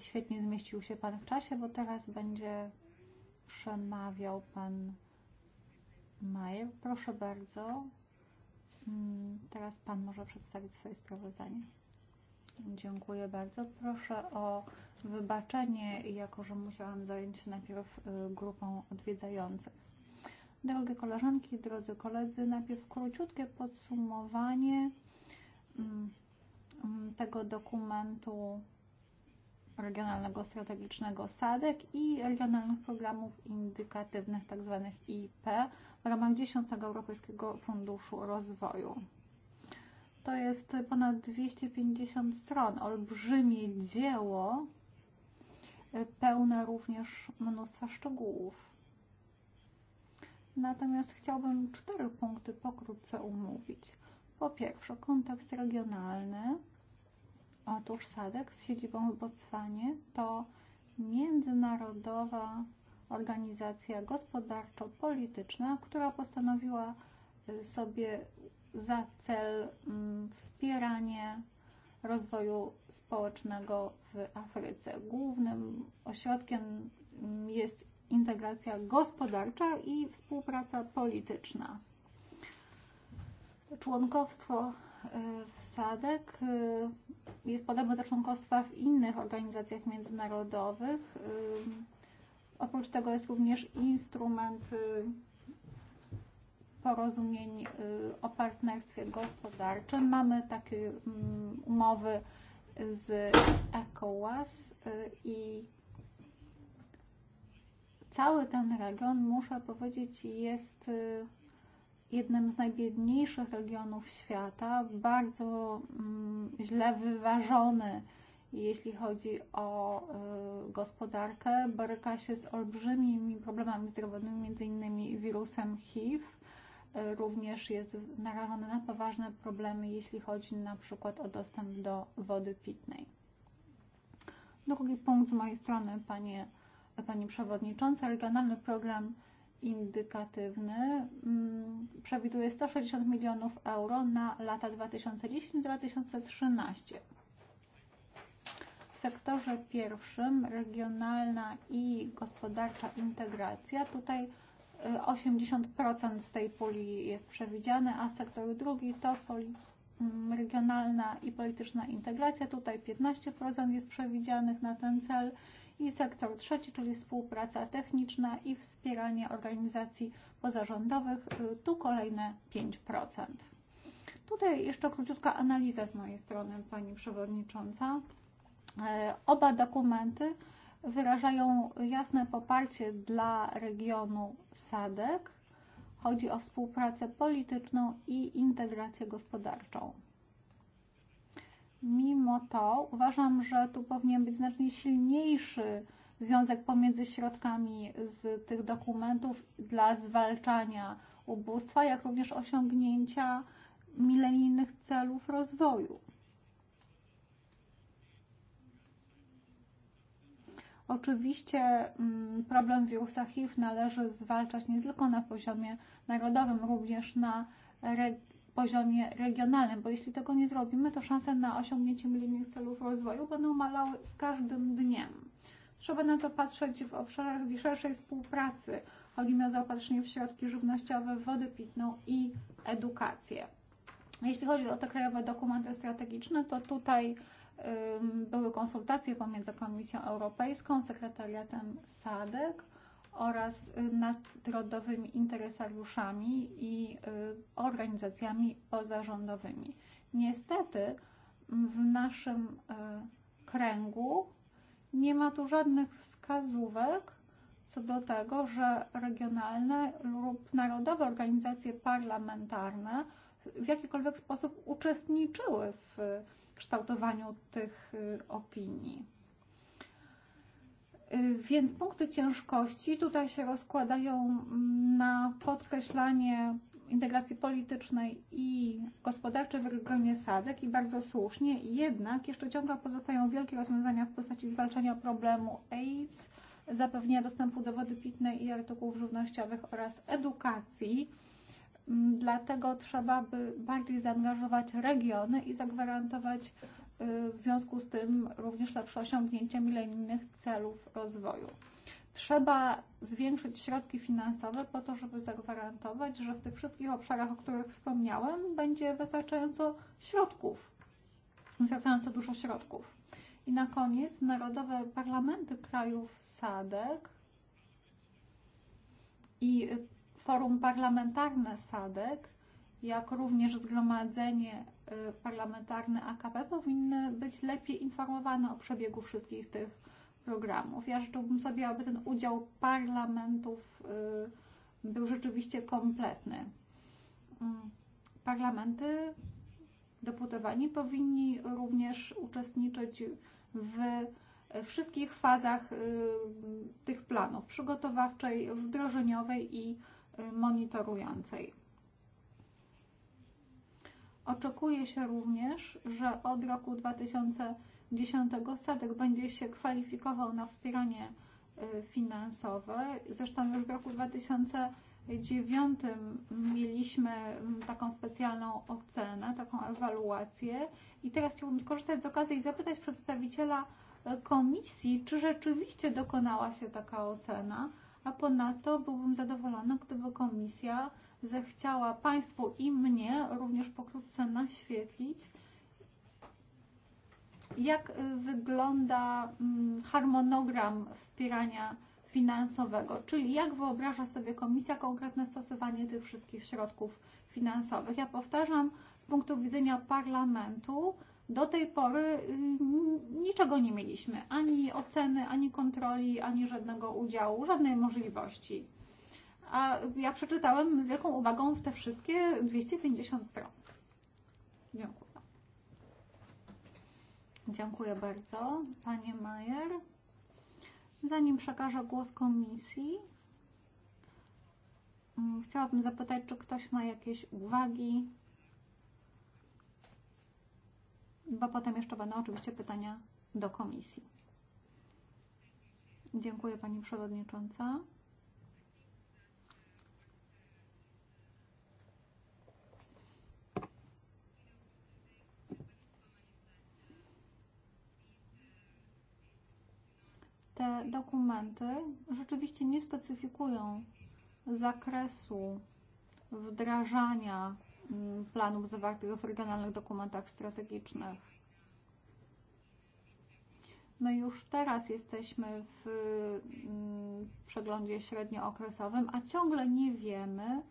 Świetnie zmieścił się Pan w czasie, bo teraz będzie przemawiał pan Majer. Proszę bardzo. Mm, teraz pan może przedstawić swoje sprawozdanie. Dziękuję bardzo. Proszę o wybaczenie, jako że musiałam zająć się najpierw grupą odwiedzających. Drogie koleżanki, drodzy koledzy, najpierw króciutkie podsumowanie mm, mm, tego dokumentu Regionalnego Strategicznego SADEK i regionalnych programów indykatywnych tzw. IP w ramach 10 Europejskiego Funduszu Rozwoju. To jest ponad 250 stron, olbrzymie dzieło, e, pełne również mnóstwa szczegółów. Natomiast chciałbym cztery punkty pokrótce umówić. Po pierwsze, kontekst regionalny – Otóż Sadek z siedzibą w Botswanie to międzynarodowa organizacja gospodarczo-polityczna, która postanowiła e, sobie za cel mm, wspieranie rozwoju społecznego w Afryce. Głównym ośrodkiem mm, jest integracja gospodarcza i współpraca polityczna. Członkowstwo wsadek jest podobny do członkostwa w innych organizacjach międzynarodowych. E, Oprócz tego jest również instrument e, porozumień e, o partnerstwie gospodarczym. Mamy takie mm, umowy z ECOWAS i cały ten region, muszę powiedzieć, jest jednym z najbiedniejszych regionów świata, bardzo mm, źle wyważony, jeśli chodzi o gospodarkę, boryka się z olbrzymimi problemami zdrowotnymi, między innymi wirusem HIV. Również jest narażony na poważne problemy, jeśli chodzi na przykład o dostęp do wody pitnej. Drugi punkt z mojej strony, panie, Pani Przewodnicząca, regionalny program indykatywny mm, przewiduje 160 milionów euro na lata 2010-2013. W sektorze pierwszym regionalna i gospodarcza integracja tutaj 80% z tej puli jest przewidziane, a sektor drugi to mm, regionalna i polityczna integracja. Tutaj 15% jest przewidzianych na ten cel i sektor trzeci, czyli współpraca techniczna i wspieranie organizacji pozarządowych, tu kolejne 5%. Tutaj jeszcze króciutka analiza z mojej strony, Pani Przewodnicząca. E, oba dokumenty wyrażają jasne poparcie dla regionu SADEK. Chodzi o współpracę polityczną i integrację gospodarczą. Mimo to uważam, że tu powinien być znacznie silniejszy związek pomiędzy środkami z tych dokumentów dla zwalczania ubóstwa, jak również osiągnięcia milenijnych celów rozwoju. Oczywiście mm, problem wirusa HIV należy zwalczać nie tylko na poziomie narodowym, również na poziomie regionalnym, bo jeśli tego nie zrobimy, to szanse na osiągnięcie milenijnych celów rozwoju będą malały z każdym dniem. Trzeba na to patrzeć w obszarach szerszej współpracy. Chodzi mi o zaopatrzenie w środki żywnościowe, wodę pitną i edukację. Jeśli chodzi o te krajowe dokumenty strategiczne, to tutaj były konsultacje pomiędzy Komisją Europejską, sekretariatem SADEK oraz nadrodowymi interesariuszami i organizacjami pozarządowymi. Niestety w naszym kręgu nie ma tu żadnych wskazówek co do tego, że regionalne lub narodowe organizacje parlamentarne w jakikolwiek sposób uczestniczyły w kształtowaniu tych opinii. Więc punkty ciężkości tutaj się rozkładają mm, na podkreślanie integracji politycznej i gospodarczej w regionie Sadek i bardzo słusznie, jednak jeszcze ciągle pozostają wielkie rozwiązania w postaci zwalczania problemu AIDS, zapewnienia dostępu do wody pitnej i artykułów żywnościowych oraz edukacji. Mm, dlatego trzeba by bardziej zaangażować regiony i zagwarantować w związku z tym również lepsze osiągnięcie milenijnych celów rozwoju. Trzeba zwiększyć środki finansowe po to, żeby zagwarantować, że w tych wszystkich obszarach, o których wspomniałem, będzie wystarczająco środków, wystarczająco dużo środków. I na koniec narodowe parlamenty krajów SADEK i forum parlamentarne SADEK jak również Zgromadzenie Parlamentarne AKP powinny być lepiej informowane o przebiegu wszystkich tych programów. Ja życzyłbym sobie, aby ten udział parlamentów był rzeczywiście kompletny. Mm, parlamenty deputowani powinni również uczestniczyć w wszystkich fazach tych planów przygotowawczej, wdrożeniowej i monitorującej. Oczekuje się również, że od roku 2010 statek będzie się kwalifikował na wspieranie finansowe. Zresztą już w roku 2009 mieliśmy mm, taką specjalną ocenę, taką ewaluację. I teraz chciałbym skorzystać z okazji i zapytać przedstawiciela komisji, czy rzeczywiście dokonała się taka ocena, a ponadto byłbym zadowolona, gdyby komisja zechciała Państwu i mnie również pokrótce naświetlić, jak wygląda mm, harmonogram wspierania finansowego, czyli jak wyobraża sobie komisja konkretne stosowanie tych wszystkich środków finansowych. Ja powtarzam, z punktu widzenia parlamentu do tej pory niczego nie mieliśmy, ani oceny, ani kontroli, ani żadnego udziału, żadnej możliwości a ja przeczytałem z wielką uwagą w te wszystkie 250 stron. Dziękuję. Dziękuję bardzo, panie Majer. Zanim przekażę głos komisji, mm, chciałabym zapytać, czy ktoś ma jakieś uwagi, bo potem jeszcze będą oczywiście pytania do komisji. Dziękuję pani przewodnicząca. te dokumenty rzeczywiście nie specyfikują zakresu wdrażania mm, planów zawartych w regionalnych dokumentach strategicznych. My już teraz jesteśmy w mm, przeglądzie średniookresowym, a ciągle nie wiemy,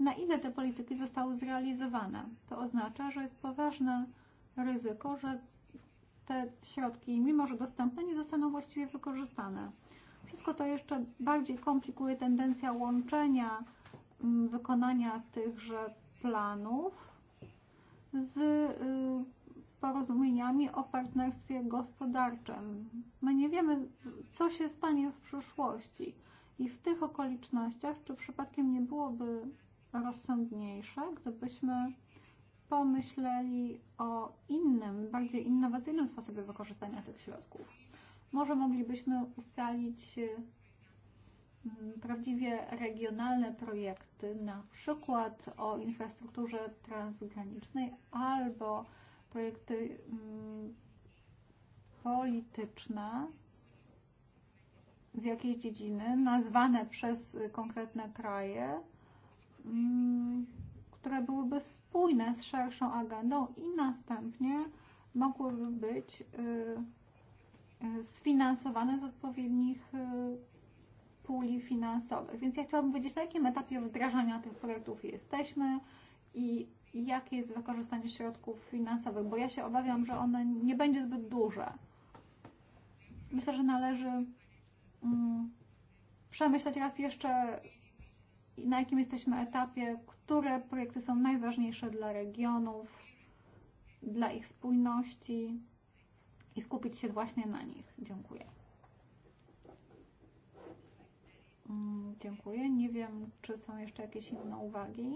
na ile te polityki zostały zrealizowane. To oznacza, że jest poważne ryzyko, że te środki, mimo że dostępne, nie zostaną właściwie wykorzystane. Wszystko to jeszcze bardziej komplikuje tendencja łączenia mm, wykonania tychże planów z porozumieniami o partnerstwie gospodarczym. My nie wiemy, co się stanie w przyszłości i w tych okolicznościach, czy przypadkiem nie byłoby rozsądniejsze, gdybyśmy pomyśleli o innym, bardziej innowacyjnym sposobie wykorzystania tych środków. Może moglibyśmy ustalić mm, prawdziwie regionalne projekty, na przykład o infrastrukturze transgranicznej albo projekty mm, polityczne z jakiejś dziedziny, nazwane przez konkretne kraje mm, które byłyby spójne z szerszą agendą i następnie mogłyby być sfinansowane z odpowiednich eh, puli finansowych. Więc ja chciałabym wiedzieć, na jakim etapie wdrażania tych projektów jesteśmy i jakie jest wykorzystanie środków finansowych, bo ja się obawiam, że one nie będzie zbyt duże. Myślę, że należy mm, przemyśleć raz jeszcze na jakim jesteśmy etapie, które projekty są najważniejsze dla regionów, dla ich spójności i skupić się właśnie na nich. Dziękuję. Mm, dziękuję. Nie wiem, czy są jeszcze jakieś inne uwagi.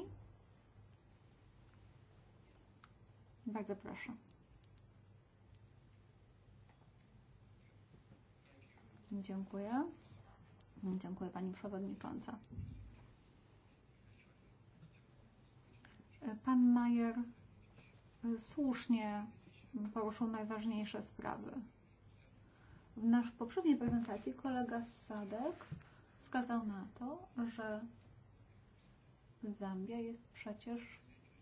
Bardzo proszę. Dziękuję. Dziękuję Pani Przewodnicząca. Pan Majer e, słusznie poruszył najważniejsze sprawy. W naszej poprzedniej prezentacji kolega z Sadek wskazał na to, że Zambia jest przecież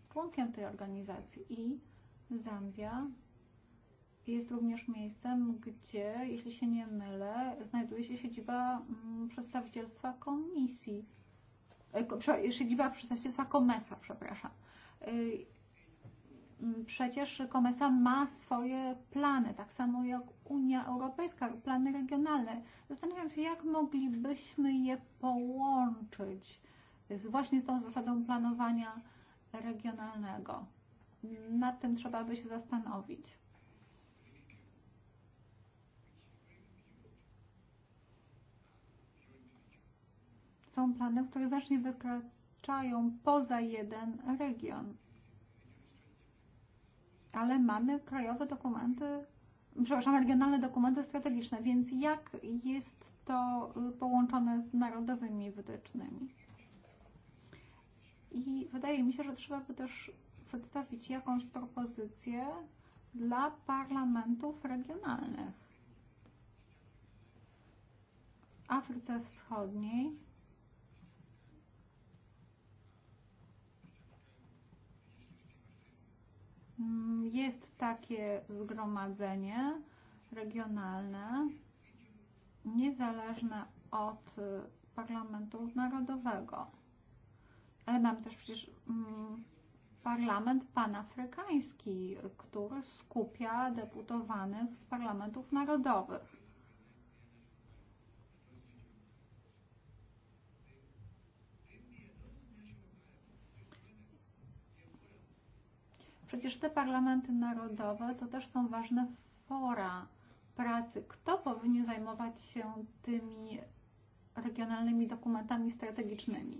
członkiem tej organizacji i Zambia jest również miejscem, gdzie, jeśli się nie mylę, znajduje się siedziba mm, przedstawicielstwa komisji, e, siedziba przedstawicielstwa Komesa, przepraszam. Przecież Komesa ma swoje plany, tak samo jak Unia Europejska, plany regionalne. Zastanawiam się, jak moglibyśmy je połączyć właśnie z tą zasadą planowania regionalnego. Nad tym trzeba by się zastanowić. Są plany, które znacznie wykraczają wykraczają poza jeden region. Ale mamy krajowe dokumenty, przepraszam, regionalne dokumenty strategiczne, więc jak jest to połączone z narodowymi wytycznymi? I wydaje mi się, że trzeba by też przedstawić jakąś propozycję dla parlamentów regionalnych. Afryce Wschodniej Mm, jest takie zgromadzenie regionalne, niezależne od parlamentu narodowego. Ale mamy też przecież mm, parlament panafrykański, który skupia deputowanych z parlamentów narodowych. Przecież te parlamenty narodowe to też są ważne fora pracy. Kto powinien zajmować się tymi regionalnymi dokumentami strategicznymi?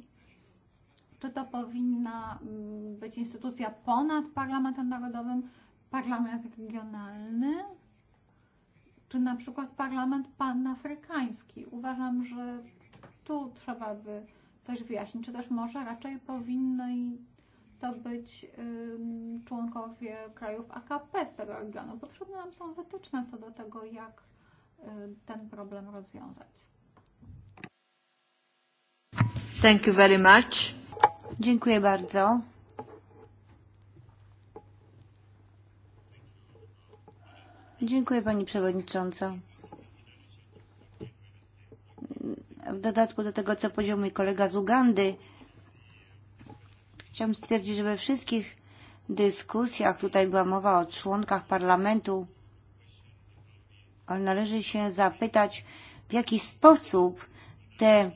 Czy to powinna mm, być instytucja ponad parlamentem narodowym, parlament regionalny, czy na przykład parlament panafrykański? Uważam, że tu trzeba by coś wyjaśnić, czy też może raczej powinny to być y, członkowie krajów AKP z tego regionu. Potrzebne nam są wytyczne co do tego, jak y, ten problem rozwiązać. Thank you very much. Dziękuję bardzo. Dziękuję Pani Przewodnicząca. W dodatku do tego, co powiedział mój kolega z Ugandy, Chciałbym stwierdzić, że we wszystkich dyskusjach, tutaj była mowa o członkach parlamentu, ale należy się zapytać, w jaki sposób te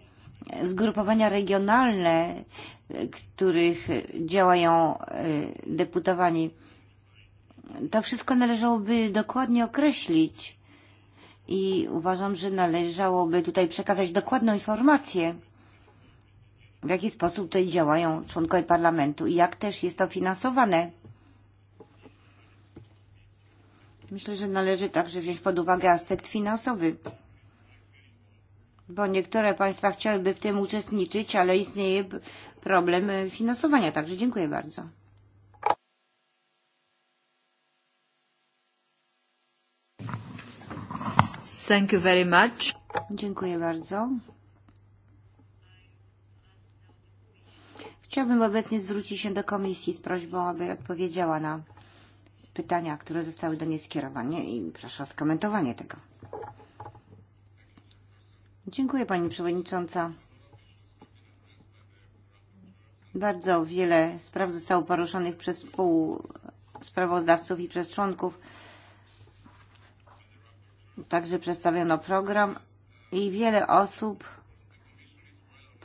zgrupowania regionalne, których działają deputowani, to wszystko należałoby dokładnie określić i uważam, że należałoby tutaj przekazać dokładną informację w jaki sposób tutaj działają członkowie parlamentu i jak też jest to finansowane. Myślę, że należy także wziąć pod uwagę aspekt finansowy, bo niektóre państwa chciałyby w tym uczestniczyć, ale istnieje problem finansowania. Także dziękuję bardzo. Thank you very much. Dziękuję bardzo. Chciałbym obecnie zwrócić się do Komisji z prośbą, aby odpowiedziała na pytania, które zostały do niej skierowane i proszę o skomentowanie tego. Dziękuję Pani Przewodnicząca. Bardzo wiele spraw zostało poruszonych przez współsprawozdawców i przez członków. Także przedstawiono program i wiele osób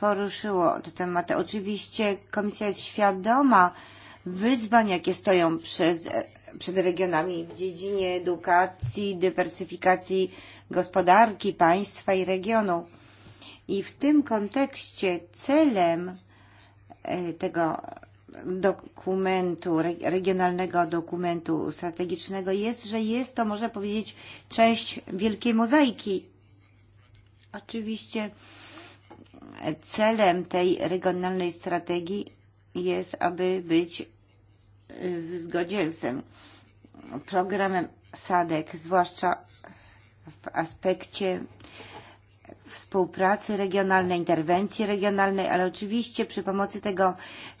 poruszyło te tematy. Oczywiście komisja jest świadoma wyzwań, jakie stoją przez, przed regionami w dziedzinie edukacji, dywersyfikacji gospodarki państwa i regionu. I w tym kontekście celem e, tego dokumentu, regionalnego dokumentu strategicznego jest, że jest to, można powiedzieć, część wielkiej mozaiki. Oczywiście celem tej regionalnej strategii jest, aby być w eh, zgodzie z programem SADEK, zwłaszcza w aspekcie współpracy regionalnej, interwencji regionalnej, ale oczywiście przy pomocy tego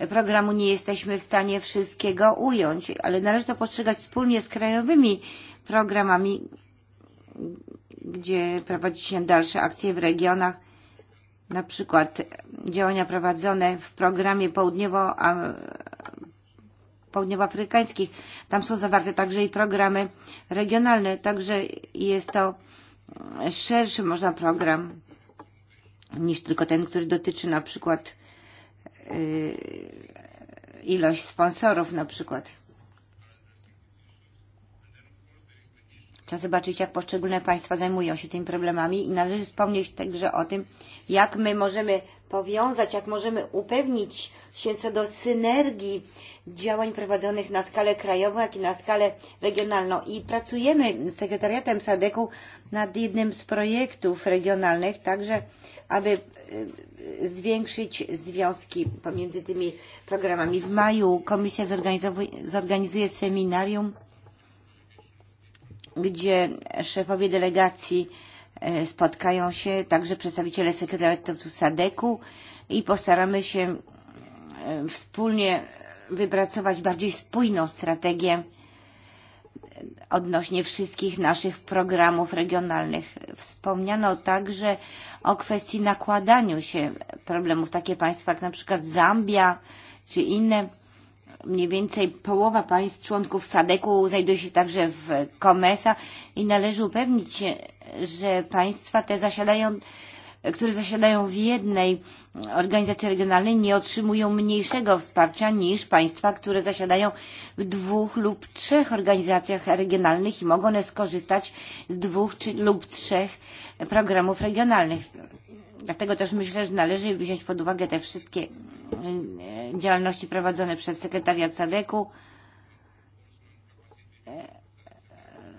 programu nie jesteśmy w stanie wszystkiego ująć, ale należy to postrzegać wspólnie z krajowymi programami, gdzie prowadzi się dalsze akcje w regionach na przykład działania prowadzone w programie południowo, południowoafrykańskich. Tam są zawarte także i programy regionalne, także jest to szerszy można program niż tylko ten, który dotyczy na przykład ilość sponsorów na przykład. Trzeba zobaczyć, jak poszczególne państwa zajmują się tymi problemami i należy wspomnieć także o tym, jak my możemy powiązać, jak możemy upewnić się co do synergii działań prowadzonych na skalę krajową, jak i na skalę regionalną. I pracujemy z sekretariatem Sadeku nad jednym z projektów regionalnych, także aby zwiększyć związki pomiędzy tymi programami. W maju komisja zorganizuje seminarium gdzie szefowie delegacji eh, spotkają się, także przedstawiciele sekretariatu SADEKu i postaramy się wspólnie eh, wypracować bardziej spójną strategię eh, odnośnie wszystkich naszych programów regionalnych. Wspomniano także o kwestii nakładaniu się problemów. Takie państwa jak na przykład Zambia czy inne mniej więcej połowa państw członków SADC-u znajduje się także w COMESA i należy upewnić się, że państwa te zasiadają które zasiadają w jednej organizacji regionalnej, nie otrzymują mniejszego wsparcia niż państwa, które zasiadają w dwóch lub trzech organizacjach regionalnych i mogą one skorzystać z dwóch czy, lub trzech programów regionalnych. Dlatego też myślę, że należy wziąć pod uwagę te wszystkie działalności prowadzone przez sekretariat Sadeku,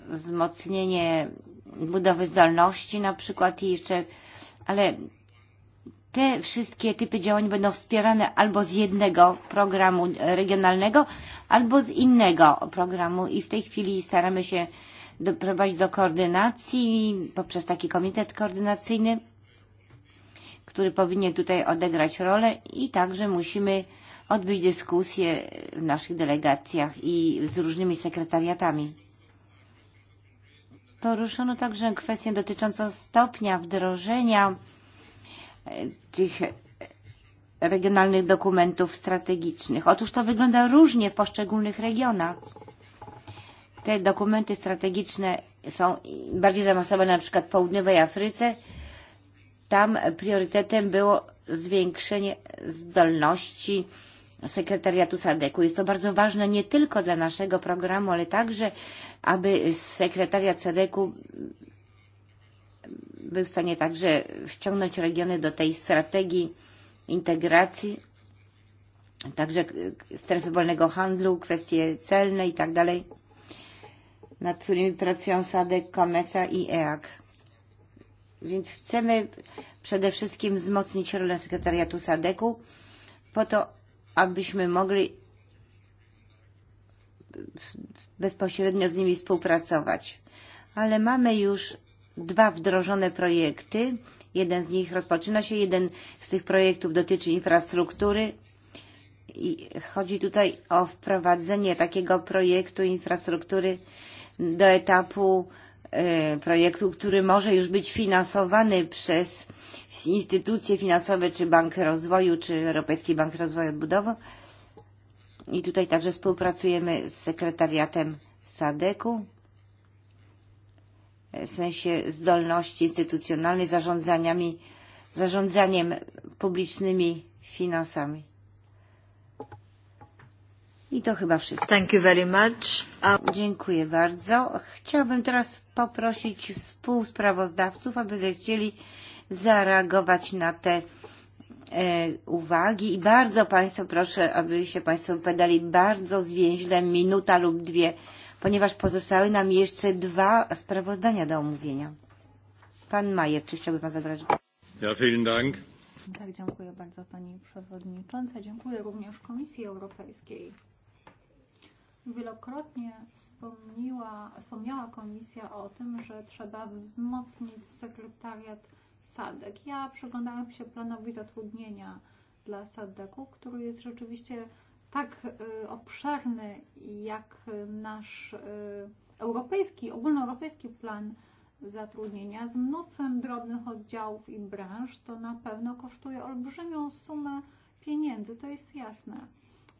wzmocnienie budowy zdolności na przykład i jeszcze, ale te wszystkie typy działań będą wspierane albo z jednego programu regionalnego, albo z innego programu i w tej chwili staramy się doprowadzić do koordynacji poprzez taki komitet koordynacyjny który powinien tutaj odegrać rolę i także musimy odbyć dyskusję w naszych delegacjach i z różnymi sekretariatami. Poruszono także kwestię dotyczącą stopnia wdrożenia e, tych regionalnych dokumentów strategicznych. Otóż to wygląda różnie w poszczególnych regionach. Te dokumenty strategiczne są bardziej zaawansowane na przykład w południowej Afryce tam priorytetem było zwiększenie zdolności sekretariatu SADEKu. Jest to bardzo ważne nie tylko dla naszego programu, ale także, aby sekretariat SADEKu był w stanie także wciągnąć regiony do tej strategii integracji, także strefy wolnego handlu, kwestie celne i tak dalej, nad którymi pracują SADEK, COMESA i EAC. Więc chcemy przede wszystkim wzmocnić rolę sekretariatu SADEKu po to, abyśmy mogli bezpośrednio z nimi współpracować. Ale mamy już dwa wdrożone projekty. Jeden z nich rozpoczyna się, jeden z tych projektów dotyczy infrastruktury. I chodzi tutaj o wprowadzenie takiego projektu infrastruktury do etapu E, projektu, który może już być finansowany przez instytucje finansowe, czy Bank Rozwoju, czy Europejski Bank Rozwoju Odbudowy. I tutaj także współpracujemy z sekretariatem Sadeku e, w sensie zdolności instytucjonalnej zarządzaniami, zarządzaniem publicznymi finansami. I to chyba wszystko. Thank you very much. A... Dziękuję bardzo. Chciałbym teraz poprosić współsprawozdawców, aby zechcieli zareagować na te e, uwagi i bardzo Państwa proszę, aby się Państwo wypowiadali bardzo zwięźle, minuta lub dwie, ponieważ pozostały nam jeszcze dwa sprawozdania do omówienia. Pan Majer, czy chciałby Pan zabrać głos? Ja, vielen Dank. Tak, dziękuję bardzo Pani Przewodnicząca. Dziękuję również Komisji Europejskiej Wielokrotnie wspomniała, wspomniała komisja o tym, że trzeba wzmocnić sekretariat SADEK. Ja przyglądałam się planowi zatrudnienia dla SADEKu, który jest rzeczywiście tak y, obszerny jak nasz y, europejski, ogólnoeuropejski plan zatrudnienia z mnóstwem drobnych oddziałów i branż, to na pewno kosztuje olbrzymią sumę pieniędzy, to jest jasne.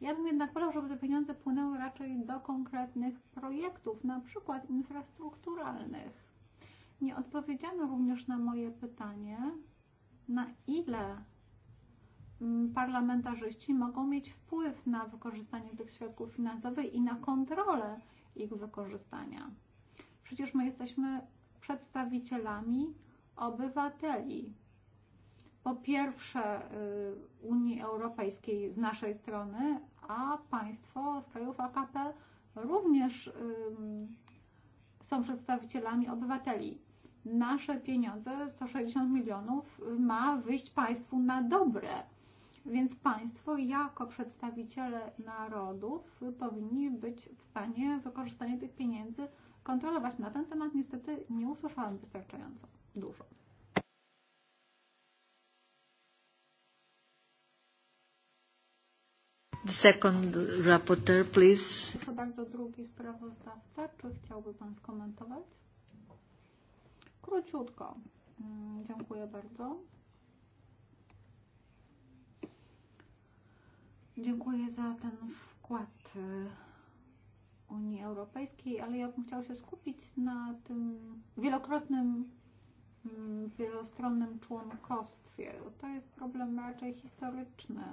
Ja bym jednak wolał, żeby te pieniądze płynęły raczej do konkretnych projektów, na przykład infrastrukturalnych. Nie odpowiedziano również na moje pytanie, na ile mm, parlamentarzyści mogą mieć wpływ na wykorzystanie tych środków finansowych i na kontrolę ich wykorzystania. Przecież my jesteśmy przedstawicielami obywateli. Po pierwsze Unii Europejskiej z naszej strony, a państwo z krajów AKP również są przedstawicielami obywateli. Nasze pieniądze, 160 milionów, ma wyjść państwu na dobre. Więc państwo jako przedstawiciele narodów powinni być w stanie wykorzystanie tych pieniędzy kontrolować. Na ten temat niestety nie usłyszałam wystarczająco dużo. The second rapporteur, please. bardzo, drugi sprawozdawca. Czy chciałby pan skomentować? Króciutko. Mm, dziękuję bardzo. Dziękuję za ten wkład Unii Europejskiej, ale ja bym chciała się skupić na tym wielokrotnym, mm, wielostronnym członkostwie. To jest problem raczej historyczny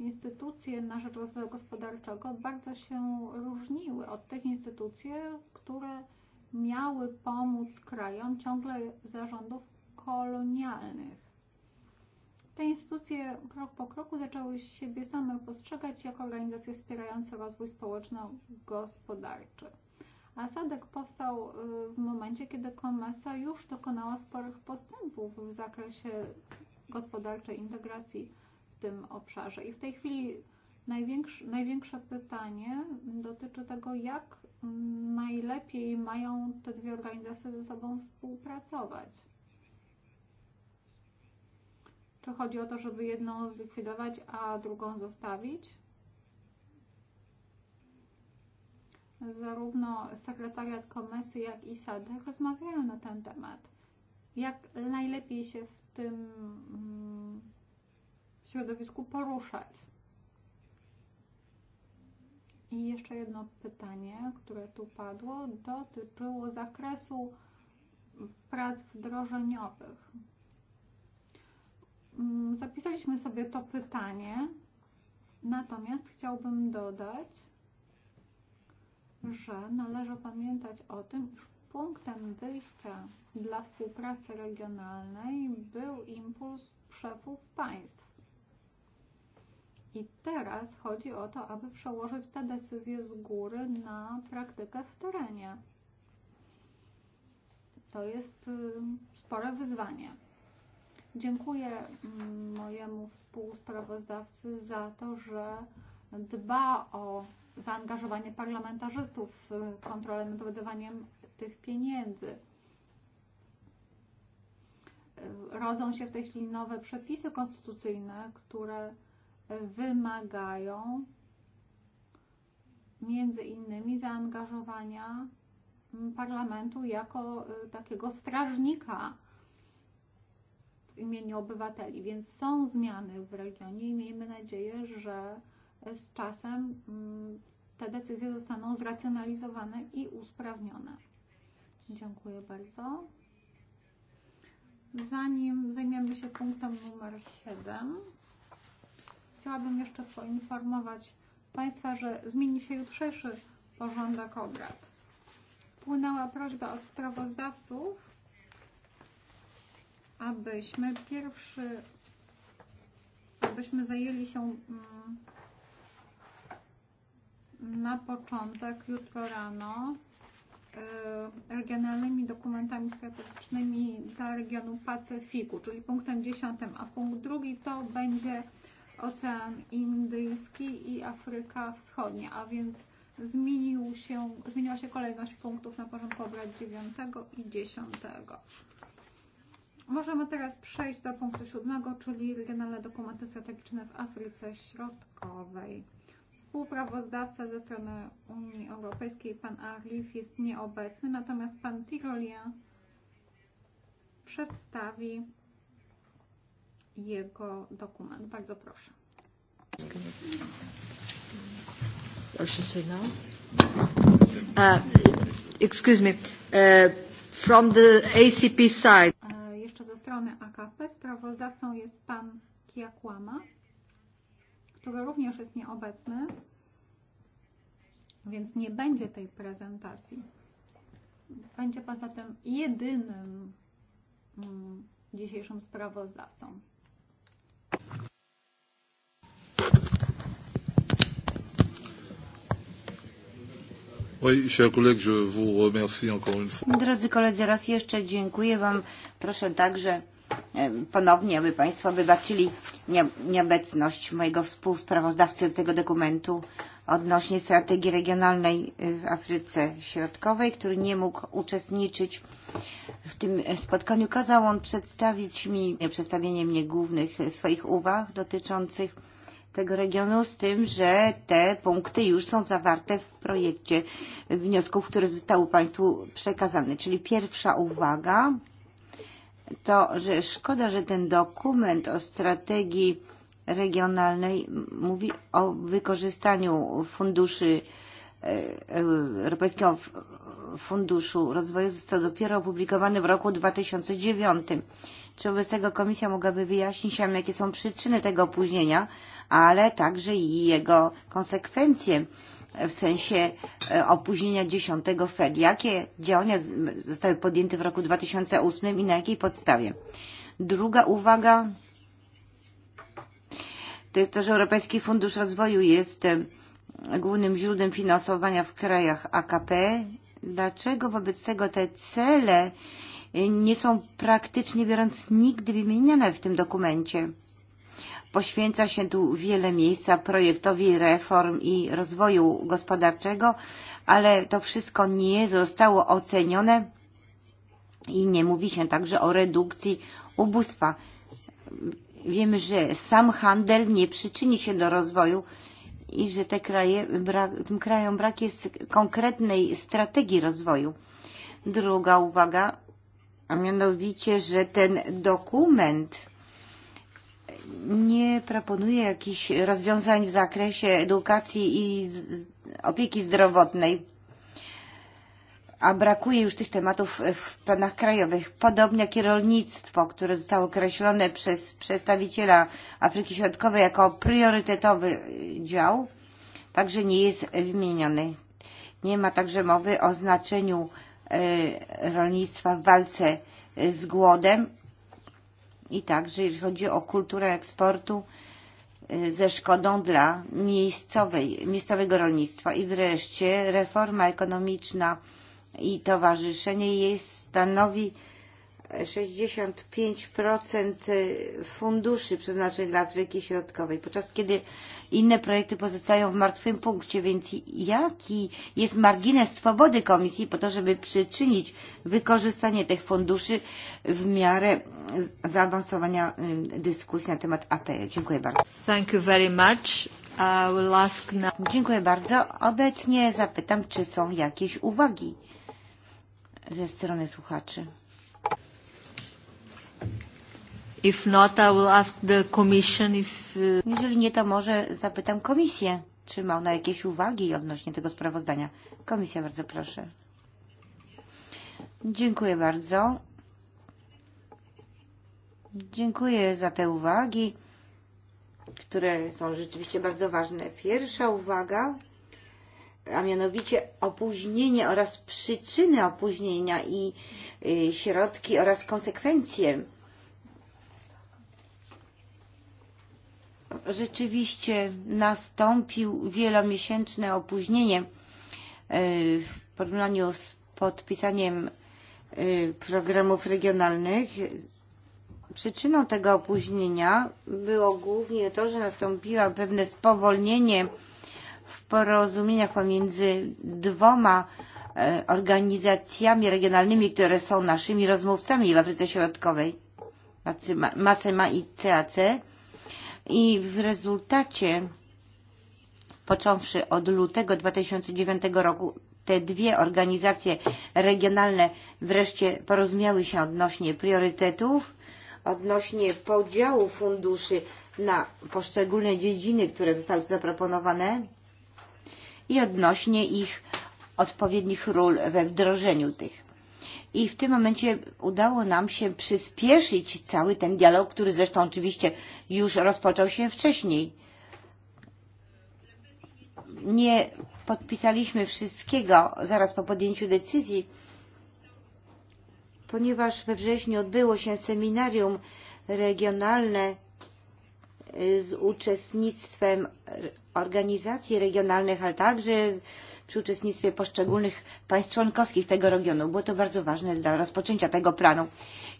instytucje naszego rozwoju gospodarczego bardzo się różniły od tych instytucji, które miały pomóc krajom ciągle zarządów kolonialnych. Te instytucje krok po kroku zaczęły siebie same postrzegać jako organizacje wspierające rozwój społeczno-gospodarczy. A Sadek powstał w momencie, kiedy Komesa już dokonała sporych postępów w zakresie gospodarczej integracji tym obszarze. I w tej chwili największe, największe pytanie dotyczy tego, jak najlepiej mają te dwie organizacje ze sobą współpracować. Czy chodzi o to, żeby jedną zlikwidować, a drugą zostawić? Zarówno sekretariat komisji, jak i SAD rozmawiają na ten temat. Jak najlepiej się w tym mm, środowisku poruszać. I jeszcze jedno pytanie, które tu padło, dotyczyło zakresu prac wdrożeniowych. Mm, zapisaliśmy sobie to pytanie, natomiast chciałbym dodać, że należy pamiętać o tym, iż punktem wyjścia dla współpracy regionalnej był impuls szefów państw i teraz chodzi o to, aby przełożyć te decyzje z góry na praktykę w terenie. To jest spore wyzwanie. Dziękuję mm, mojemu współsprawozdawcy za to, że dba o zaangażowanie parlamentarzystów w kontrolę nad wydawaniem tych pieniędzy. Rodzą się w tej chwili nowe przepisy konstytucyjne, które wymagają między innymi zaangażowania parlamentu jako e, takiego strażnika w imieniu obywateli. Więc są zmiany w regionie i miejmy nadzieję, że z czasem mm, te decyzje zostaną zracjonalizowane i usprawnione. Dziękuję bardzo. Zanim zajmiemy się punktem numer 7, Chciałabym jeszcze poinformować Państwa, że zmieni się jutrzejszy porządek obrad. Płynęła prośba od sprawozdawców, abyśmy pierwszy, abyśmy zajęli się mm, na początek jutro rano regionalnymi dokumentami strategicznymi dla regionu Pacyfiku, czyli punktem 10, a punkt drugi to będzie Ocean Indyjski i Afryka Wschodnia, a więc zmienił się, zmieniła się kolejność punktów na porządku obrad 9 i 10. Możemy teraz przejść do punktu 7, czyli regionalne dokumenty strategiczne w Afryce Środkowej. Współprawozdawca ze strony Unii Europejskiej, pan Arif, jest nieobecny, natomiast pan Tirolien przedstawi jego dokument. Bardzo proszę. Uh, excuse me. Uh, from the ACP side. Uh, jeszcze ze strony AKP sprawozdawcą jest pan Kiakłama, który również jest nieobecny, więc nie będzie tej prezentacji. Będzie pan zatem jedynym mm, dzisiejszym sprawozdawcą. Drodzy koledzy, raz jeszcze dziękuję Wam. Proszę także e, ponownie, aby Państwo wybaczyli nieobecność mojego współsprawozdawcy tego dokumentu odnośnie strategii regionalnej e, w Afryce Środkowej, który nie mógł uczestniczyć w tym spotkaniu. Kazał on przedstawić mi, przedstawienie mnie głównych swoich uwag dotyczących tego regionu z tym, że te punkty już są zawarte w projekcie wniosków, które zostały Państwu przekazane. Czyli pierwsza uwaga to, że szkoda, że ten dokument o strategii regionalnej mówi o wykorzystaniu funduszy e, Europejskiego Funduszu Rozwoju został dopiero opublikowany w roku 2009. Czy wobec tego Komisja mogłaby wyjaśnić jakie są przyczyny tego opóźnienia ale także i jego konsekwencje w sensie e, opóźnienia 10 Fed. Jakie działania zostały podjęte w roku 2008 i na jakiej podstawie? Druga uwaga to jest to, że Europejski Fundusz Rozwoju jest e, głównym źródłem finansowania w krajach AKP. Dlaczego wobec tego te cele e, nie są praktycznie biorąc nigdy wymieniane w tym dokumencie? Poświęca się tu wiele miejsca projektowi reform i rozwoju gospodarczego, ale to wszystko nie zostało ocenione i nie mówi się także o redukcji ubóstwa. Wiemy, że sam handel nie przyczyni się do rozwoju i że te kraje, brak, tym krajom brak jest konkretnej strategii rozwoju. Druga uwaga, a mianowicie, że ten dokument nie proponuje jakichś rozwiązań w zakresie edukacji i opieki zdrowotnej, a brakuje już tych tematów w planach krajowych. Podobnie jak i rolnictwo, które zostało określone przez przedstawiciela Afryki Środkowej jako priorytetowy dział, także nie jest wymieniony. Nie ma także mowy o znaczeniu eh, rolnictwa w walce z głodem i także jeśli chodzi o kulturę eksportu e, ze szkodą dla miejscowej, miejscowego rolnictwa i wreszcie reforma ekonomiczna i towarzyszenie jej stanowi 65% funduszy przeznaczonych dla Afryki Środkowej, podczas kiedy inne projekty pozostają w martwym punkcie, więc jaki jest margines swobody komisji po to, żeby przyczynić wykorzystanie tych funduszy w miarę zaawansowania dyskusji na temat APE? Dziękuję bardzo. Thank you very much. I will ask now... Dziękuję bardzo. Obecnie zapytam, czy są jakieś uwagi ze strony słuchaczy. If not, I will ask the commission if... Uh, Jeżeli nie, to może zapytam komisję, czy ma ona jakieś uwagi odnośnie tego sprawozdania. Komisja, bardzo proszę. Dziękuję bardzo. Dziękuję za te uwagi, które są rzeczywiście bardzo ważne. Pierwsza uwaga, a mianowicie opóźnienie oraz przyczyny opóźnienia i środki oraz konsekwencje rzeczywiście nastąpił wielomiesięczne opóźnienie e, w porównaniu z podpisaniem e, programów regionalnych. Przyczyną tego opóźnienia było głównie to, że nastąpiło pewne spowolnienie w porozumieniach pomiędzy dwoma e, organizacjami regionalnymi, które są naszymi rozmówcami w Afryce Środkowej, Masema i CAC i w rezultacie począwszy od lutego 2009 roku te dwie organizacje regionalne wreszcie porozumiały się odnośnie priorytetów, odnośnie podziału funduszy na poszczególne dziedziny, które zostały zaproponowane i odnośnie ich odpowiednich ról we wdrożeniu tych i w tym momencie udało nam się przyspieszyć cały ten dialog, który zresztą oczywiście już rozpoczął się wcześniej. Nie podpisaliśmy wszystkiego zaraz po podjęciu decyzji, ponieważ we wrześniu odbyło się seminarium regionalne z uczestnictwem organizacji regionalnych, ale także przy uczestnictwie poszczególnych państw członkowskich tego regionu. Było to bardzo ważne dla rozpoczęcia tego planu.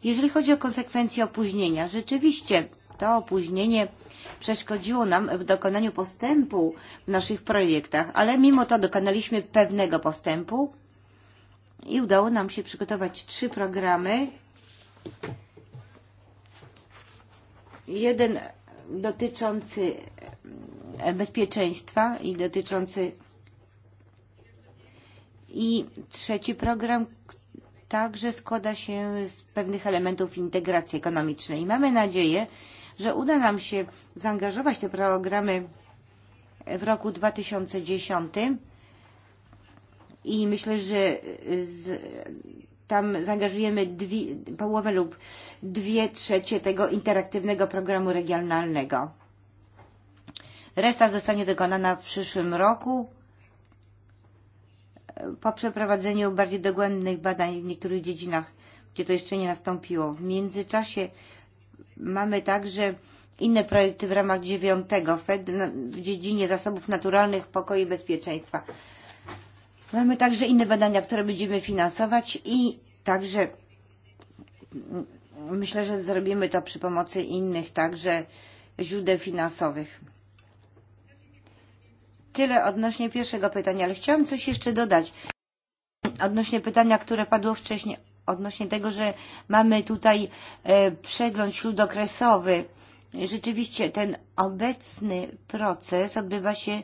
Jeżeli chodzi o konsekwencje opóźnienia, rzeczywiście to opóźnienie przeszkodziło nam w dokonaniu postępu w naszych projektach, ale mimo to dokonaliśmy pewnego postępu i udało nam się przygotować trzy programy. Jeden dotyczący bezpieczeństwa i dotyczący i trzeci program także składa się z pewnych elementów integracji ekonomicznej. Mamy nadzieję, że uda nam się zaangażować te programy w roku 2010 i myślę, że z, tam zaangażujemy dwie, połowę lub dwie trzecie tego interaktywnego programu regionalnego. Reszta zostanie dokonana w przyszłym roku po przeprowadzeniu bardziej dogłębnych badań w niektórych dziedzinach, gdzie to jeszcze nie nastąpiło. W międzyczasie mamy także inne projekty w ramach dziewiątego FED w dziedzinie zasobów naturalnych, pokoju i bezpieczeństwa. Mamy także inne badania, które będziemy finansować i także mm, myślę, że zrobimy to przy pomocy innych także źródeł finansowych tyle odnośnie pierwszego pytania, ale chciałam coś jeszcze dodać odnośnie pytania, które padło wcześniej, odnośnie tego, że mamy tutaj e, przegląd śródokresowy. Rzeczywiście ten obecny proces odbywa się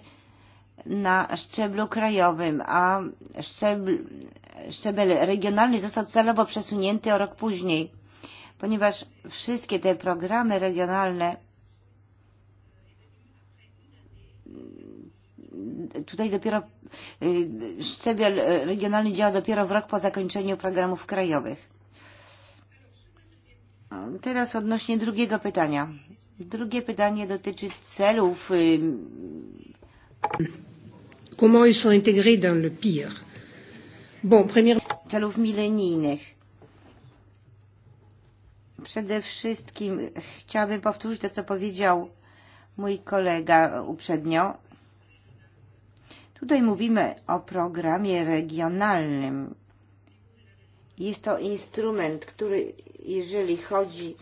na szczeblu krajowym, a szczebl, szczebel regionalny został celowo przesunięty o rok później, ponieważ wszystkie te programy regionalne tutaj dopiero szczebel regionalny działa dopiero w rok po zakończeniu programów krajowych. No, teraz odnośnie drugiego pytania. Drugie pytanie dotyczy celów. Comment ils sont intégrés dans le pire? Bon, premier... Celów milenijnych przede wszystkim chciałabym powtórzyć to, co powiedział mój kolega uprzednio. Tutaj mówimy o programie regionalnym. Jest to instrument, który jeżeli chodzi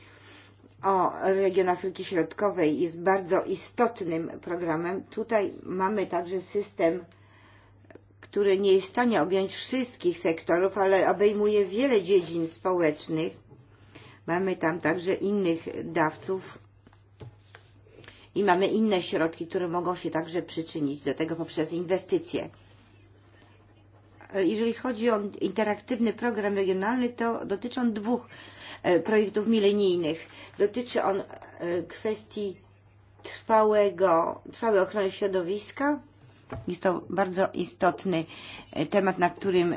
o region Afryki Środkowej jest bardzo istotnym programem. Tutaj mamy także system, który nie jest w stanie objąć wszystkich sektorów, ale obejmuje wiele dziedzin społecznych. Mamy tam także innych dawców i mamy inne środki, które mogą się także przyczynić do tego poprzez inwestycje. Jeżeli chodzi o interaktywny program regionalny, to dotyczy on dwóch e, projektów milenijnych. Dotyczy on e, kwestii trwałego, trwałej ochrony środowiska. Jest to bardzo istotny e, temat, na którym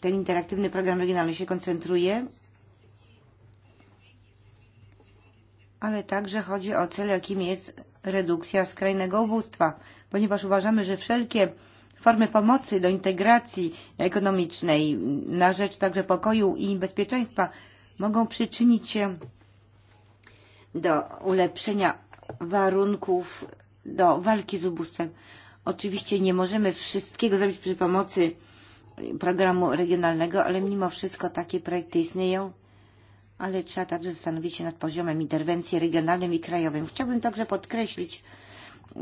ten interaktywny program regionalny się koncentruje. ale także chodzi o cel, jakim jest redukcja skrajnego ubóstwa, ponieważ uważamy, że wszelkie formy pomocy do integracji ekonomicznej na rzecz także pokoju i bezpieczeństwa mogą przyczynić się do ulepszenia warunków do walki z ubóstwem. Oczywiście nie możemy wszystkiego zrobić przy pomocy programu regionalnego, ale mimo wszystko takie projekty istnieją ale trzeba także zastanowić się nad poziomem interwencji regionalnym i krajowym. Chciałbym także podkreślić,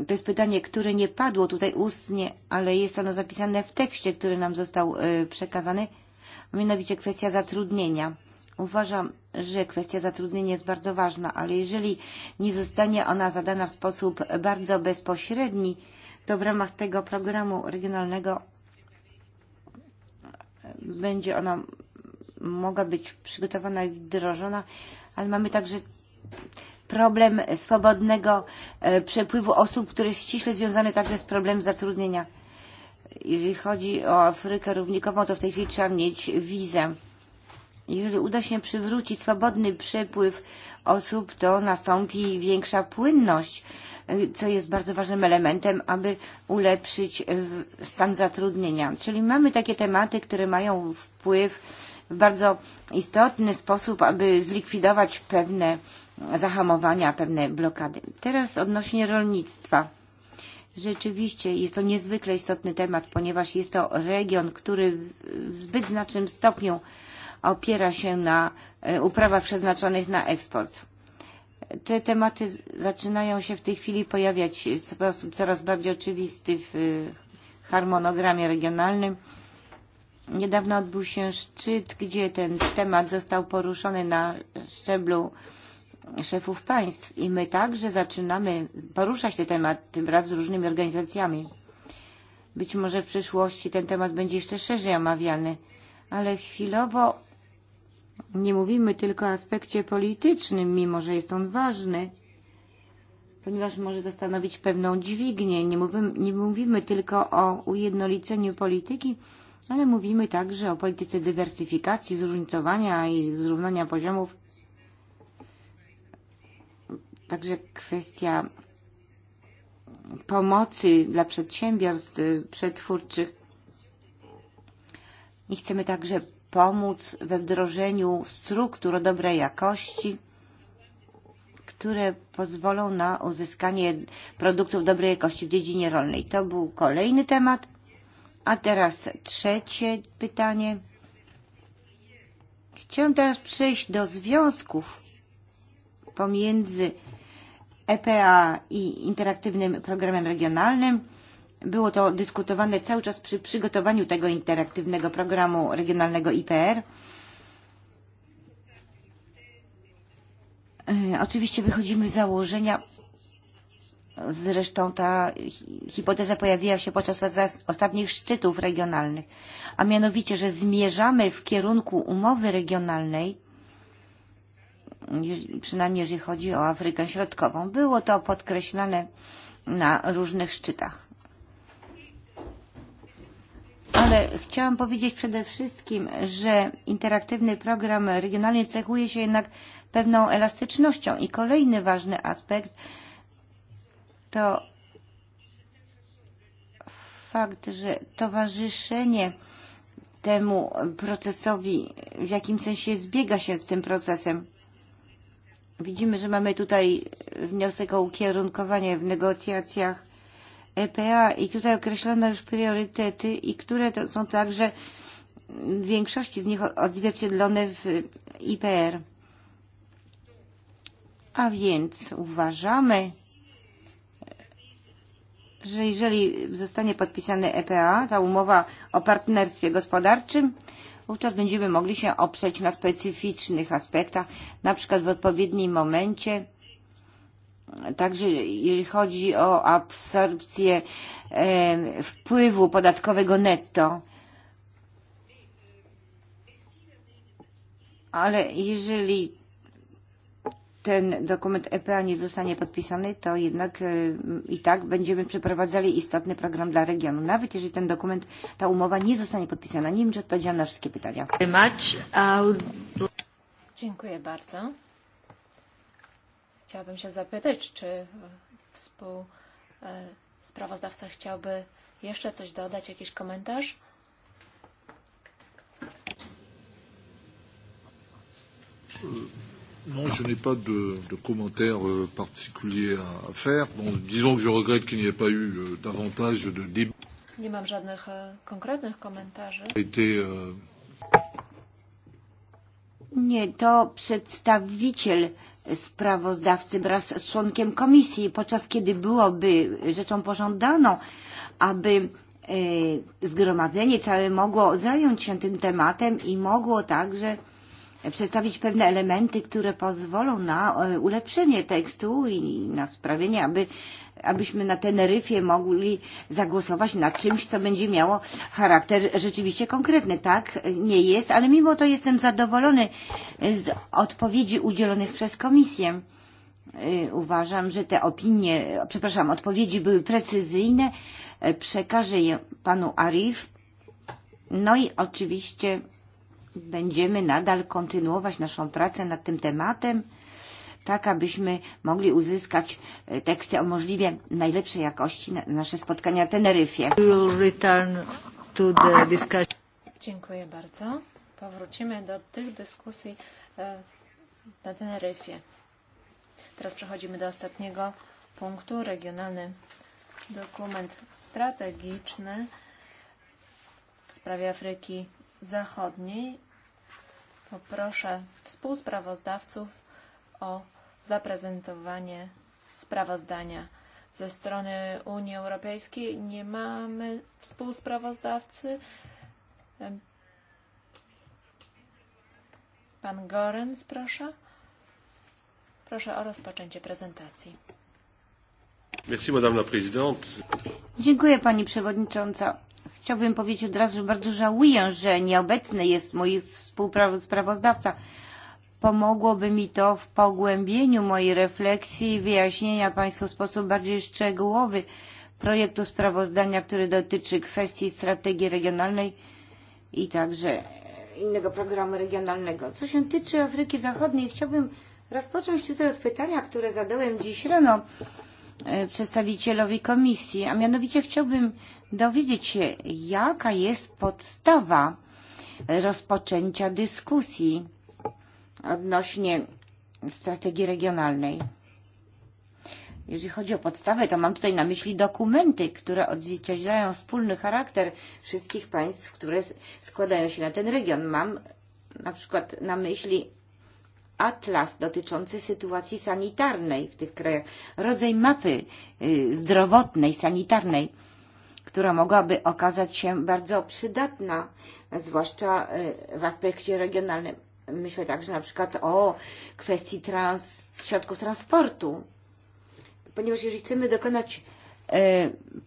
to jest pytanie, które nie padło tutaj ustnie, ale jest ono zapisane w tekście, który nam został e, przekazany, mianowicie kwestia zatrudnienia. Uważam, że kwestia zatrudnienia jest bardzo ważna, ale jeżeli nie zostanie ona zadana w sposób bardzo bezpośredni, to w ramach tego programu regionalnego będzie ona mogła być przygotowana i wdrożona, ale mamy także problem swobodnego e, przepływu osób, który jest ściśle związany także z problemem zatrudnienia. Jeżeli chodzi o Afrykę równikową, to w tej chwili trzeba mieć wizę. Jeżeli uda się przywrócić swobodny przepływ osób, to nastąpi większa płynność, e, co jest bardzo ważnym elementem, aby ulepszyć e, stan zatrudnienia. Czyli mamy takie tematy, które mają wpływ w bardzo istotny sposób, aby zlikwidować pewne zahamowania, pewne blokady. Teraz odnośnie rolnictwa. Rzeczywiście jest to niezwykle istotny temat, ponieważ jest to region, który w zbyt znacznym stopniu opiera się na e, uprawach przeznaczonych na eksport. Te tematy zaczynają się w tej chwili pojawiać w sposób coraz bardziej oczywisty w e, harmonogramie regionalnym. Niedawno odbył się szczyt, gdzie ten temat został poruszony na szczeblu szefów państw i my także zaczynamy poruszać ten temat, tym razem z różnymi organizacjami. Być może w przyszłości ten temat będzie jeszcze szerzej omawiany, ale chwilowo nie mówimy tylko o aspekcie politycznym, mimo że jest on ważny, ponieważ może to stanowić pewną dźwignię. Nie mówimy, nie mówimy tylko o ujednoliceniu polityki, ale mówimy także o polityce dywersyfikacji, zróżnicowania i zrównania poziomów. Także kwestia pomocy dla przedsiębiorstw przetwórczych. I chcemy także pomóc we wdrożeniu struktur o dobrej jakości, które pozwolą na uzyskanie produktów dobrej jakości w dziedzinie rolnej. To był kolejny temat. A teraz trzecie pytanie. Chciałam teraz przejść do związków pomiędzy EPA i interaktywnym programem regionalnym. Było to dyskutowane cały czas przy przygotowaniu tego interaktywnego programu regionalnego IPR. E, oczywiście wychodzimy z założenia Zresztą ta hipoteza pojawiła się podczas ostatnich szczytów regionalnych, a mianowicie, że zmierzamy w kierunku umowy regionalnej, przynajmniej jeżeli chodzi o Afrykę Środkową. Było to podkreślane na różnych szczytach. Ale chciałam powiedzieć przede wszystkim, że interaktywny program regionalny cechuje się jednak pewną elastycznością i kolejny ważny aspekt, to fakt, że towarzyszenie temu procesowi w jakim sensie zbiega się z tym procesem. Widzimy, że mamy tutaj wniosek o ukierunkowanie w negocjacjach EPA i tutaj określono już priorytety i które to są także w większości z nich odzwierciedlone w IPR. A więc uważamy, że jeżeli zostanie podpisany EPA, ta umowa o partnerstwie gospodarczym, wówczas będziemy mogli się oprzeć na specyficznych aspektach, na przykład w odpowiednim momencie, także jeżeli chodzi o absorpcję e, wpływu podatkowego netto. Ale jeżeli ten dokument EPA nie zostanie podpisany, to jednak e, i tak będziemy przeprowadzali istotny program dla regionu. Nawet jeżeli ten dokument, ta umowa nie zostanie podpisana. Nie wiem, czy odpowiedziałam na wszystkie pytania. Dziękuję bardzo. Chciałabym się zapytać, czy współsprawozdawca chciałby jeszcze coś dodać, jakiś komentarz? Hmm. Non, je n'ai pas de, de commentaire euh, particulier à, à faire. Bon, disons que je regrette qu'il n'y ait pas eu euh, davantage de débats. Nie mam żadnych e, konkretnych komentarzy. Été, euh... Nie, to przedstawiciel sprawozdawcy wraz z członkiem komisji, podczas kiedy byłoby rzeczą pożądaną, aby e, zgromadzenie całe mogło zająć się tym tematem i mogło także przedstawić pewne elementy, które pozwolą na eh, ulepszenie tekstu i na sprawienie, aby abyśmy na Teneryfie mogli zagłosować na czymś, co będzie miało charakter rzeczywiście konkretny. Tak nie jest, ale mimo to jestem zadowolony z odpowiedzi udzielonych przez komisję. Eh, Uważam, że te opinie, przepraszam, odpowiedzi były precyzyjne. Eh, Przekażę je panu Arif. No i oczywiście będziemy nadal kontynuować naszą pracę nad tym tematem, tak abyśmy mogli uzyskać e, teksty o możliwie najlepszej jakości na nasze spotkania na Teneryfie. Dziękuję bardzo. Powrócimy do tych dyskusji e, na Teneryfie. Teraz przechodzimy do ostatniego punktu, regionalny dokument strategiczny w sprawie Afryki Zachodniej poproszę jako współsprawozdawców o zaprezentowanie sprawozdania. Ze strony Unii Europejskiej nie mamy współsprawozdawcy. Pan Gorens, proszę. Proszę o rozpoczęcie prezentacji. Merci, madame la présidente. Dziękuję, pani przewodnicząca. Chciałbym powiedzieć od razu, że bardzo żałuję, że nieobecny jest mój współsprawozdawca. Pomogłoby mi to w pogłębieniu mojej refleksji i wyjaśnienia Państwu w sposób bardziej szczegółowy projektu sprawozdania, który dotyczy kwestii strategii regionalnej i także innego programu regionalnego. Co się tyczy Afryki Zachodniej, chciałbym rozpocząć tutaj od pytania, które zadałem dziś rano Eh, przedstawicielowi komisji, a mianowicie chciałbym dowiedzieć się, jaka jest podstawa rozpoczęcia dyskusji odnośnie strategii regionalnej. Jeżeli chodzi o podstawę, to mam tutaj na myśli dokumenty, które odzwierciedlają wspólny charakter wszystkich państw, które składają się na ten region. Mam na przykład na myśli atlas dotyczący sytuacji sanitarnej w tych krajach, rodzaj mapy zdrowotnej, sanitarnej, która mogłaby okazać się bardzo przydatna, zwłaszcza w aspekcie regionalnym. Myślę także na przykład o kwestii trans, środków transportu, ponieważ jeżeli chcemy dokonać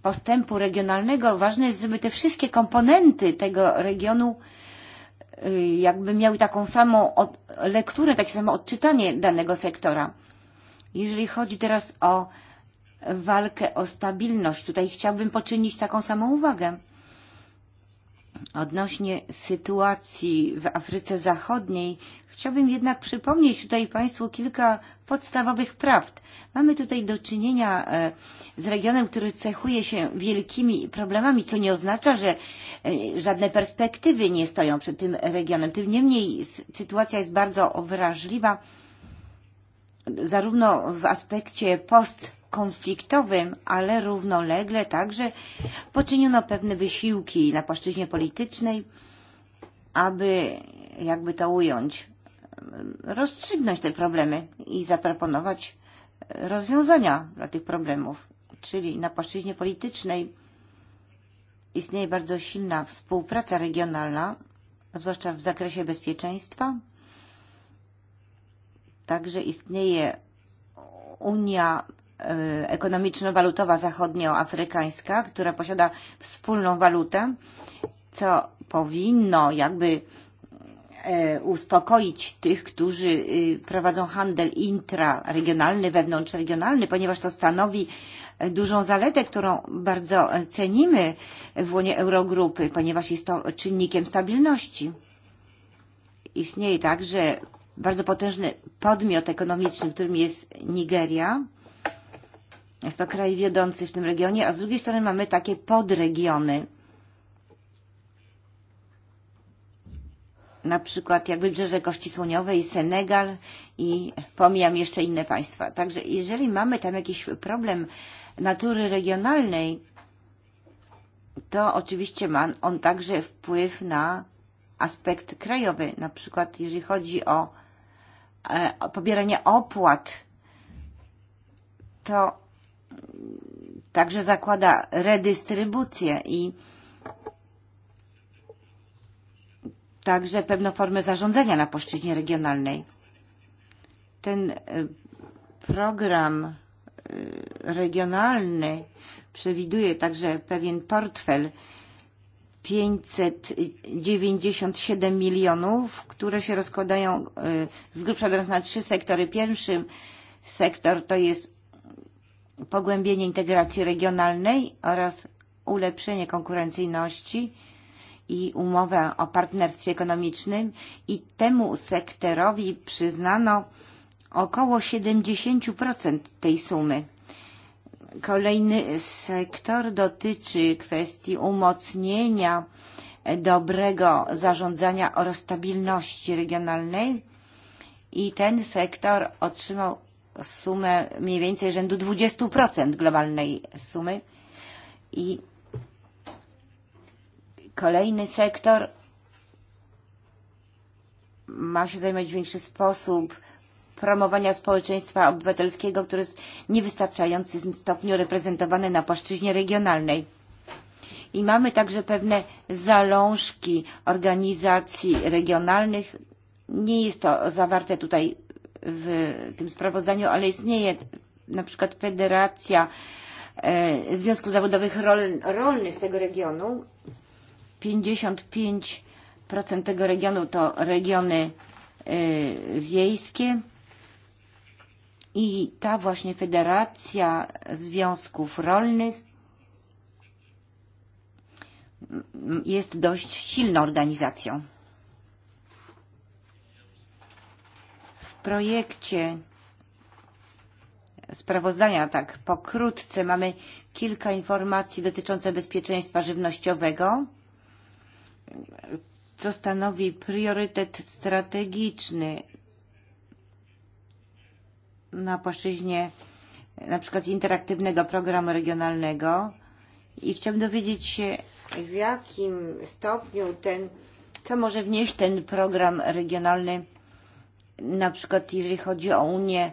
postępu regionalnego, ważne jest, żeby te wszystkie komponenty tego regionu Eh, jakby miały taką samą od, lekturę, takie samo odczytanie danego sektora. Jeżeli chodzi teraz o walkę o stabilność, tutaj chciałbym poczynić taką samą uwagę. Odnośnie sytuacji w Afryce Zachodniej, chciałbym jednak przypomnieć tutaj Państwu kilka podstawowych prawd. Mamy tutaj do czynienia e, z regionem, który cechuje się wielkimi problemami, co nie oznacza, że e, żadne perspektywy nie stoją przed tym regionem. Tym niemniej sytuacja jest bardzo wrażliwa, zarówno w aspekcie post konfliktowym, ale równolegle także poczyniono pewne wysiłki na płaszczyźnie politycznej, aby, jakby to ująć, rozstrzygnąć te problemy i zaproponować rozwiązania dla tych problemów. Czyli na płaszczyźnie politycznej istnieje bardzo silna współpraca regionalna, zwłaszcza w zakresie bezpieczeństwa. Także istnieje Unia Eh, ekonomiczno-walutowa zachodnioafrykańska, która posiada wspólną walutę, co powinno jakby eh, uspokoić tych, którzy eh, prowadzą handel intraregionalny, wewnątrzregionalny, ponieważ to stanowi dużą zaletę, którą bardzo cenimy w łonie Eurogrupy, ponieważ jest to czynnikiem stabilności. Istnieje także bardzo potężny podmiot ekonomiczny, którym jest Nigeria, Jest to kraj wiodący w tym regionie, a z drugiej strony mamy takie podregiony. Na przykład jak Wybrzeże Kości Słoniowej, Senegal i pomijam jeszcze inne państwa. Także jeżeli mamy tam jakiś problem natury regionalnej, to oczywiście ma on także wpływ na aspekt krajowy. Na przykład jeżeli chodzi o, e, o pobieranie opłat, to także zakłada redystrybucję i także pewną formę zarządzania na płaszczyźnie regionalnej. Ten e, program e, regionalny przewiduje także pewien portfel 597 milionów, które się rozkładają z grubsza na trzy sektory. Pierwszym sektor to jest pogłębienie integracji regionalnej oraz ulepszenie konkurencyjności i umowę o partnerstwie ekonomicznym i temu sektorowi przyznano około 70% tej sumy. Kolejny sektor dotyczy kwestii umocnienia dobrego zarządzania oraz stabilności regionalnej i ten sektor otrzymał sumę mniej więcej rzędu 20% globalnej sumy. I kolejny sektor ma się zajmować w większy sposób promowania społeczeństwa obywatelskiego, które jest w niewystarczającym stopniu reprezentowane na płaszczyźnie regionalnej. I mamy także pewne zalążki organizacji regionalnych. Nie jest to zawarte tutaj w tym sprawozdaniu, ale istnieje na przykład Federacja eh, Związków Zawodowych Rol Rolnych tego regionu. 55% tego regionu to regiony e, wiejskie. I ta właśnie Federacja Związków Rolnych jest dość silną organizacją. projekcie sprawozdania tak pokrótce mamy kilka informacji dotyczących bezpieczeństwa żywnościowego, co stanowi priorytet strategiczny na płaszczyźnie na przykład interaktywnego programu regionalnego i chciałbym dowiedzieć się, w jakim stopniu ten, co może wnieść ten program regionalny na przykład jeżeli chodzi o Unię e,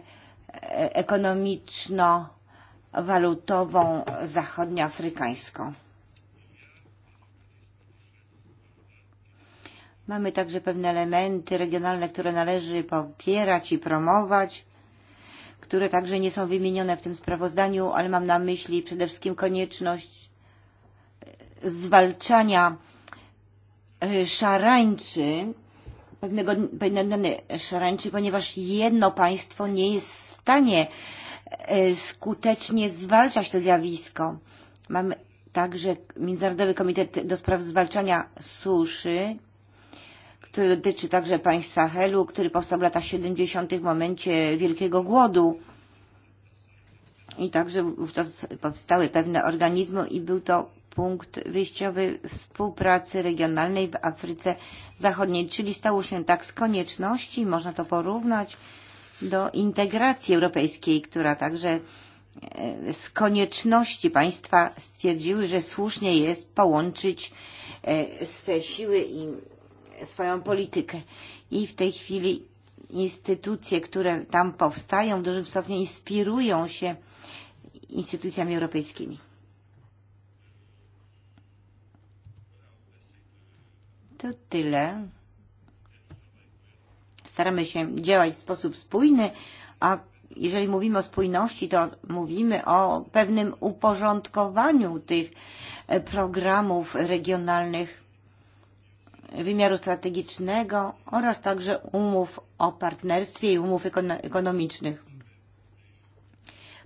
ekonomiczno-walutową zachodnioafrykańską. Mamy także pewne elementy regionalne, które należy popierać i promować, które także nie są wymienione w tym sprawozdaniu, ale mam na myśli przede wszystkim konieczność e, zwalczania e, szarańczy pewnego, pewnej szarańczy, ponieważ jedno państwo nie jest w stanie e, skutecznie zwalczać to zjawisko. Mamy także Międzynarodowy Komitet do Spraw Zwalczania Suszy, który dotyczy także państw Sahelu, który powstał w latach 70. w momencie Wielkiego Głodu. I także wówczas powstały pewne organizmy i był to punkt wyjściowy współpracy regionalnej w Afryce Zachodniej, czyli stało się tak z konieczności, można to porównać do integracji europejskiej, która także e, z konieczności państwa stwierdziły, że słusznie jest połączyć e, swe siły i swoją politykę. I w tej chwili instytucje, które tam powstają, w dużym stopniu inspirują się instytucjami europejskimi. To tyle. Staramy się działać w sposób spójny, a jeżeli mówimy o spójności, to mówimy o pewnym uporządkowaniu tych e, programów regionalnych wymiaru strategicznego oraz także umów o partnerstwie i umów ekonomicznych.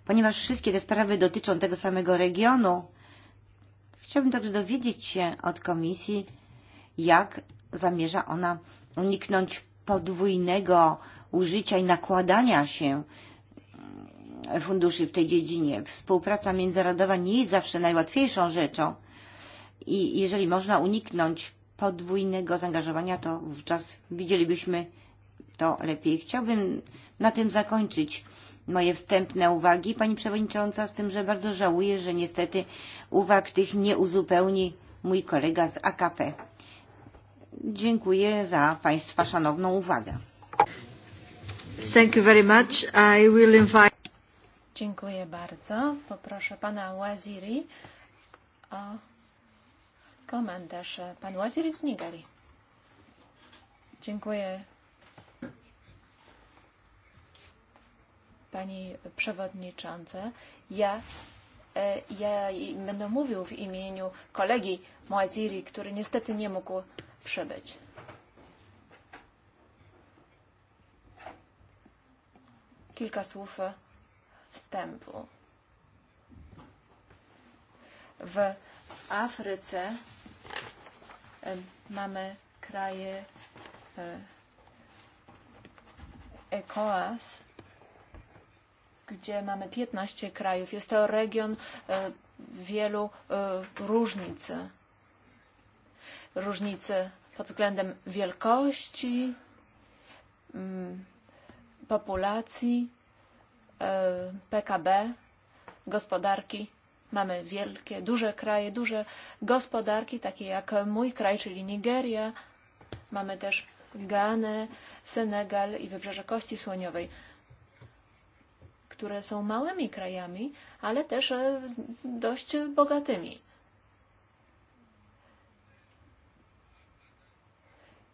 Ponieważ wszystkie te sprawy dotyczą tego samego regionu, chciałbym także dowiedzieć się od Komisji, jak zamierza ona uniknąć podwójnego użycia i nakładania się funduszy w tej dziedzinie. Współpraca międzynarodowa nie jest zawsze najłatwiejszą rzeczą i jeżeli można uniknąć podwójnego zaangażowania, to wówczas widzielibyśmy to lepiej. Chciałbym na tym zakończyć moje wstępne uwagi, Pani Przewodnicząca, z tym, że bardzo żałuję, że niestety uwag tych nie uzupełni mój kolega z AKP. Dziękuję za Państwa szanowną uwagę. Thank you very much. I will invite... Dziękuję bardzo. Poproszę pana Waziri o komentarz. Pan Waziri z Nigerii. Dziękuję pani przewodnicząca. Ja E, ja będę mówił w imieniu kolegi Moaziri, który niestety nie mógł przybyć. Kilka słów wstępu. W Afryce e, mamy kraje e, ECOAS, gdzie mamy 15 krajów. Jest to region e, wielu e, różnic. Różnicy pod względem wielkości, mm, populacji, e, PKB, gospodarki. Mamy wielkie, duże kraje, duże gospodarki, takie jak mój kraj, czyli Nigeria. Mamy też Ganę, Senegal i Wybrzeże Kości Słoniowej które są małymi krajami, ale też e, dość bogatymi.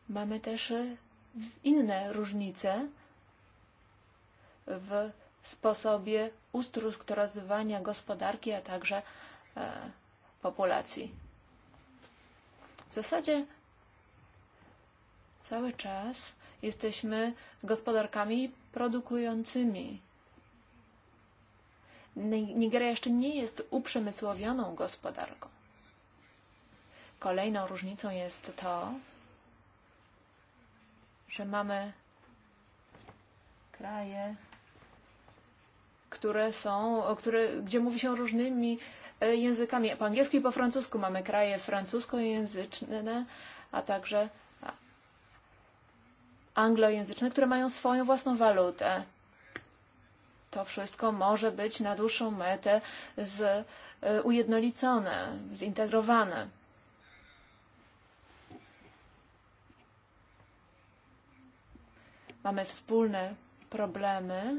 Mamy też e, inne różnice w sposobie ustrukturyzowania gospodarki, a także e, populacji. W zasadzie cały czas jesteśmy gospodarkami produkującymi. Nigeria jeszcze nie jest uprzemysłowioną gospodarką. Kolejną różnicą jest to, że mamy kraje, które są, które, gdzie mówi się różnymi e, językami. Po angielsku i po francusku mamy kraje francuskojęzyczne, a także anglojęzyczne, które mają swoją własną walutę to wszystko może być na dłuższą metę z, e, ujednolicone, zintegrowane. Mamy wspólne problemy,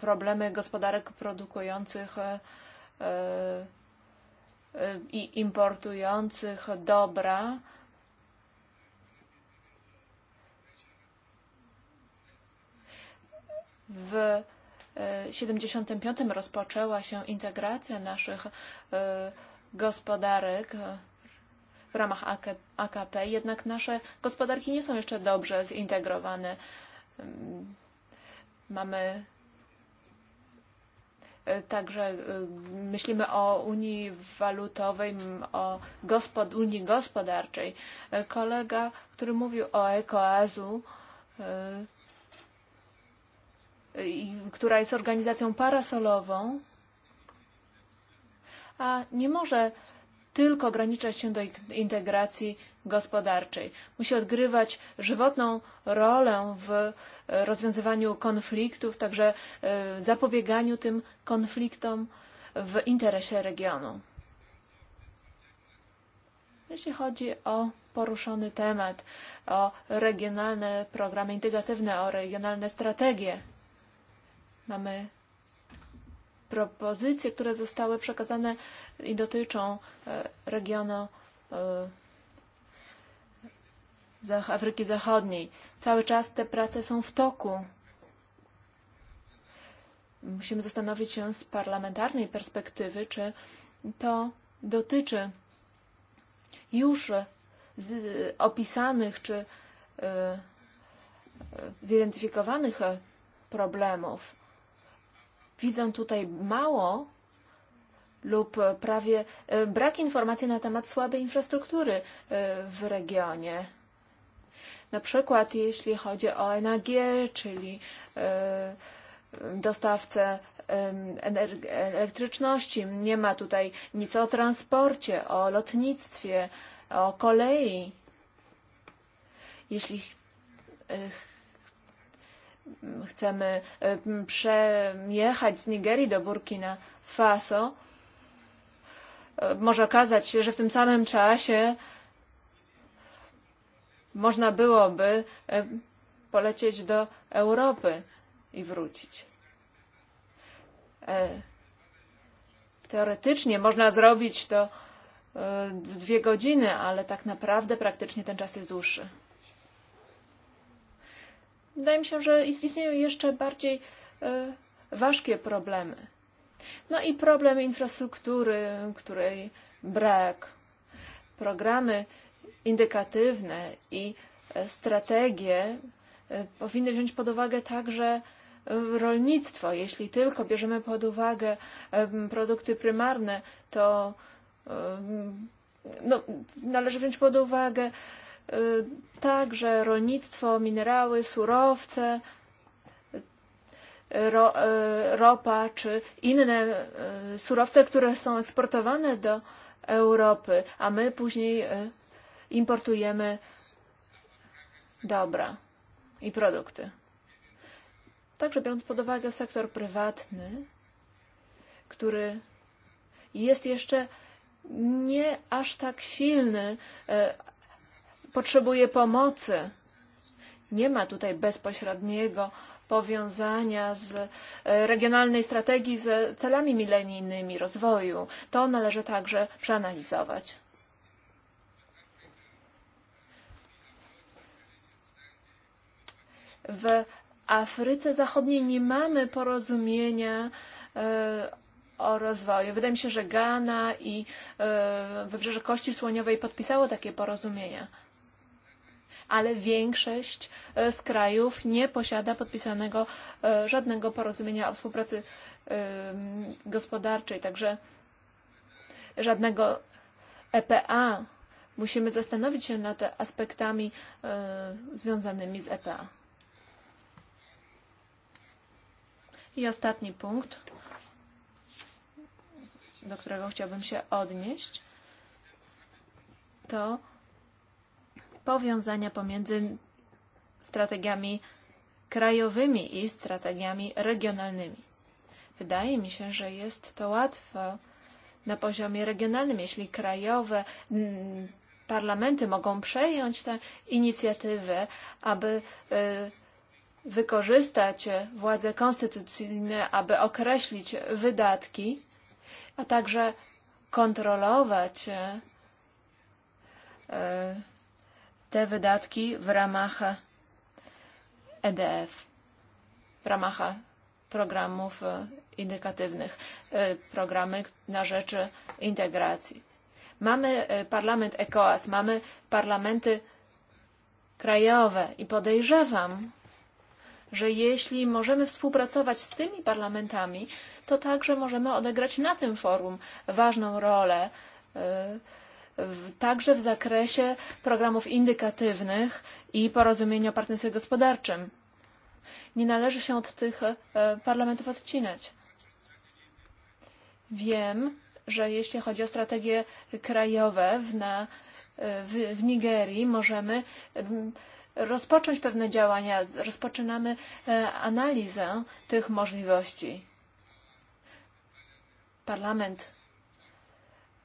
problemy gospodarek produkujących e, e, i importujących dobra, w 75 e, rozpoczęła się integracja naszych e, gospodarek e, w ramach AKP, jednak nasze gospodarki nie są jeszcze dobrze zintegrowane. Mamy Także myślimy o Unii Walutowej, o gospod, Unii Gospodarczej. Kolega, który mówił o ekoazu, która jest organizacją parasolową, a nie może tylko ograniczać się do integracji gospodarczej. Musi odgrywać żywotną rolę w e, rozwiązywaniu konfliktów, także e, zapobieganiu tym konfliktom w interesie regionu. Jeśli chodzi o poruszony temat, o regionalne programy integratywne, o regionalne strategie, Mamy propozycje, które zostały przekazane i dotyczą eh, regionu Afryki Zachodniej. Cały czas te prace są w toku. Musimy zastanowić się z parlamentarnej perspektywy, czy to dotyczy już z, eh, opisanych czy eh, zidentyfikowanych problemów widzę tutaj mało lub prawie e, brak informacji na temat słabej infrastruktury e, w regionie. Na przykład jeśli chodzi o NAG, czyli e, dostawcę elektryczności. Nie ma tutaj nic o transporcie, o lotnictwie, o kolei. Jeśli chcemy eh, przejechać z Nigerii do Burkina Faso, eh, może okazać się, że w tym samym czasie można byłoby eh, polecieć do Europy i wrócić. Teoretycznie można zrobić to w dwie godziny, ale tak naprawdę praktycznie ten czas jest dłuższy. Wydaje mi się, że istnieją jeszcze bardziej e, ważkie problemy. No i problem infrastruktury, której brak. Programy indykatywne i e, strategie e, powinny wziąć pod uwagę także rolnictwo. Jeśli tylko bierzemy pod uwagę produkty prymarne, to no, należy wziąć pod uwagę E, także rolnictwo, minerały, surowce, ro, e, ropa czy inne surowce, które są eksportowane do Europy, a my później e, importujemy dobra i produkty. Także biorąc pod uwagę sektor prywatny, który jest jeszcze nie aż tak silny potrzebuje pomocy. Nie ma tutaj bezpośredniego powiązania z e, regionalnej strategii z celami milenijnymi rozwoju. To należy także przeanalizować. W Afryce Zachodniej nie mamy porozumienia e, o rozwoju. Wydaje mi się, że Ghana i e, Wybrzeże Kości Słoniowej podpisało takie porozumienia ale większość e, z krajów nie posiada podpisanego e, żadnego porozumienia o współpracy gospodarczej, także żadnego EPA. Musimy zastanowić się nad aspektami e, związanymi z EPA. I ostatni punkt, do którego chciałbym się odnieść, to powiązania pomiędzy strategiami krajowymi i strategiami regionalnymi. Wydaje mi się, że jest to łatwo na poziomie regionalnym, jeśli krajowe mm, parlamenty mogą przejąć tę inicjatywę, aby wykorzystać władze konstytucyjne, aby określić wydatki, a także kontrolować te wydatki w ramach EDF, w ramach programów indykatywnych, e, programy na rzecz integracji. Mamy e, parlament ECOAS, mamy parlamenty krajowe i podejrzewam, że jeśli możemy współpracować z tymi parlamentami, to także możemy odegrać na tym forum ważną rolę e, także w zakresie programów indykatywnych i porozumienia o partnerstwie gospodarczym. Nie należy się od tych e, parlamentów odcinać. Wiem, że jeśli chodzi o strategie krajowe w, na, e, w, w Nigerii, możemy rozpocząć pewne działania. Rozpoczynamy e, analizę tych możliwości. Parlament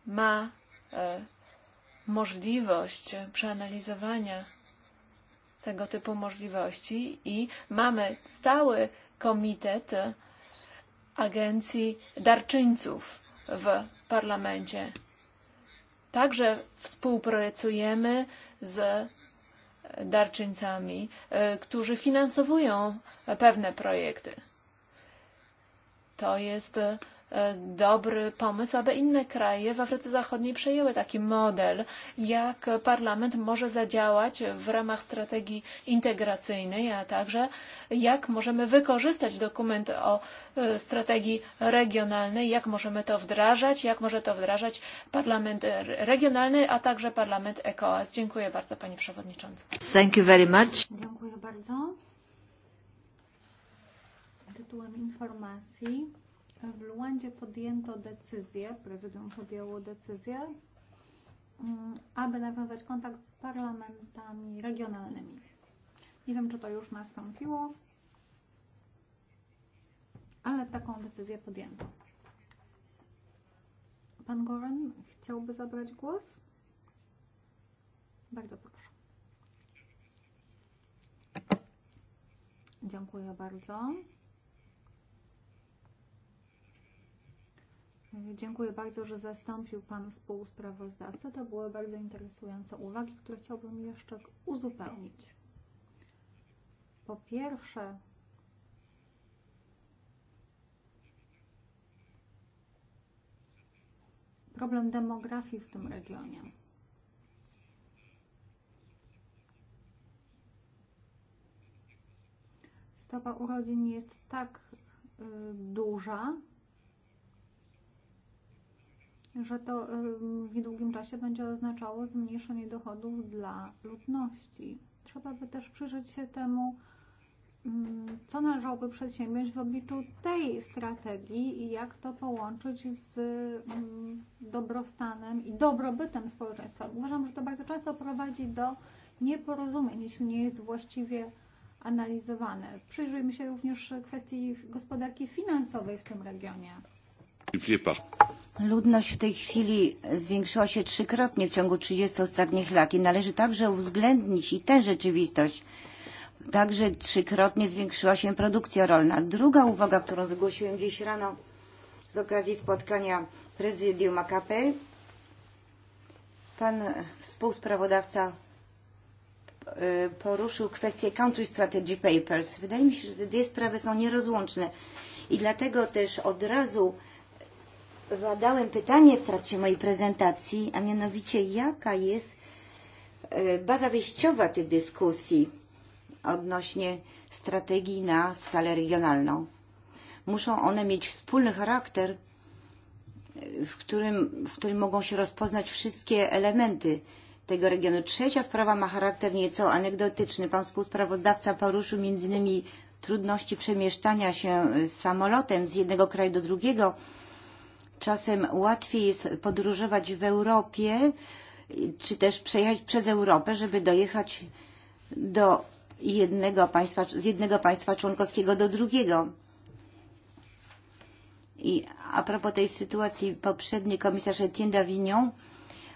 ma możliwość przeanalizowania tego typu możliwości i mamy stały komitet agencji darczyńców w parlamencie. Także współpracujemy z darczyńcami, e, którzy finansowują pewne projekty. To jest e, dobry pomysł, aby inne kraje w Afryce Zachodniej przejęły taki model, jak parlament może zadziałać w ramach strategii integracyjnej, a także jak możemy wykorzystać dokument o e, strategii regionalnej, jak możemy to wdrażać, jak może to wdrażać parlament regionalny, a także parlament ECOAS. Dziękuję bardzo Pani Przewodnicząca. Thank you very much. Dziękuję bardzo. Tytułem informacji v Luandzie podjęto decyzję, prezydium podjęło decyzję, mm, aby nawiązać kontakt z parlamentami regionalnymi. Nie wiem, czy to już nastąpiło, ale taką decyzję podjęto. Pan Goren chciałby zabrać głos? Bardzo proszę. Dziękuję bardzo. Dziękuję bardzo, że zastąpił Pan współsprawozdawcę. To były bardzo interesujące uwagi, które chciałbym jeszcze uzupełnić. Po pierwsze, problem demografii w tym regionie. Stopa urodzin jest tak y, duża, że to w niedługim czasie będzie oznaczało zmniejszenie dochodów dla ludności. Trzeba by też przyjrzeć się temu, mm, co należałoby przedsięwziąć w obliczu tej strategii i jak to połączyć z mm, dobrostanem i dobrobytem społeczeństwa. Uważam, że to bardzo często prowadzi do nieporozumień, jeśli nie jest właściwie analizowane. Przyjrzyjmy się również kwestii gospodarki finansowej w tym regionie. Ludność w tej chwili zwiększyła się trzykrotnie w ciągu 30 ostatnich lat i należy także uwzględnić i tę rzeczywistość. Także trzykrotnie zwiększyła się produkcja rolna. Druga uwaga, którą wygłosiłem dziś rano z okazji spotkania prezydium AKP, pan współsprawodawca poruszył kwestię Country Strategy Papers. Wydaje mi się, że te dwie sprawy są nierozłączne i dlatego też od razu zadałem pytanie w trakcie mojej prezentacji, a mianowicie jaka jest e, baza wyjściowa tej dyskusji odnośnie strategii na skalę regionalną. Muszą one mieć wspólny charakter, e, w którym, w którym mogą się rozpoznać wszystkie elementy tego regionu. Trzecia sprawa ma charakter nieco anegdotyczny. Pan współsprawozdawca poruszył między innymi trudności przemieszczania się e, samolotem z jednego kraju do drugiego Czasem łatwiej jest podróżować w Europie, czy też przejechać przez Europę, żeby dojechać do jednego państwa, z jednego państwa członkowskiego do drugiego. I a propos tej sytuacji, poprzedni komisarz Etienne d'Avignon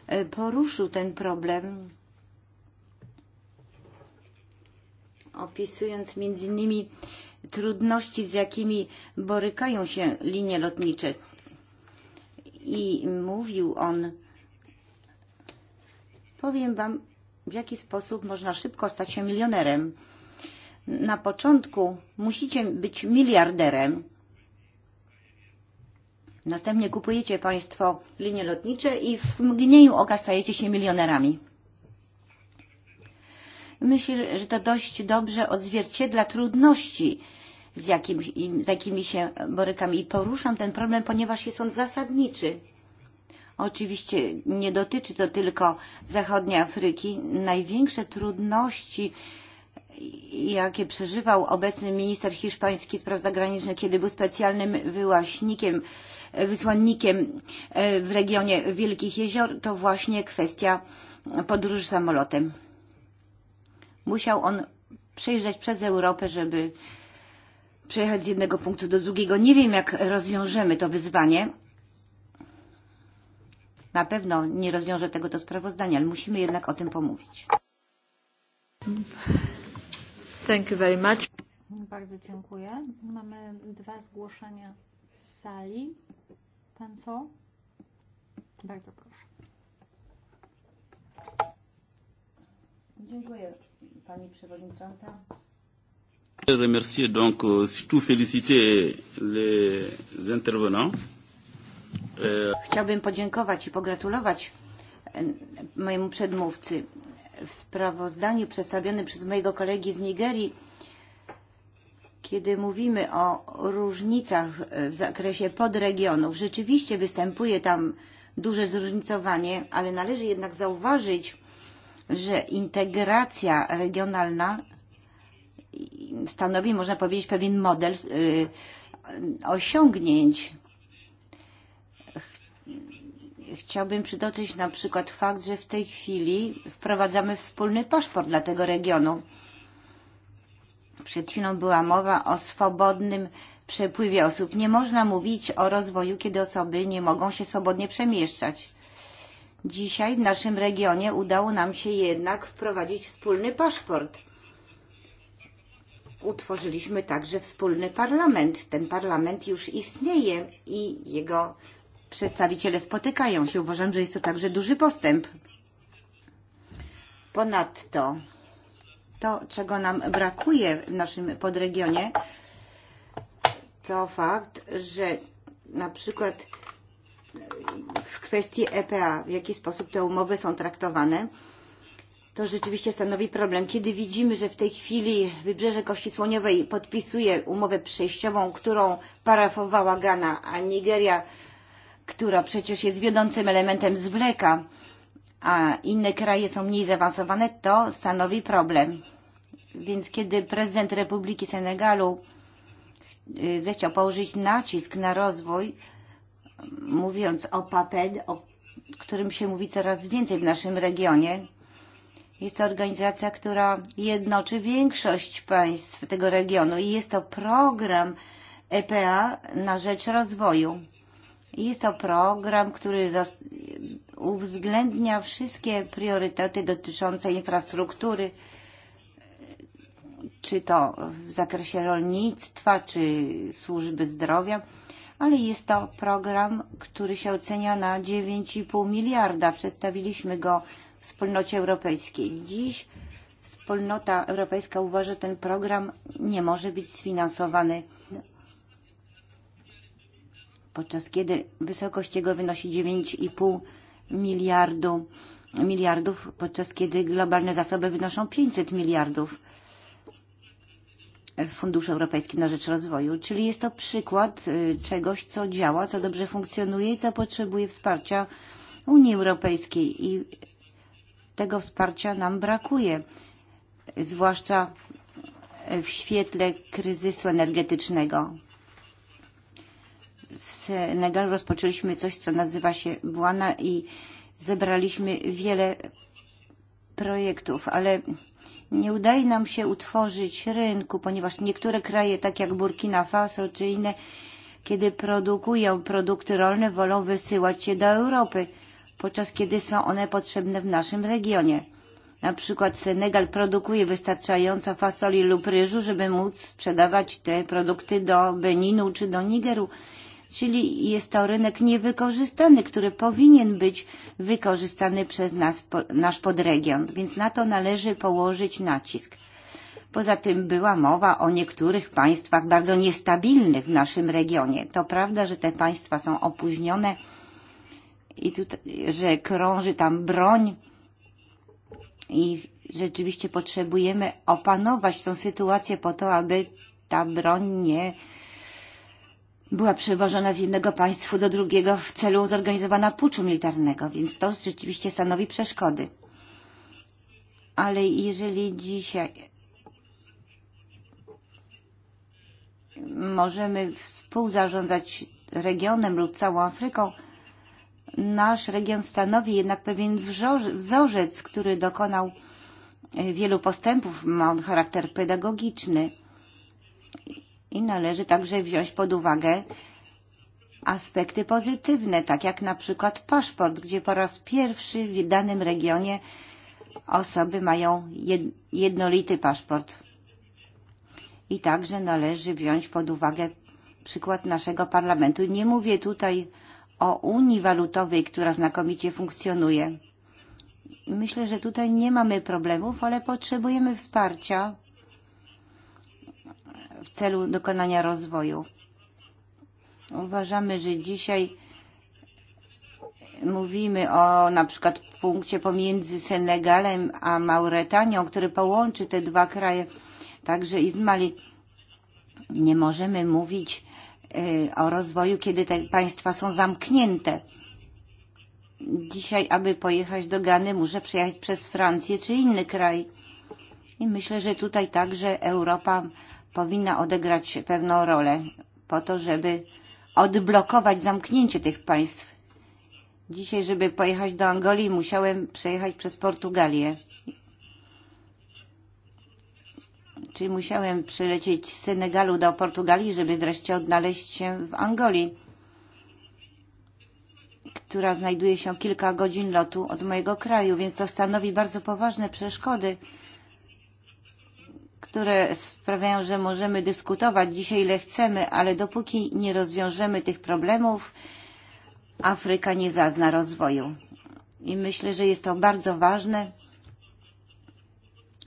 e, poruszył ten problem, opisując między innymi trudności, z jakimi borykają się linie lotnicze i mówił on, powiem Wam, w jaki sposób można szybko stać się milionerem. Na początku musicie być miliarderem. Następnie kupujecie Państwo linie lotnicze i w mgnieniu oka stajecie się milionerami. Myślę, że to dość dobrze odzwierciedla trudności, z, jakim, z jakimi się eh, borykam i poruszam ten problem, ponieważ jest on zasadniczy. Oczywiście nie dotyczy to tylko zachodniej Afryki. Największe trudności, eh, jakie przeżywał obecny minister hiszpański spraw zagranicznych, kiedy był specjalnym wyłaśnikiem, eh, wysłannikiem w regionie Wielkich Jezior, to właśnie kwestia podróży samolotem. Musiał on przejrzeć przez Europę, żeby przejechać z jednego punktu do drugiego. Nie wiem, jak rozwiążemy to wyzwanie. Na pewno nie rozwiąże tego to sprawozdanie, ale musimy jednak o tym pomówić. Thank you very much. Bardzo dziękuję. Mamy dwa zgłoszenia z sali. Pan co? Bardzo proszę. Dziękuję Pani Przewodnicząca. Remercier donc euh, surtout féliciter les intervenants. Euh, Chciałbym podziękować i pogratulować mojemu przedmówcy. W sprawozdaniu przedstawionym przez mojego kolegi z Nigerii, kiedy mówimy o różnicach e, w zakresie podregionów, rzeczywiście występuje tam duże zróżnicowanie, ale należy jednak zauważyć, że integracja regionalna stanowi, można powiedzieć, pewien model osiągnięć. Chciałbym przytoczyć na przykład fakt, że w tej chwili wprowadzamy wspólny paszport dla tego regionu. Przed chwilą była mowa o swobodnym przepływie osób. Nie można mówić o rozwoju, kiedy osoby nie mogą się swobodnie przemieszczać. Dzisiaj w naszym regionie udało nam się jednak wprowadzić wspólny paszport utworzyliśmy także wspólny parlament. Ten parlament już istnieje i jego przedstawiciele spotykają się. Uważam, że jest to także duży postęp. Ponadto to, czego nam brakuje w naszym podregionie, to fakt, że na przykład w kwestii EPA, w jaki sposób te umowy są traktowane, to rzeczywiście stanowi problem. Kiedy widzimy, że w tej chwili Wybrzeże Kości Słoniowej podpisuje umowę przejściową, którą parafowała Gana, a Nigeria, która przecież jest wiodącym elementem zwleka, a inne kraje są mniej zaawansowane, to stanowi problem. Więc kiedy prezydent Republiki Senegalu e, zechciał położyć nacisk na rozwój, mówiąc o PAPED, o którym się mówi coraz więcej w naszym regionie, Jest to organizacja, która jednoczy większość państw tego regionu i jest to program EPA na rzecz rozwoju. Jest to program, który uwzględnia wszystkie priorytety dotyczące infrastruktury, czy to w zakresie rolnictwa, czy służby zdrowia, ale jest to program, który się ocenia na 9,5 miliarda. Przedstawiliśmy go wspólnocie europejskiej. Dziś wspólnota europejska uważa, że ten program nie może być sfinansowany, podczas kiedy wysokość jego wynosi 9,5 miliardu miliardów, podczas kiedy globalne zasoby wynoszą 500 miliardów w Funduszu Europejskim na Rzecz Rozwoju. Czyli jest to przykład czegoś, e, co działa, co dobrze funkcjonuje i co potrzebuje wsparcia Unii Europejskiej. I tego wsparcia nam brakuje, zwłaszcza w świetle kryzysu energetycznego. W Senegalu rozpoczęliśmy coś, co nazywa się Błana i zebraliśmy wiele projektów, ale nie udaje nam się utworzyć rynku, ponieważ niektóre kraje, tak jak Burkina Faso czy inne, kiedy produkują produkty rolne, wolą wysyłać je do Europy podczas kiedy są one potrzebne w naszym regionie. Na przykład Senegal produkuje wystarczająco fasoli lub ryżu, żeby móc sprzedawać te produkty do Beninu czy do Nigeru. Czyli jest to rynek niewykorzystany, który powinien być wykorzystany przez nas, po, nasz podregion, więc na to należy położyć nacisk. Poza tym była mowa o niektórych państwach bardzo niestabilnych w naszym regionie. To prawda, że te państwa są opóźnione, i tu, że krąży tam broń i rzeczywiście potrzebujemy opanować tą sytuację po to, aby ta broń nie była przewożona z jednego państwa do drugiego w celu zorganizowania puczu militarnego, więc to rzeczywiście stanowi przeszkody. Ale jeżeli dzisiaj możemy współzarządzać regionem lub całą Afryką, nasz region stanowi jednak pewien wzorzec, który dokonał e, wielu postępów, ma on charakter pedagogiczny i należy także wziąć pod uwagę aspekty pozytywne, tak jak na przykład paszport, gdzie po raz pierwszy w danym regionie osoby mają jednolity paszport. I także należy wziąć pod uwagę przykład naszego parlamentu. Nie mówię tutaj o Unii Walutowej, która znakomicie funkcjonuje. Myślę, że tutaj nie mamy problemów, ale potrzebujemy wsparcia w celu dokonania rozwoju. Uważamy, że dzisiaj mówimy o na przykład punkcie pomiędzy Senegalem a Mauretanią, który połączy te dwa kraje, także i z Mali. Nie możemy mówić E, o rozwoju, kiedy te państwa są zamknięte. Dzisiaj, aby pojechać do Gany, muszę przejechać przez Francję czy inny kraj. I myślę, że tutaj także Europa powinna odegrać pewną rolę po to, żeby odblokować zamknięcie tych państw. Dzisiaj, żeby pojechać do Angolii, musiałem przejechać przez Portugalię. Czyli musiałem przylecieć z Senegalu do Portugalii, żeby wreszcie odnaleźć się w Angolii, która znajduje się kilka godzin lotu od mojego kraju, więc to stanowi bardzo poważne przeszkody, które sprawiają, że możemy dyskutować dzisiaj ile chcemy, ale dopóki nie rozwiążemy tych problemów, Afryka nie zazna rozwoju. I myślę, że jest to bardzo ważne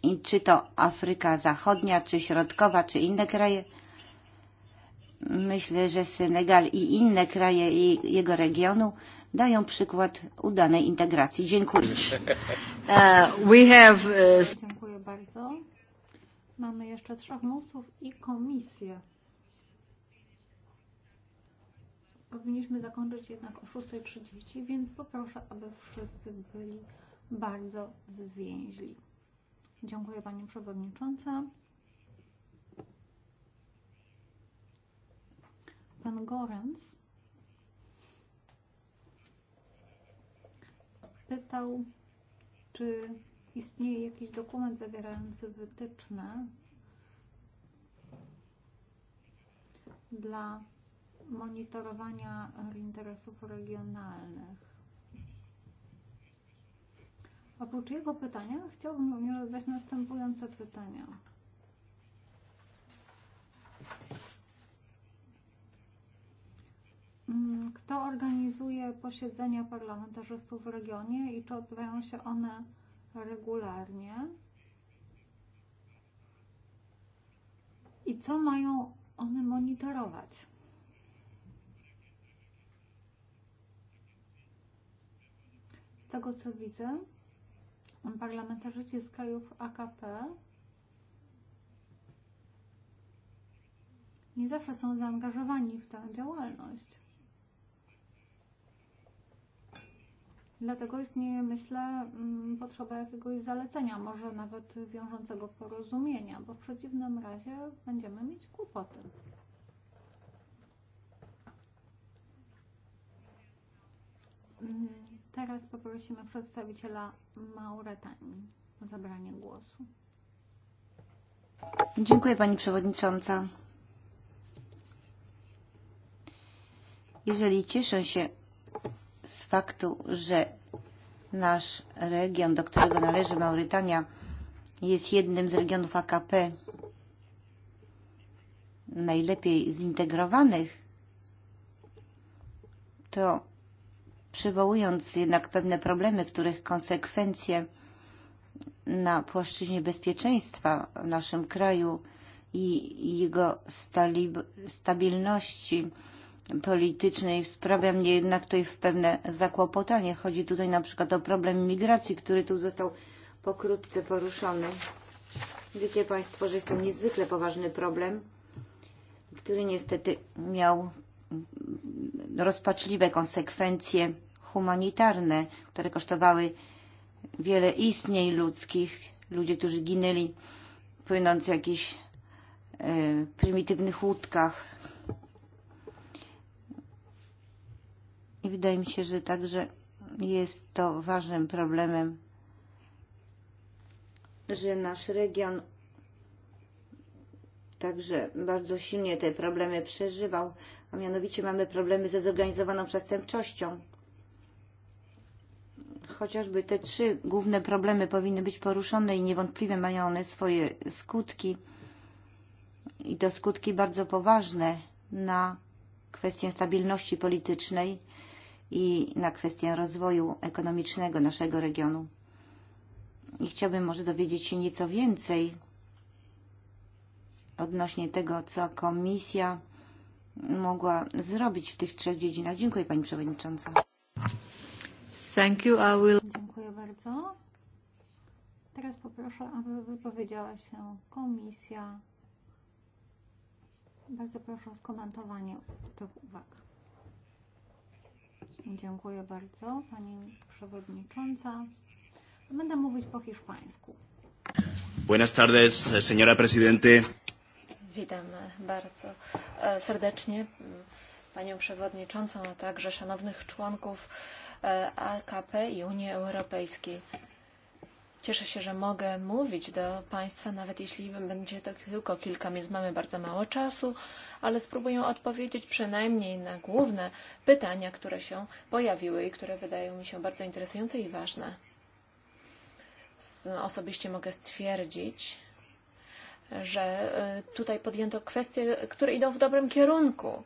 i czy to Afryka Zachodnia, czy Środkowa, czy inne kraje. Myślę, że Senegal i inne kraje i jego regionu dają przykład udanej integracji. Dziękuję. Uh, we have, uh... Dziękuję bardzo. Mamy jeszcze trzech mówców i komisję. Powinniśmy zakończyć jednak o 6.30, więc poproszę, aby wszyscy byli bardzo zwięźli. Dziękuję Pani Przewodnicząca. Pan Gorenc pytał, czy istnieje jakiś dokument zawierający wytyczne dla monitorowania interesów regionalnych. Oprócz jego pytania chciałbym również zadać następujące pytania. Kto organizuje posiedzenia parlamentarzystów w regionie i czy odbywają się one regularnie? I co mają one monitorować? Z tego co widzę, parlamentarzyści z krajów AKP nie zawsze są zaangażowani w tę działalność. Dlatego istnieje, myślę, mm, potrzeba jakiegoś zalecenia, może nawet wiążącego porozumienia, bo w przeciwnym razie będziemy mieć kłopoty. Mm. Teraz poprosimy przedstawiciela Mauretanii o zabranie głosu. Dziękuję Pani Przewodnicząca. Jeżeli cieszę się z faktu, że nasz region, do którego należy Maurytania, jest jednym z regionów AKP najlepiej zintegrowanych, to przywołując jednak pewne problemy, których konsekwencje na płaszczyźnie bezpieczeństwa w naszym kraju i jego stabilności politycznej sprawia mnie jednak tutaj w pewne zakłopotanie. Chodzi tutaj na przykład o problem migracji, który tu został pokrótce poruszony. Wiecie Państwo, że jest to niezwykle poważny problem, który niestety miał rozpaczliwe konsekwencje humanitarne, które kosztowały wiele istnień ludzkich, ludzie, którzy ginęli płynąc w jakichś y, e, prymitywnych łódkach. I wydaje mi się, że także jest to ważnym problemem, że nasz region także bardzo silnie te problemy przeżywał, a mianowicie mamy problemy ze zorganizowaną przestępczością chociażby te trzy główne problemy powinny być poruszone i niewątpliwie mają one swoje skutki i to skutki bardzo poważne na kwestię stabilności politycznej i na kwestię rozwoju ekonomicznego naszego regionu. I chciałbym może dowiedzieć się nieco więcej odnośnie tego, co komisja mogła zrobić w tych trzech dziedzinach. Dziękuję Pani Przewodnicząca. Thank you, I will... Dziękuję bardzo. Teraz poproszę, aby wypowiedziała się komisja. Bardzo proszę o skomentowanie tych uwag. Dziękuję bardzo, pani przewodnicząca. Będę mówić po hiszpańsku. Buenas tardes, señora presidente. Witam bardzo e, serdecznie panią przewodniczącą, a także szanownych członków Eh, AKP i Unii Europejskiej. Cieszę się, że mogę mówić do Państwa, nawet jeśli będzie to tylko kilka minut, mamy bardzo mało czasu, ale spróbuję odpowiedzieć przynajmniej na główne pytania, które się pojawiły i które wydają mi się bardzo interesujące i ważne. Osobiście mogę stwierdzić, że e, tutaj podjęto kwestie, które idą w dobrym kierunku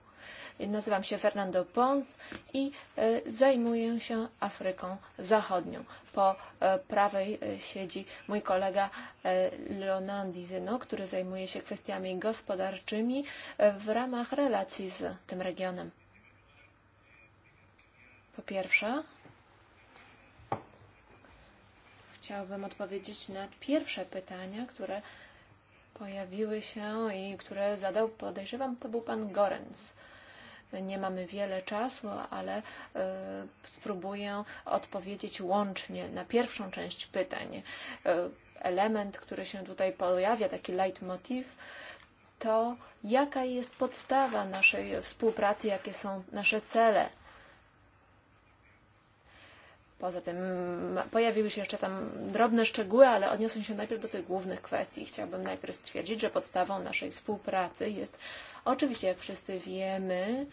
nazywam się Fernando Pons i e, zajmuję się Afryką Zachodnią. Po e, prawej e, siedzi mój kolega Leonan Dizeno, który zajmuje się kwestiami gospodarczymi w ramach relacji z tym regionem. Po pierwsze, chciałabym odpowiedzieć na pierwsze pytania, które pojawiły się i które zadał, podejrzewam, to był pan Gorenc. Nie mamy wiele czasu, ale e, spróbuję odpowiedzieć łącznie na pierwszą część pytań. E, element, który się tutaj pojawia, taki leitmotiv, to jaka jest podstawa naszej współpracy, jakie są nasze cele Poza tym mm, pojawiły się jeszcze tam drobne szczegóły, ale odniosę się najpierw do tych głównych kwestii. Chciałbym najpierw stwierdzić, że podstawą naszej współpracy jest oczywiście, jak wszyscy wiemy,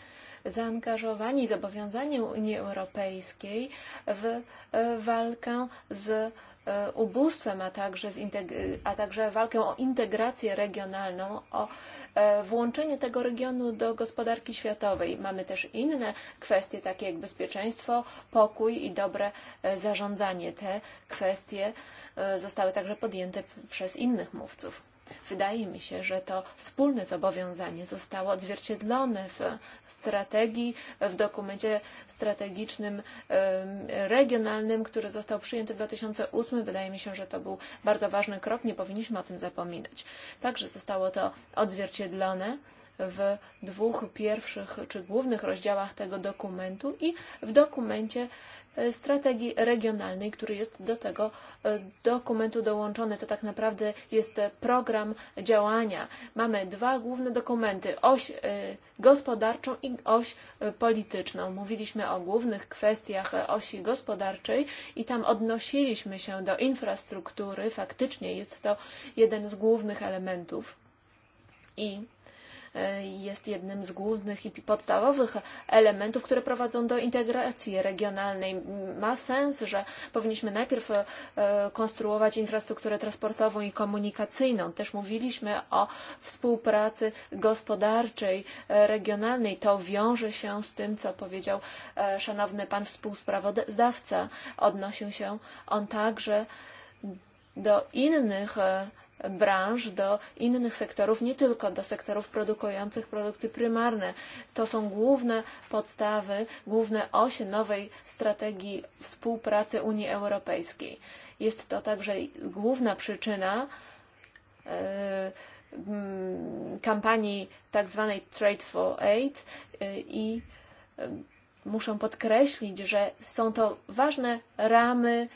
zaangażowanie i zobowiązanie Unii Europejskiej w e, walkę z E, ubóstwem, a także, a także walkę o integrację regionalną, o e, włączenie tego regionu do gospodarki światowej. Mamy też inne kwestie, takie jak bezpieczeństwo, pokój i dobre e, zarządzanie. Te kwestie zostały także podjęte przez innych mówców. Wydaje mi się, że to wspólne zobowiązanie zostało odzwierciedlone w strategii, w dokumencie strategicznym regionalnym, który został przyjęty w 2008. Wydaje mi się, że to był bardzo ważny krok, nie powinniśmy o tym zapominać. Także zostało to odzwierciedlone w dwóch pierwszych czy głównych rozdziałach tego dokumentu i w dokumencie E, strategii regionalnej, który jest do tego e, dokumentu dołączony. To tak naprawdę jest program działania. Mamy dwa główne dokumenty, oś e, gospodarczą i oś polityczną. Mówiliśmy o głównych kwestiach osi gospodarczej i tam odnosiliśmy się do infrastruktury. Faktycznie jest to jeden z głównych elementów. I Eh, jest jednym z głównych i podstawowych elementów, które prowadzą do integracji regionalnej. Ma sens, że powinniśmy najpierw e, konstruować infrastrukturę transportową i komunikacyjną. Też mówiliśmy o współpracy gospodarczej, e, regionalnej. To wiąże się z tym, co powiedział e, szanowny pan współsprawozdawca. Odnosił się on także do innych branż do innych sektorów, nie tylko do sektorów produkujących produkty prymarne. To są główne podstawy, główne osie nowej strategii współpracy Unii Europejskiej. Jest to także główna przyczyna kampanii tak zwanej Trade for Aid i muszę podkreślić, że są to ważne ramy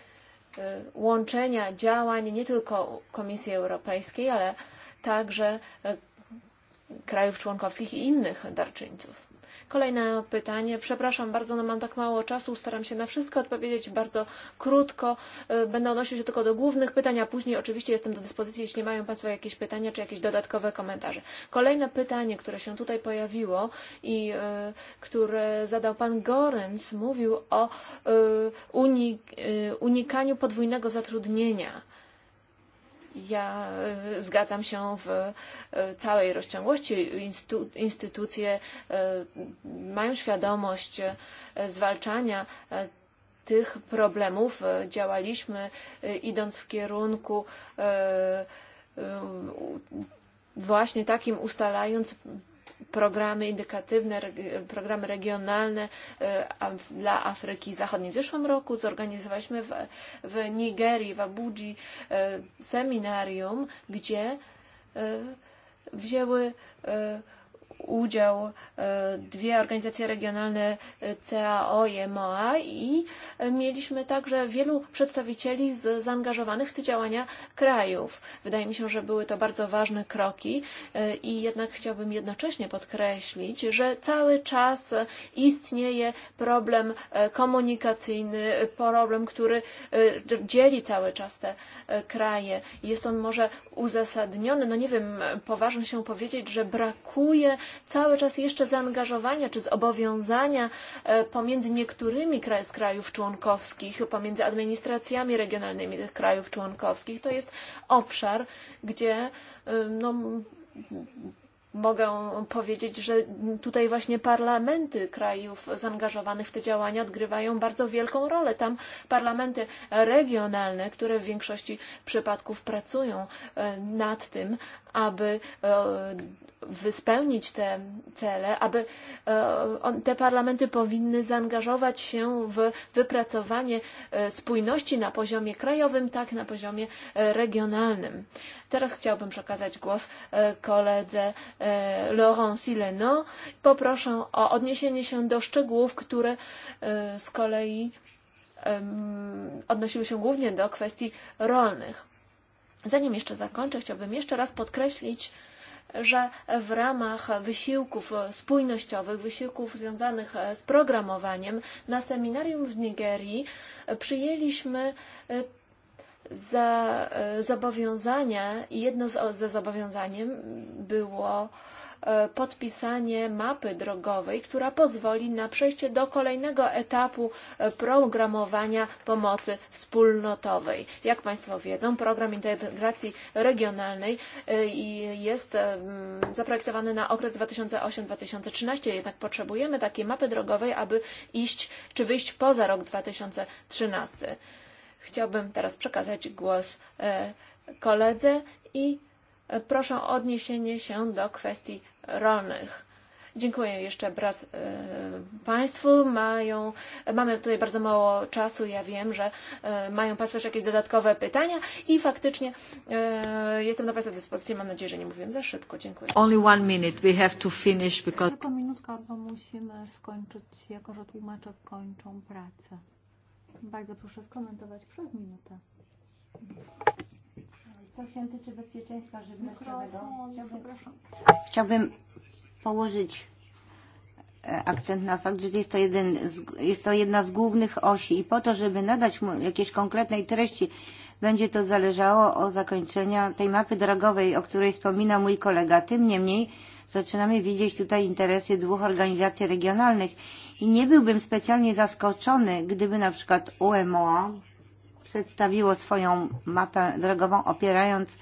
E, łączenia działań nie tylko Komisji Europejskiej, ale także e, krajów członkowskich i innych darczyńców. Kolejne pytanie. Przepraszam bardzo, no mam tak mało czasu, staram się na wszystko odpowiedzieć bardzo krótko. E, będę odnosił się tylko do głównych pytań, a później oczywiście jestem do dyspozycji, jeśli mają Państwo jakieś pytania czy jakieś dodatkowe komentarze. Kolejne pytanie, które się tutaj pojawiło i y, e, które zadał Pan Gorenc, mówił o y, e, unik, y, unikaniu podwójnego zatrudnienia. Y, Ja e, zgadzam się w e, całej rozciągłości. Instytucje e, mają świadomość zwalczania tych problemów. Działaliśmy idąc w kierunku właśnie takim ustalając programy indykatywne, programy regionalne e, dla Afryki Zachodniej. W zeszłym roku zorganizowaliśmy w, w Nigerii, w Abudzi e, seminarium, gdzie e, wzięły udział eh, dwie organizacje regionalne eh, CAO i MOA eh, i mieliśmy także wielu przedstawicieli z zaangażowanych w te działania krajów. Wydaje mi się, że były to bardzo ważne kroki i jednak chciałbym jednocześnie podkreślić, że cały czas istnieje problem komunikacyjny, problem, który dzieli cały czas te kraje. Jest on może uzasadniony, no nie wiem, poważnie się powiedzieć, że brakuje cały czas jeszcze zaangażowania czy zobowiązania e, pomiędzy niektórymi kraj, z krajów członkowskich, pomiędzy administracjami regionalnymi tych krajów członkowskich. To jest obszar, gdzie e, no, mogę powiedzieć, że tutaj właśnie parlamenty krajów zaangażowanych w te działania odgrywają bardzo wielką rolę. Tam parlamenty regionalne, które w większości przypadków pracują e, nad tym, aby spełnić te cele, aby e, te parlamenty powinny zaangażować się w wypracowanie e, spójności na poziomie krajowym, tak na poziomie e, regionalnym. Teraz chciałbym przekazać głos koledze Laurent Sileno. Poproszę o odniesienie się do szczegółów, które z kolei odnosiły się głównie do kwestii rolnych. Zanim jeszcze zakończę, chciałbym jeszcze raz podkreślić, że w ramach wysiłków spójnościowych, wysiłków związanych e, z programowaniem, na seminarium w Nigerii e, przyjęliśmy e, za zobowiązania i jedno ze zobowiązaniem było E, podpisanie mapy drogowej, która pozwoli na przejście do kolejnego etapu e, programowania pomocy wspólnotowej. Jak Państwo wiedzą, program integracji regionalnej e, jest zaprojektowany na okres 2008-2013, jednak potrzebujemy takiej mapy drogowej, aby iść czy wyjść poza rok 2013. Chciałbym teraz przekazać głos koledze i proszę o odniesienie się do kwestii rolnych. Dziękuję jeszcze raz y, e, Państwu. Mają, mamy tutaj bardzo mało czasu. Ja wiem, że y, e, mają Państwo jeszcze jakieś dodatkowe pytania i faktycznie y, e, jestem do Państwa dyspozycji. Mam nadzieję, że nie mówiłem za szybko. Dziękuję. Only one minute. We have to finish because... Tylko minutka, bo musimy skończyć, jako że tłumacze kończą pracę. Bardzo proszę skomentować przez minutę co się tyczy bezpieczeństwa żywnościowego, chciałbym, chciałbym położyć e, akcent na fakt, że jest to, jeden z, jest to jedna z głównych osi i po to, żeby nadać mu jakiejś konkretnej treści, będzie to zależało od zakończenia tej mapy drogowej, o której wspomina mój kolega. Tym niemniej zaczynamy widzieć tutaj interesy dwóch organizacji regionalnych i nie byłbym specjalnie zaskoczony, gdyby na przykład UMOA przedstawiło swoją mapę drogową, opierając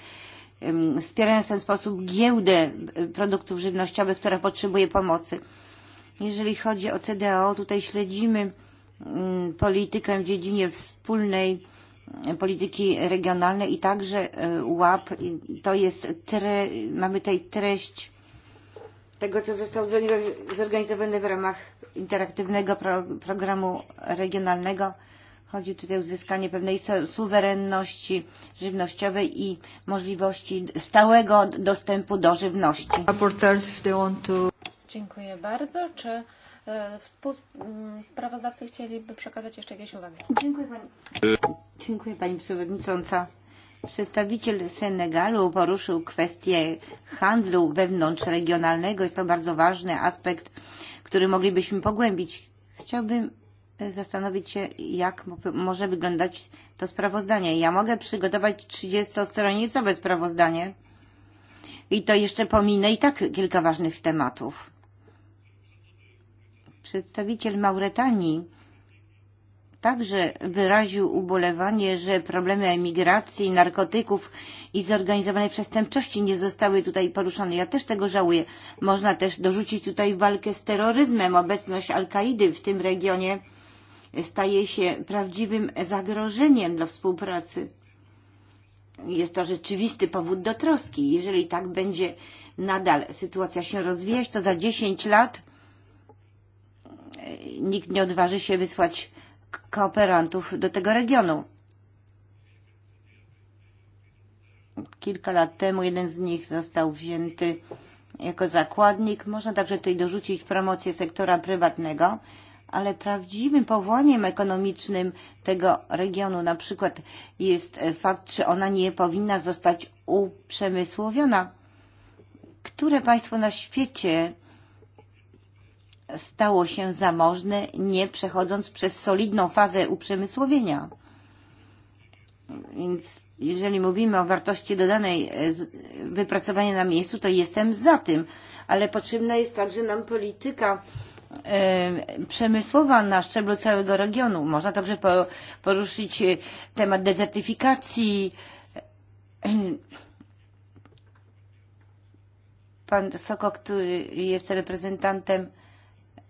wspierając w ten sposób giełdę e, produktów żywnościowych, która potrzebuje pomocy. Jeżeli chodzi o CDO, tutaj śledzimy politykę w dziedzinie wspólnej e, polityki regionalnej i także e, łap. To jest tre, mamy tutaj treść tego, co zostało zorganizowane w ramach interaktywnego pro, programu regionalnego Chodzi tutaj o uzyskanie pewnej suwerenności żywnościowej i możliwości stałego dostępu do żywności. Dziękuję bardzo. Czy e, mm, sprawozdawcy chcieliby przekazać jeszcze jakieś uwagi. Dziękuję pani. Dziękuję pani przewodnicząca. Przedstawiciel Senegalu poruszył kwestię handlu wewnątrzregionalnego. Jest to bardzo ważny aspekt, który moglibyśmy pogłębić. Chciałbym zastanowić się, jak może wyglądać to sprawozdanie. Ja mogę przygotować 30-stronicowe sprawozdanie i to jeszcze pominę i tak kilka ważnych tematów. Przedstawiciel Mauretanii także wyraził ubolewanie, że problemy emigracji, narkotyków i zorganizowanej przestępczości nie zostały tutaj poruszone. Ja też tego żałuję. Można też dorzucić tutaj walkę z terroryzmem, obecność Al-Kaidy w tym regionie staje się prawdziwym zagrożeniem dla współpracy. Jest to rzeczywisty powód do troski. Jeżeli tak będzie nadal sytuacja się rozwijać, to za 10 lat e, nikt nie odważy się wysłać kooperantów do tego regionu. Kilka lat temu jeden z nich został wzięty jako zakładnik. Można także tutaj dorzucić promocję sektora prywatnego ale prawdziwym powołaniem ekonomicznym tego regionu na przykład jest fakt, czy ona nie powinna zostać uprzemysłowiona. Które państwo na świecie stało się zamożne, nie przechodząc przez solidną fazę uprzemysłowienia? Więc jeżeli mówimy o wartości dodanej e, wypracowania na miejscu, to jestem za tym, ale potrzebna jest także nam polityka E, przemysłowa na szczeblu całego regionu. Można także poruszyć e, temat dezertyfikacji. Pan Soko, który jest reprezentantem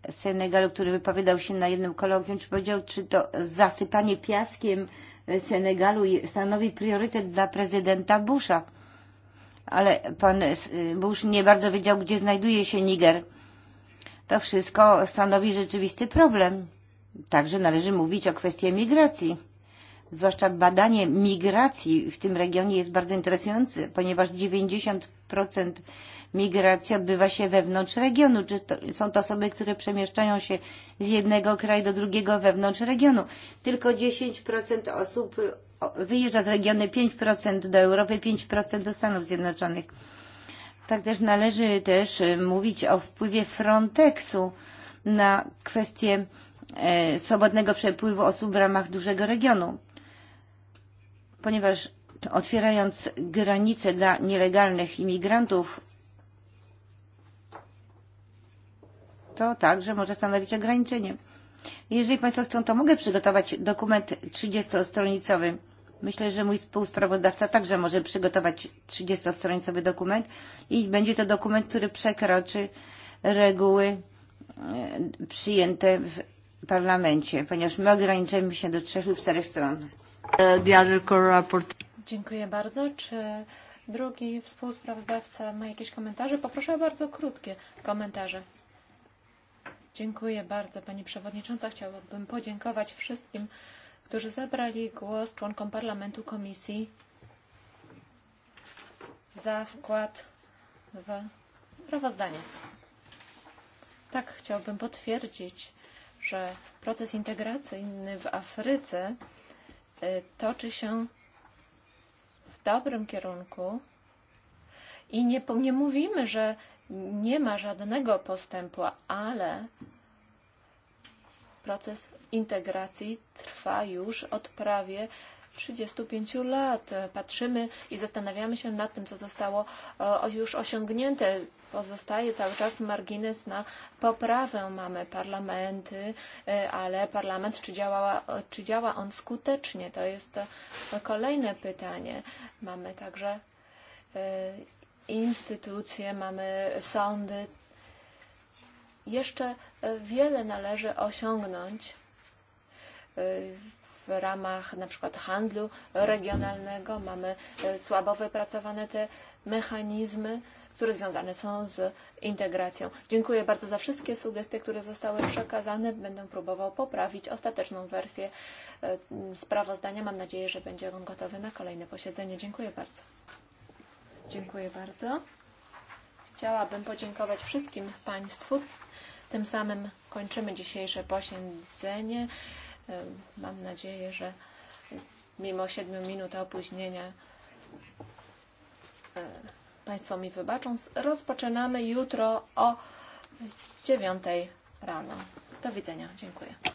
Senegalu, który wypowiadał się na jednym kolokwium, czy powiedział, czy to zasypanie piaskiem Senegalu stanowi priorytet dla prezydenta Busha. Ale pan e, Bush nie bardzo wiedział, gdzie znajduje się Niger to wszystko stanowi rzeczywisty problem. Także należy mówić o kwestii emigracji. Zwłaszcza badanie migracji w tym regionie jest bardzo interesujące, ponieważ 90% migracji odbywa się wewnątrz regionu. Czy to, są to osoby, które przemieszczają się z jednego kraju do drugiego wewnątrz regionu. Tylko 10% osób wyjeżdża z regionu, 5% do Europy, 5% do Stanów Zjednoczonych tak też należy też e, mówić o wpływie Frontexu na kwestię e, swobodnego przepływu osób w ramach dużego regionu. Ponieważ otwierając granice dla nielegalnych imigrantów, to także może stanowić ograniczenie. Jeżeli Państwo chcą, to mogę przygotować dokument 30-stronicowy Myślę, że mój współsprawozdawca także może przygotować 30-stronicowy dokument i będzie to dokument, który przekroczy reguły eh, przyjęte w parlamencie, ponieważ my ograniczamy się do trzech lub czterech stron. Dziękuję bardzo. Czy drugi współsprawozdawca ma jakieś komentarze? Poproszę o bardzo krótkie komentarze. Dziękuję bardzo Pani Przewodnicząca. Chciałabym podziękować wszystkim którzy zabrali głos członkom Parlamentu Komisji za wkład w sprawozdanie. Tak, chciałbym potwierdzić, że proces integracyjny w Afryce toczy się w dobrym kierunku i nie, nie mówimy, że nie ma żadnego postępu, ale Proces integracji trwa już od prawie 35 lat. Patrzymy i zastanawiamy się nad tym, co zostało e, już osiągnięte. Pozostaje cały czas margines na poprawę. Mamy parlamenty, e, ale parlament, czy, działała, e, czy działa on skutecznie? To jest kolejne pytanie. Mamy także instytucje, mamy sądy, Jeszcze e, wiele należy osiągnąć e, w ramach na przykład handlu regionalnego. Mamy e, słabo wypracowane te mechanizmy, które związane są z integracją. Dziękuję bardzo za wszystkie sugestie, które zostały przekazane. Będę próbował poprawić ostateczną wersję sprawozdania. Mam nadzieję, że będzie on gotowy na kolejne posiedzenie. Dziękuję bardzo. Dziękuję bardzo. Chciałabym podziękować wszystkim Państwu. Tym samym kończymy dzisiejsze posiedzenie. E, mam nadzieję, że mimo 7 minut opóźnienia e, Państwo mi wybaczą. Rozpoczynamy jutro o 9 rano. Do widzenia. Dziękuję.